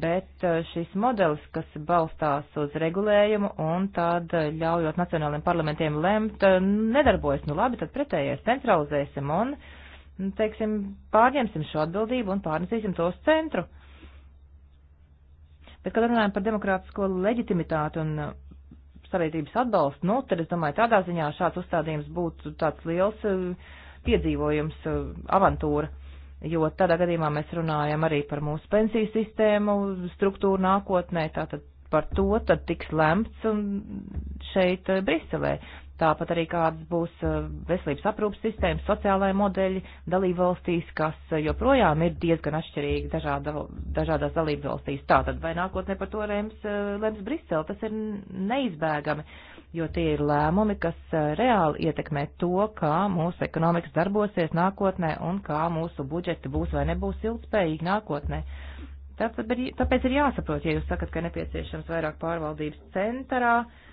Bet uh, šis modelis, kas balstās uz regulējumu un tad uh, ļaujot nacionāliem parlamentiem lemt, uh, nedarbojas. Nu labi, tad pretējais centralizēsim un, nu, teiksim, pārņemsim šo atbildību un pārnesīsim to uz centru. Uh, Bet, kad runājam par demokrātisko leģitimitāti un uh, sabiedrības atbalstu, nu, tad es domāju, tādā ziņā šāds uzstādījums būtu tāds liels uh, piedzīvojums, uh, avantūra, jo tādā gadījumā mēs runājam arī par mūsu pensiju sistēmu, struktūru nākotnē, tātad par to tad tiks lemts un šeit Briselē tāpat arī kādas būs eh, veselības aprūpas sistēmas, sociālai modeļi dalību valstīs, kas eh, joprojām ir diezgan atšķirīgi dažāda, dažādās dalību valstīs. Tātad vai nākotnē par to lems, eh, lems Brisele, tas ir neizbēgami, jo tie ir lēmumi, kas reāli ietekmē to, kā mūsu ekonomikas darbosies nākotnē un kā mūsu budžeti būs vai nebūs ilgspējīgi nākotnē. Tāpēc ir jāsaprot, ja jūs sakat, ka nepieciešams vairāk pārvaldības centrā, uh,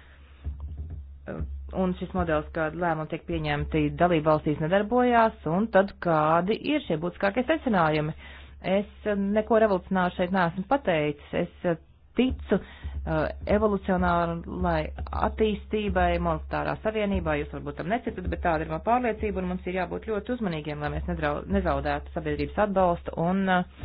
un šis modelis, kāda lēmuma tiek pieņemti dalību valstīs, nedarbojās, un tad kādi ir šie būtiskākie secinājumi. Es neko revolucionāru šeit neesmu pateicis. Es ticu uh, evolucionārai attīstībai, monetārā savienībā, jūs varbūt tam necitat, bet tāda ir man pārliecība, un mums ir jābūt ļoti uzmanīgiem, lai mēs nedraud, nezaudētu sabiedrības atbalstu un uh,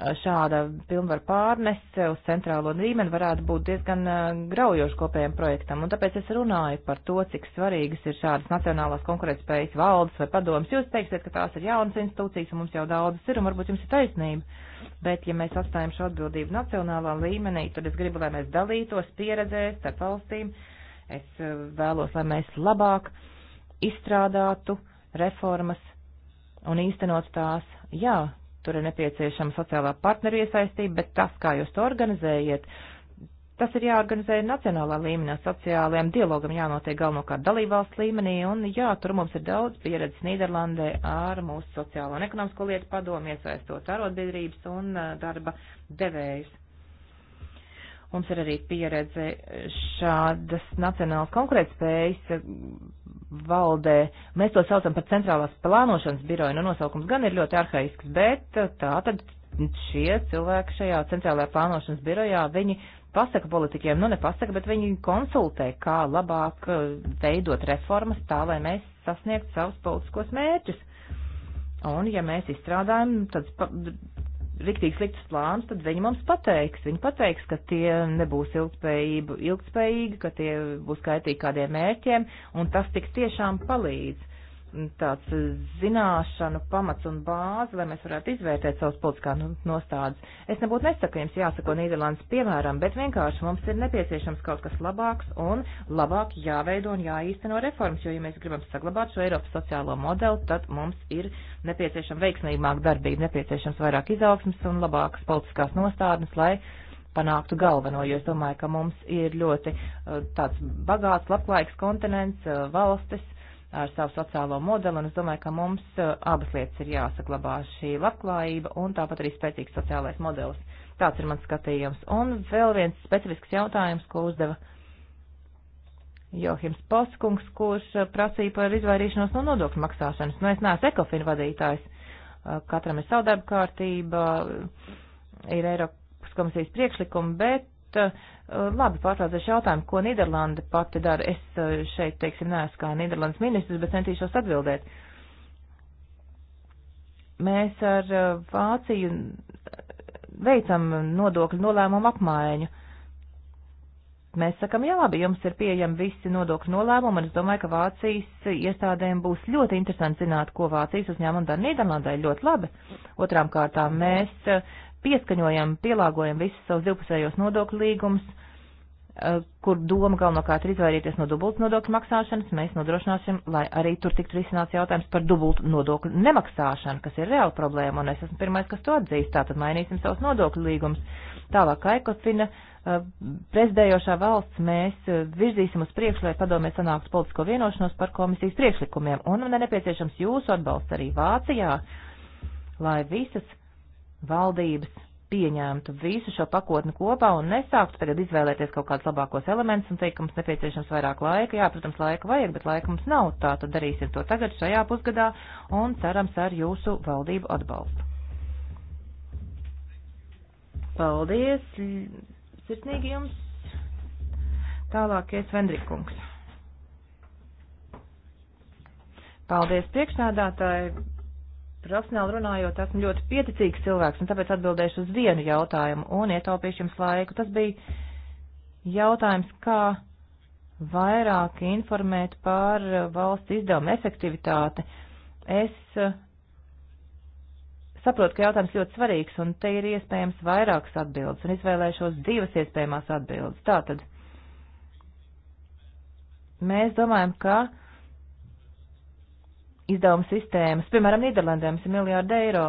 Eh, šāda pilnvaru pārnese uz centrālo līmeni varētu būt diezgan eh, graujoši kopējiem projektam, un tāpēc es runāju par to, cik svarīgas ir šādas nacionālās konkurētspējas valdes vai padomas. Jūs teiksiet, ka tās ir jaunas institūcijas, un mums jau daudzas ir, un varbūt jums ir taisnība, bet ja mēs atstājam šo atbildību nacionālā līmenī, tad es gribu, lai mēs dalītos pieredzēs starp valstīm, es eh, vēlos, lai mēs labāk izstrādātu reformas un īstenot tās. Jā, tur ir nepieciešama sociālā partneru iesaistība, bet tas, kā jūs to organizējiet, tas ir jāorganizē nacionālā līmenī, sociālajiem dialogam jānotiek galvenokārt dalībvalsts līmenī, un jā, tur mums ir daudz pieredzes Nīderlandē ar mūsu sociālo un ekonomisko lietu padomu, iesaistot arotbiedrības un darba devējus. Mums ir arī pieredze šādas nacionālas konkurētspējas valdē. Mēs to saucam par centrālās plānošanas biroju, nu nosaukums gan ir ļoti arhaisks, bet uh, tā tad šie cilvēki šajā centrālajā plānošanas birojā, viņi pasaka politiķiem, nu ne pasaka, bet viņi konsultē, kā labāk uh, veidot reformas tā, lai mēs sasniegtu savus politiskos mērķus. Un ja mēs izstrādājam tāds riktīgi sliktus plānus, tad viņi mums pateiks. Viņi pateiks, ka tie nebūs ilgspējīgi, ka tie būs kaitīgi kādiem mērķiem, un tas tik tiešām palīdz tāds zināšanu pamats un bāze, lai mēs varētu izvērtēt savus politiskās nostādes. Es nebūtu nesaku, ka jums jāsako Nīderlandes piemēram, bet vienkārši mums ir nepieciešams kaut kas labāks un labāk jāveido un jāīsteno reformas, jo, ja mēs gribam saglabāt šo Eiropas sociālo modeli, tad mums ir nepieciešama veiksmīgāka darbība, nepieciešams vairāk izaugsmas un labākas politiskās nostādnes, lai panāktu galveno, jo es domāju, ka mums ir ļoti eh, tāds bagāts, labklājīgs kontinents, eh, valstis, ar savu sociālo modeli, un es domāju, ka mums eh, abas lietas ir jāsaglabā šī labklājība un tāpat arī spēcīgs sociālais modelis. Tāds ir mans skatījums. Un vēl viens specifisks jautājums, ko uzdeva Johims Poskungs, kurš eh, prasīja par izvairīšanos no nodokļu maksāšanas. Nu, es neesmu ekofinu vadītājs. Eh, katram ir savu darba kārtība, ir Eiropas komisijas priekšlikumi, bet Eh, labi pārtraucēšu jautājumu, ko Nīderlanda pati dara. Es eh, šeit, teiksim, neesmu kā Nīderlandes ministrs, bet centīšos atbildēt. Mēs ar eh, Vāciju veicam nodokļu nolēmumu apmaiņu. Mēs sakam, jā, labi, jums ir pieejami visi nodokļu nolēmumi, un es domāju, ka Vācijas iestādēm būs ļoti interesanti zināt, ko Vācijas uzņēmumi dara Nīderlandē ļoti labi. Otrām kārtām mēs pieskaņojam, pielāgojam visus savus divpusējos nodokļu līgumus, eh, kur doma galvenokārt ir izvairīties no dubultu nodokļu maksāšanas, mēs nodrošināsim, lai arī tur tiktu risināts jautājums par dubultu nodokļu nemaksāšanu, kas ir reāla problēma, un es esmu pirmais, kas to atzīst, tātad mainīsim savus nodokļu līgumus. Tālāk Aikofina eh, prezidējošā valsts mēs eh, virzīsim uz priekšu, lai padomē sanāks politisko vienošanos par komisijas priekšlikumiem, un man ir nepieciešams jūsu atbalsts arī Vācijā, lai visas valdības pieņemtu visu šo pakotni kopā un nesāktu tagad izvēlēties kaut kādus labākos elementus un teikt, ka mums nepieciešams vairāk laika. Jā, protams, laika vajag, bet laika mums nav. Tā tad darīsim to tagad šajā pusgadā un cerams ar jūsu valdību atbalstu. Paldies! Sirsnīgi jums! Tālāk ir Vendrikungs. Paldies priekšnādātāji! Profesionāli runājot, esmu ļoti pieticīgs cilvēks, un tāpēc atbildēšu uz vienu jautājumu un ietaupīšu jums laiku. Tas bija jautājums, kā vairāk informēt par valsts izdevuma efektivitāti. Es eh, saprotu, ka jautājums ļoti svarīgs, un te ir iespējams vairākas atbildes, un izvēlēšos divas iespējamās atbildes. Tātad, mēs domājam, ka izdevuma sistēmas. Piemēram, Nīderlandē mums ir miljārdi eiro,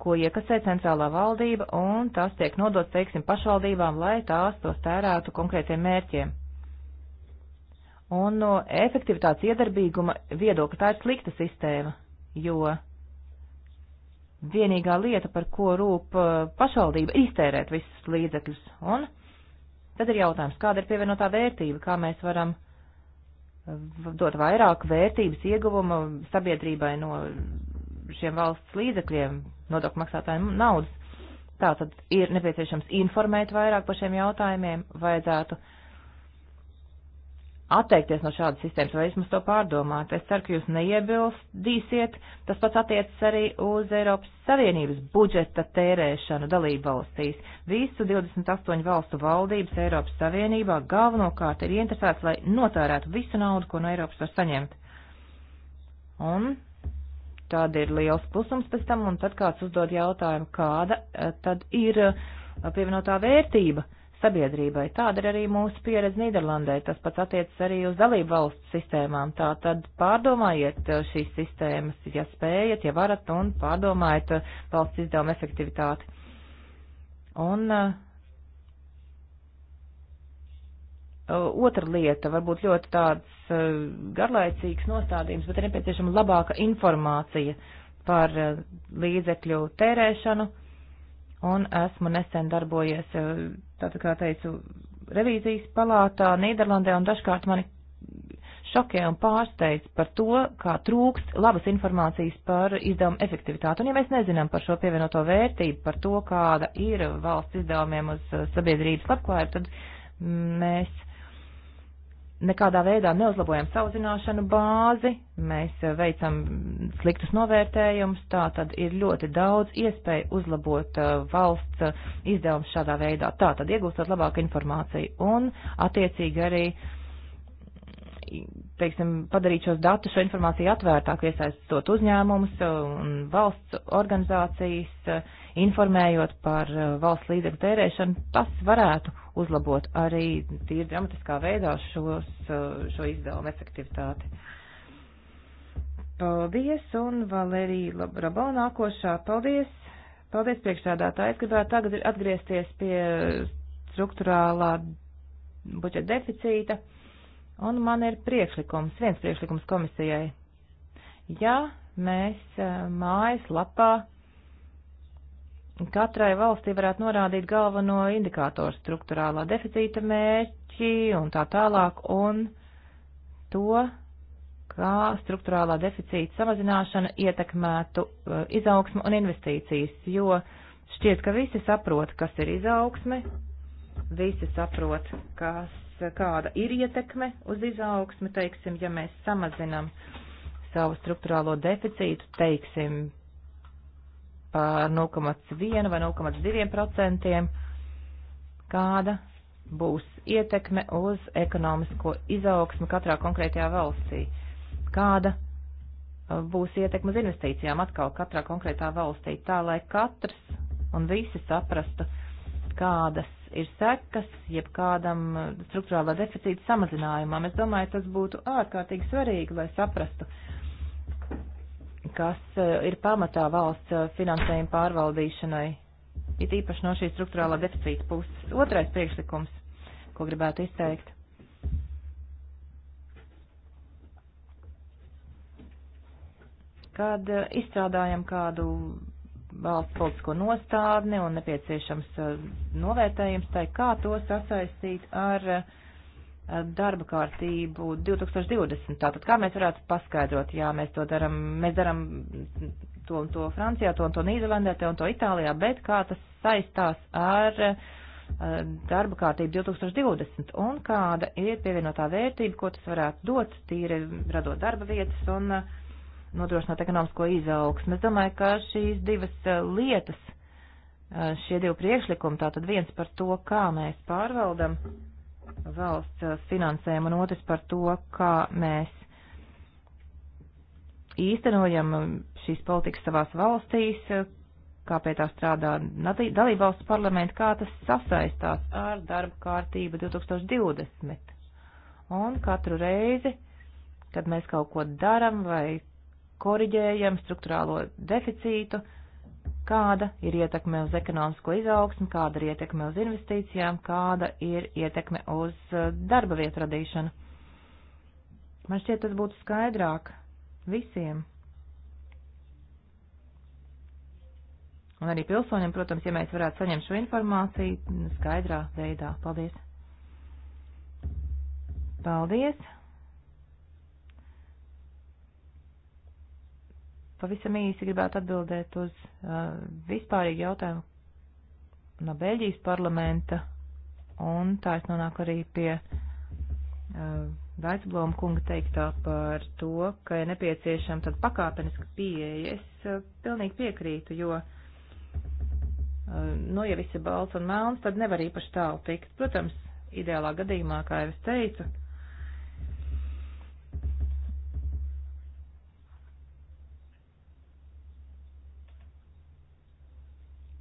ko iekasē centrālā valdība, un tas tiek nodots, teiksim, pašvaldībām, lai tās tos tērētu konkrētiem mērķiem. Un no efektivitātes iedarbīguma viedokļa tā ir slikta sistēma, jo vienīgā lieta, par ko rūp uh, pašvaldība, iztērēt visus līdzekļus. Un tad ir jautājums, kāda ir pievienotā vērtība, kā mēs varam uh, dot vairāk vērtības ieguvuma sabiedrībai no šiem valsts līdzekļiem, nodokļu maksātājiem naudas. Tātad ir nepieciešams informēt vairāk par šiem jautājumiem, vajadzētu uh, atteikties no šādas sistēmas vai vismaz to pārdomāt. Es ceru, ka jūs neiebildīsiet. Tas pats attiecas arī uz Eiropas Savienības budžeta tērēšanu dalību valstīs. Visu 28 valstu valdības Eiropas Savienībā galvenokārt ir interesēts, lai notērētu visu naudu, ko no Eiropas var saņemt. Un tāda ir liels klusums pēc tam, un tad kāds uzdod jautājumu, kāda eh, tad ir eh, pievienotā vērtība sabiedrībai. Tāda ir arī mūsu pieredze Nīderlandē. Tas pats attiecas arī uz dalību valstu sistēmām. Tā tad pārdomājiet eh, šīs sistēmas, ja spējat, ja varat, un pārdomājiet eh, valsts izdevuma efektivitāti. Un uh, otra lieta, varbūt ļoti tāds uh, garlaicīgs nostādījums, bet ir nepieciešama labāka informācija par uh, līdzekļu tērēšanu. Uh, un esmu nesen darbojies, eh, tātad kā teicu, revīzijas palātā Nīderlandē un dažkārt mani šokē un pārsteidz par to, kā trūkst labas informācijas par izdevumu efektivitāti. Un ja mēs nezinām par šo pievienoto vērtību, par to, kāda ir valsts izdevumiem uz eh, sabiedrības labklājību, tad mm, mēs nekādā veidā neuzlabojam savu zināšanu bāzi, mēs eh, veicam sliktus novērtējumus, tā tad ir ļoti daudz iespēju uzlabot eh, valsts eh, izdevumus šādā veidā, tā tad iegūstot labāku informāciju un attiecīgi arī, teiksim, padarīt šos datus, šo informāciju atvērtāku, iesaistot uzņēmumus un valsts organizācijas, informējot par valsts līdzekļu tērēšanu, tas varētu uzlabot arī tīri dramatiskā veidā šos, šo izdevumu efektivitāti. Paldies, un Valērija Rabo nākošā. Paldies, paldies priekšsādātāji. Es gribētu tagad atgriezties pie struktūrālā budžeta deficīta, un man ir priekšlikums, viens priekšlikums komisijai. Ja mēs eh, mājas lapā katrai valstī varētu norādīt galveno indikātoru struktūrālā deficīta mērķi un tā tālāk, un to, kā struktūrālā deficīta samazināšana ietekmētu uh, izaugsmu un investīcijas, jo šķiet, ka visi saprot, kas ir izaugsme, visi saprot, kas, kāda ir ietekme uz izaugsmi, teiksim, ja mēs samazinam savu struktūrālo deficītu, teiksim, par 0,1 vai 0,2%, kāda būs ietekme uz ekonomisko izaugsmu katrā konkrētajā valstī, kāda uh, būs ietekme uz investīcijām atkal katrā konkrētā valstī, tā lai katrs un visi saprastu, kādas ir sekas jebkādam uh, struktūrālā deficīta samazinājumam. Es domāju, tas būtu ārkārtīgi svarīgi, lai saprastu, uh, kas eh, ir pamatā valsts eh, finansējuma pārvaldīšanai, it īpaši no šīs struktūrālā deficīta puses. Otrais priekšlikums, ko gribētu izteikt. Kad eh, izstrādājam kādu valsts politisko nostādni un nepieciešams novērtējums tai, kā to sasaistīt ar uh, darba kārtību 2020. Tātad kā mēs varētu paskaidrot, jā, mēs to daram, mēs daram to un to Francijā, to un to Nīderlandē, to un to Itālijā, bet kā tas saistās ar eh, darba kārtību 2020 un kāda ir pievienotā vērtība, ko tas varētu dot, tīri radot darba vietas un eh, nodrošināt ekonomisko izaugsmu. Es domāju, ka šīs divas eh, lietas, šie divi priekšlikumi, tātad viens par to, kā mēs pārvaldam valsts uh, finansējumu, un otrs par to, kā mēs īstenojam um, šīs politikas savās valstīs, uh, kā pie tā strādā dalībvalsts parlamenti, kā tas sasaistās ar darba kārtību 2020. Un katru reizi, kad mēs kaut ko daram vai koriģējam struktūrālo deficītu, uh, kāda ir ietekme uz ekonomisko izaugsmu, kāda ir ietekme uz investīcijām, kāda ir ietekme uz uh, darba vietu radīšanu. Man šķiet, tas būtu skaidrāk visiem. Un arī pilsoņiem, protams, ja mēs varētu saņemt šo informāciju skaidrā veidā. Paldies! Paldies! Pavisam īsi gribētu atbildēt uz uh, vispārīgu jautājumu no Beļģijas parlamenta, un tā es nonāku arī pie uh, Vaisbloma kunga teiktā par to, ka ir nepieciešama tad pakāpeniska pieeja. Es uh, pilnīgi piekrītu, jo, uh, nu, ja viss ir balts un melns, tad nevar īpaši tālu tikt. Protams, ideālā gadījumā, kā jau es teicu,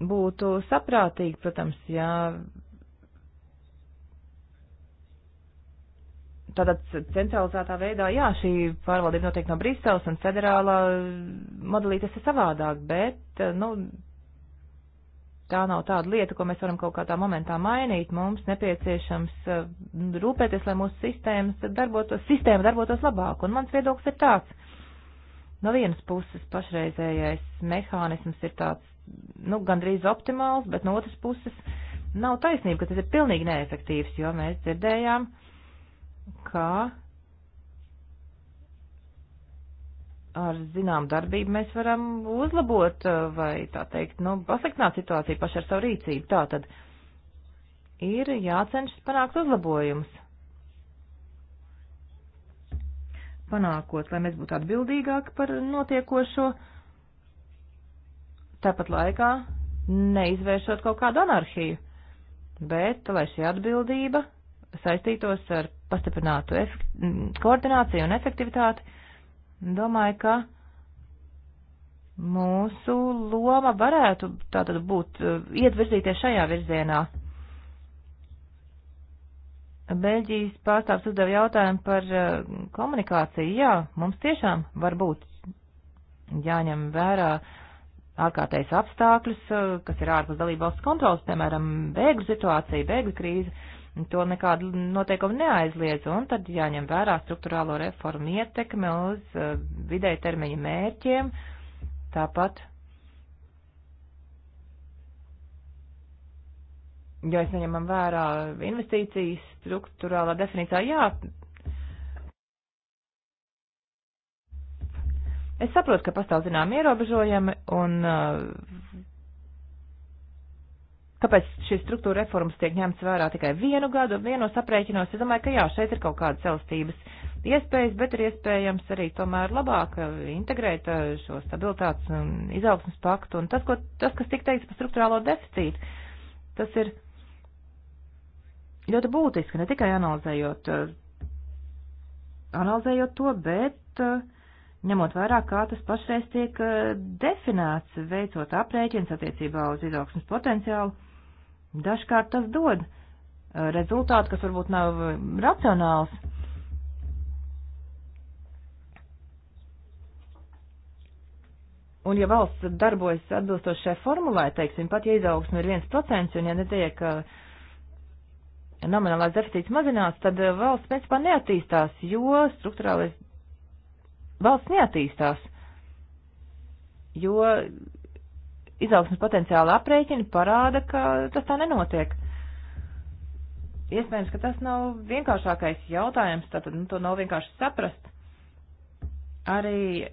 būtu saprātīgi, protams, ja tādā centralizētā veidā, jā, šī pārvaldība notiek no Briseles un federālā modelī tas ir savādāk, bet, nu, tā nav tāda lieta, ko mēs varam kaut kā tā momentā mainīt. Mums nepieciešams eh, rūpēties, lai mūsu sistēmas darbotos, sistēma darbotos labāk, un mans viedoklis ir tāds. No vienas puses pašreizējais mehānisms ir tāds nu, gandrīz optimāls, bet no otras puses nav taisnība, ka tas ir pilnīgi neefektīvs, jo mēs dzirdējām, ka ar zinām darbību mēs varam uzlabot eh, vai, tā teikt, nu, pasliktināt situāciju paši ar savu rīcību. Tā tad ir jācenšas panākt uzlabojumus. Panākot, lai mēs būtu atbildīgāki par notiekošo. Uh, tāpat laikā neizvēršot kaut kādu anarhiju, bet lai šī atbildība saistītos ar pastiprinātu koordināciju un efektivitāti, domāju, ka mūsu loma varētu tātad būt e, iet virzīties šajā virzienā. Beļģijas pārstāvs uzdeva jautājumu par e, komunikāciju. Jā, mums tiešām var būt jāņem vērā uh, ārkārtējus apstākļus, eh, kas ir ārpus dalībvalsts kontrolas, piemēram, bēgļu situācija, bēgļu krīze, to nekādu noteikumu neaizliedz, un tad jāņem vērā struktūrālo reformu ietekme uz eh, vidēja termiņa mērķiem, tāpat. Jo es neņemam vērā investīcijas struktūrālā definīcijā, jā, Es saprotu, ka pastāv zinām ierobežojumi un uh, kāpēc šīs struktūra reformas tiek ņemts vērā tikai vienu gadu un vienos aprēķinos. Es domāju, ka jā, šeit ir kaut kādas elastības iespējas, bet ir iespējams arī tomēr labāk uh, integrēt uh, šo stabilitātes un izaugsmas paktu. Un tas, ko, tas kas tik teikts par struktūrālo deficītu, tas ir ļoti būtiski, ne tikai analizējot, analizējot to, bet uh, ņemot vērā, kā tas pašreiz tiek eh, definēts, veicot aprēķins attiecībā uz izaugsmas potenciālu, dažkārt tas dod eh, rezultātu, kas varbūt nav eh, racionāls. Un ja valsts darbojas atbilstoši šai formulai, teiksim, pat ja izaugsme ir 1% un ja netiek nominālās deficīts mazināts, tad valsts principā neattīstās, jo struktūrālais valsts neattīstās, jo izaugsmas potenciāla aprēķina parāda, ka tas tā nenotiek. Iespējams, ka tas nav vienkāršākais jautājums, tātad nu, to nav vienkārši saprast. Arī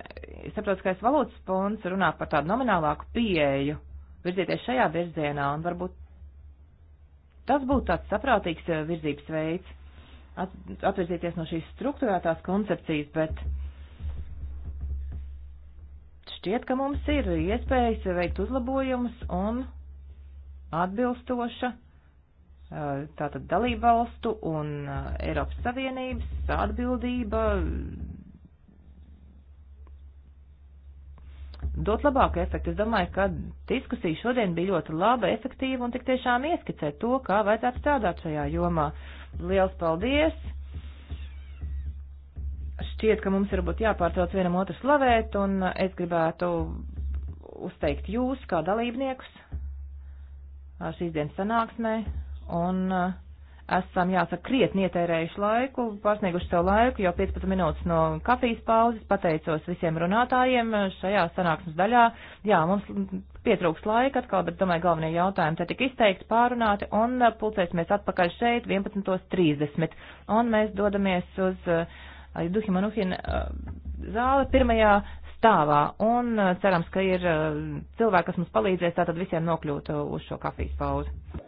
starptautiskais valūtas fonds runā par tādu nominālāku pieeju, virzieties šajā virzienā, un varbūt tas būtu tāds saprātīgs eh, virzības veids, atvirzīties no šīs struktūrētās koncepcijas, bet šķiet, ka mums ir iespējas veikt uzlabojumus un atbilstoša eh, tātad dalībvalstu un eh, Eiropas Savienības atbildība dot labāku efektu. Es domāju, ka diskusija šodien bija ļoti laba, efektīva un tik tiešām ieskicē to, kā vajadzētu strādāt šajā jomā. Liels paldies! šķiet, ka mums varbūt jāpārtrauc vienam otru slavēt, un es gribētu uzteikt jūs kā dalībniekus šīs dienas sanāksmē, un eh, esam, jāsaka, krietni ietērējuši laiku, pārsnieguši savu laiku, jau 15 minūtes no kafijas pauzes, pateicos visiem runātājiem eh, šajā sanāksmes daļā. Jā, mums pietrūks laika atkal, bet domāju, galvenie jautājumi te tik izteikti pārunāti, un eh, pulcēsimies atpakaļ šeit 11.30, un mēs dodamies uz uh, Duhima Nuhina eh, zāle pirmajā stāvā, un eh, cerams, ka ir eh, cilvēki, kas mums palīdzēs tātad visiem nokļūt uz šo kafijas pauzi.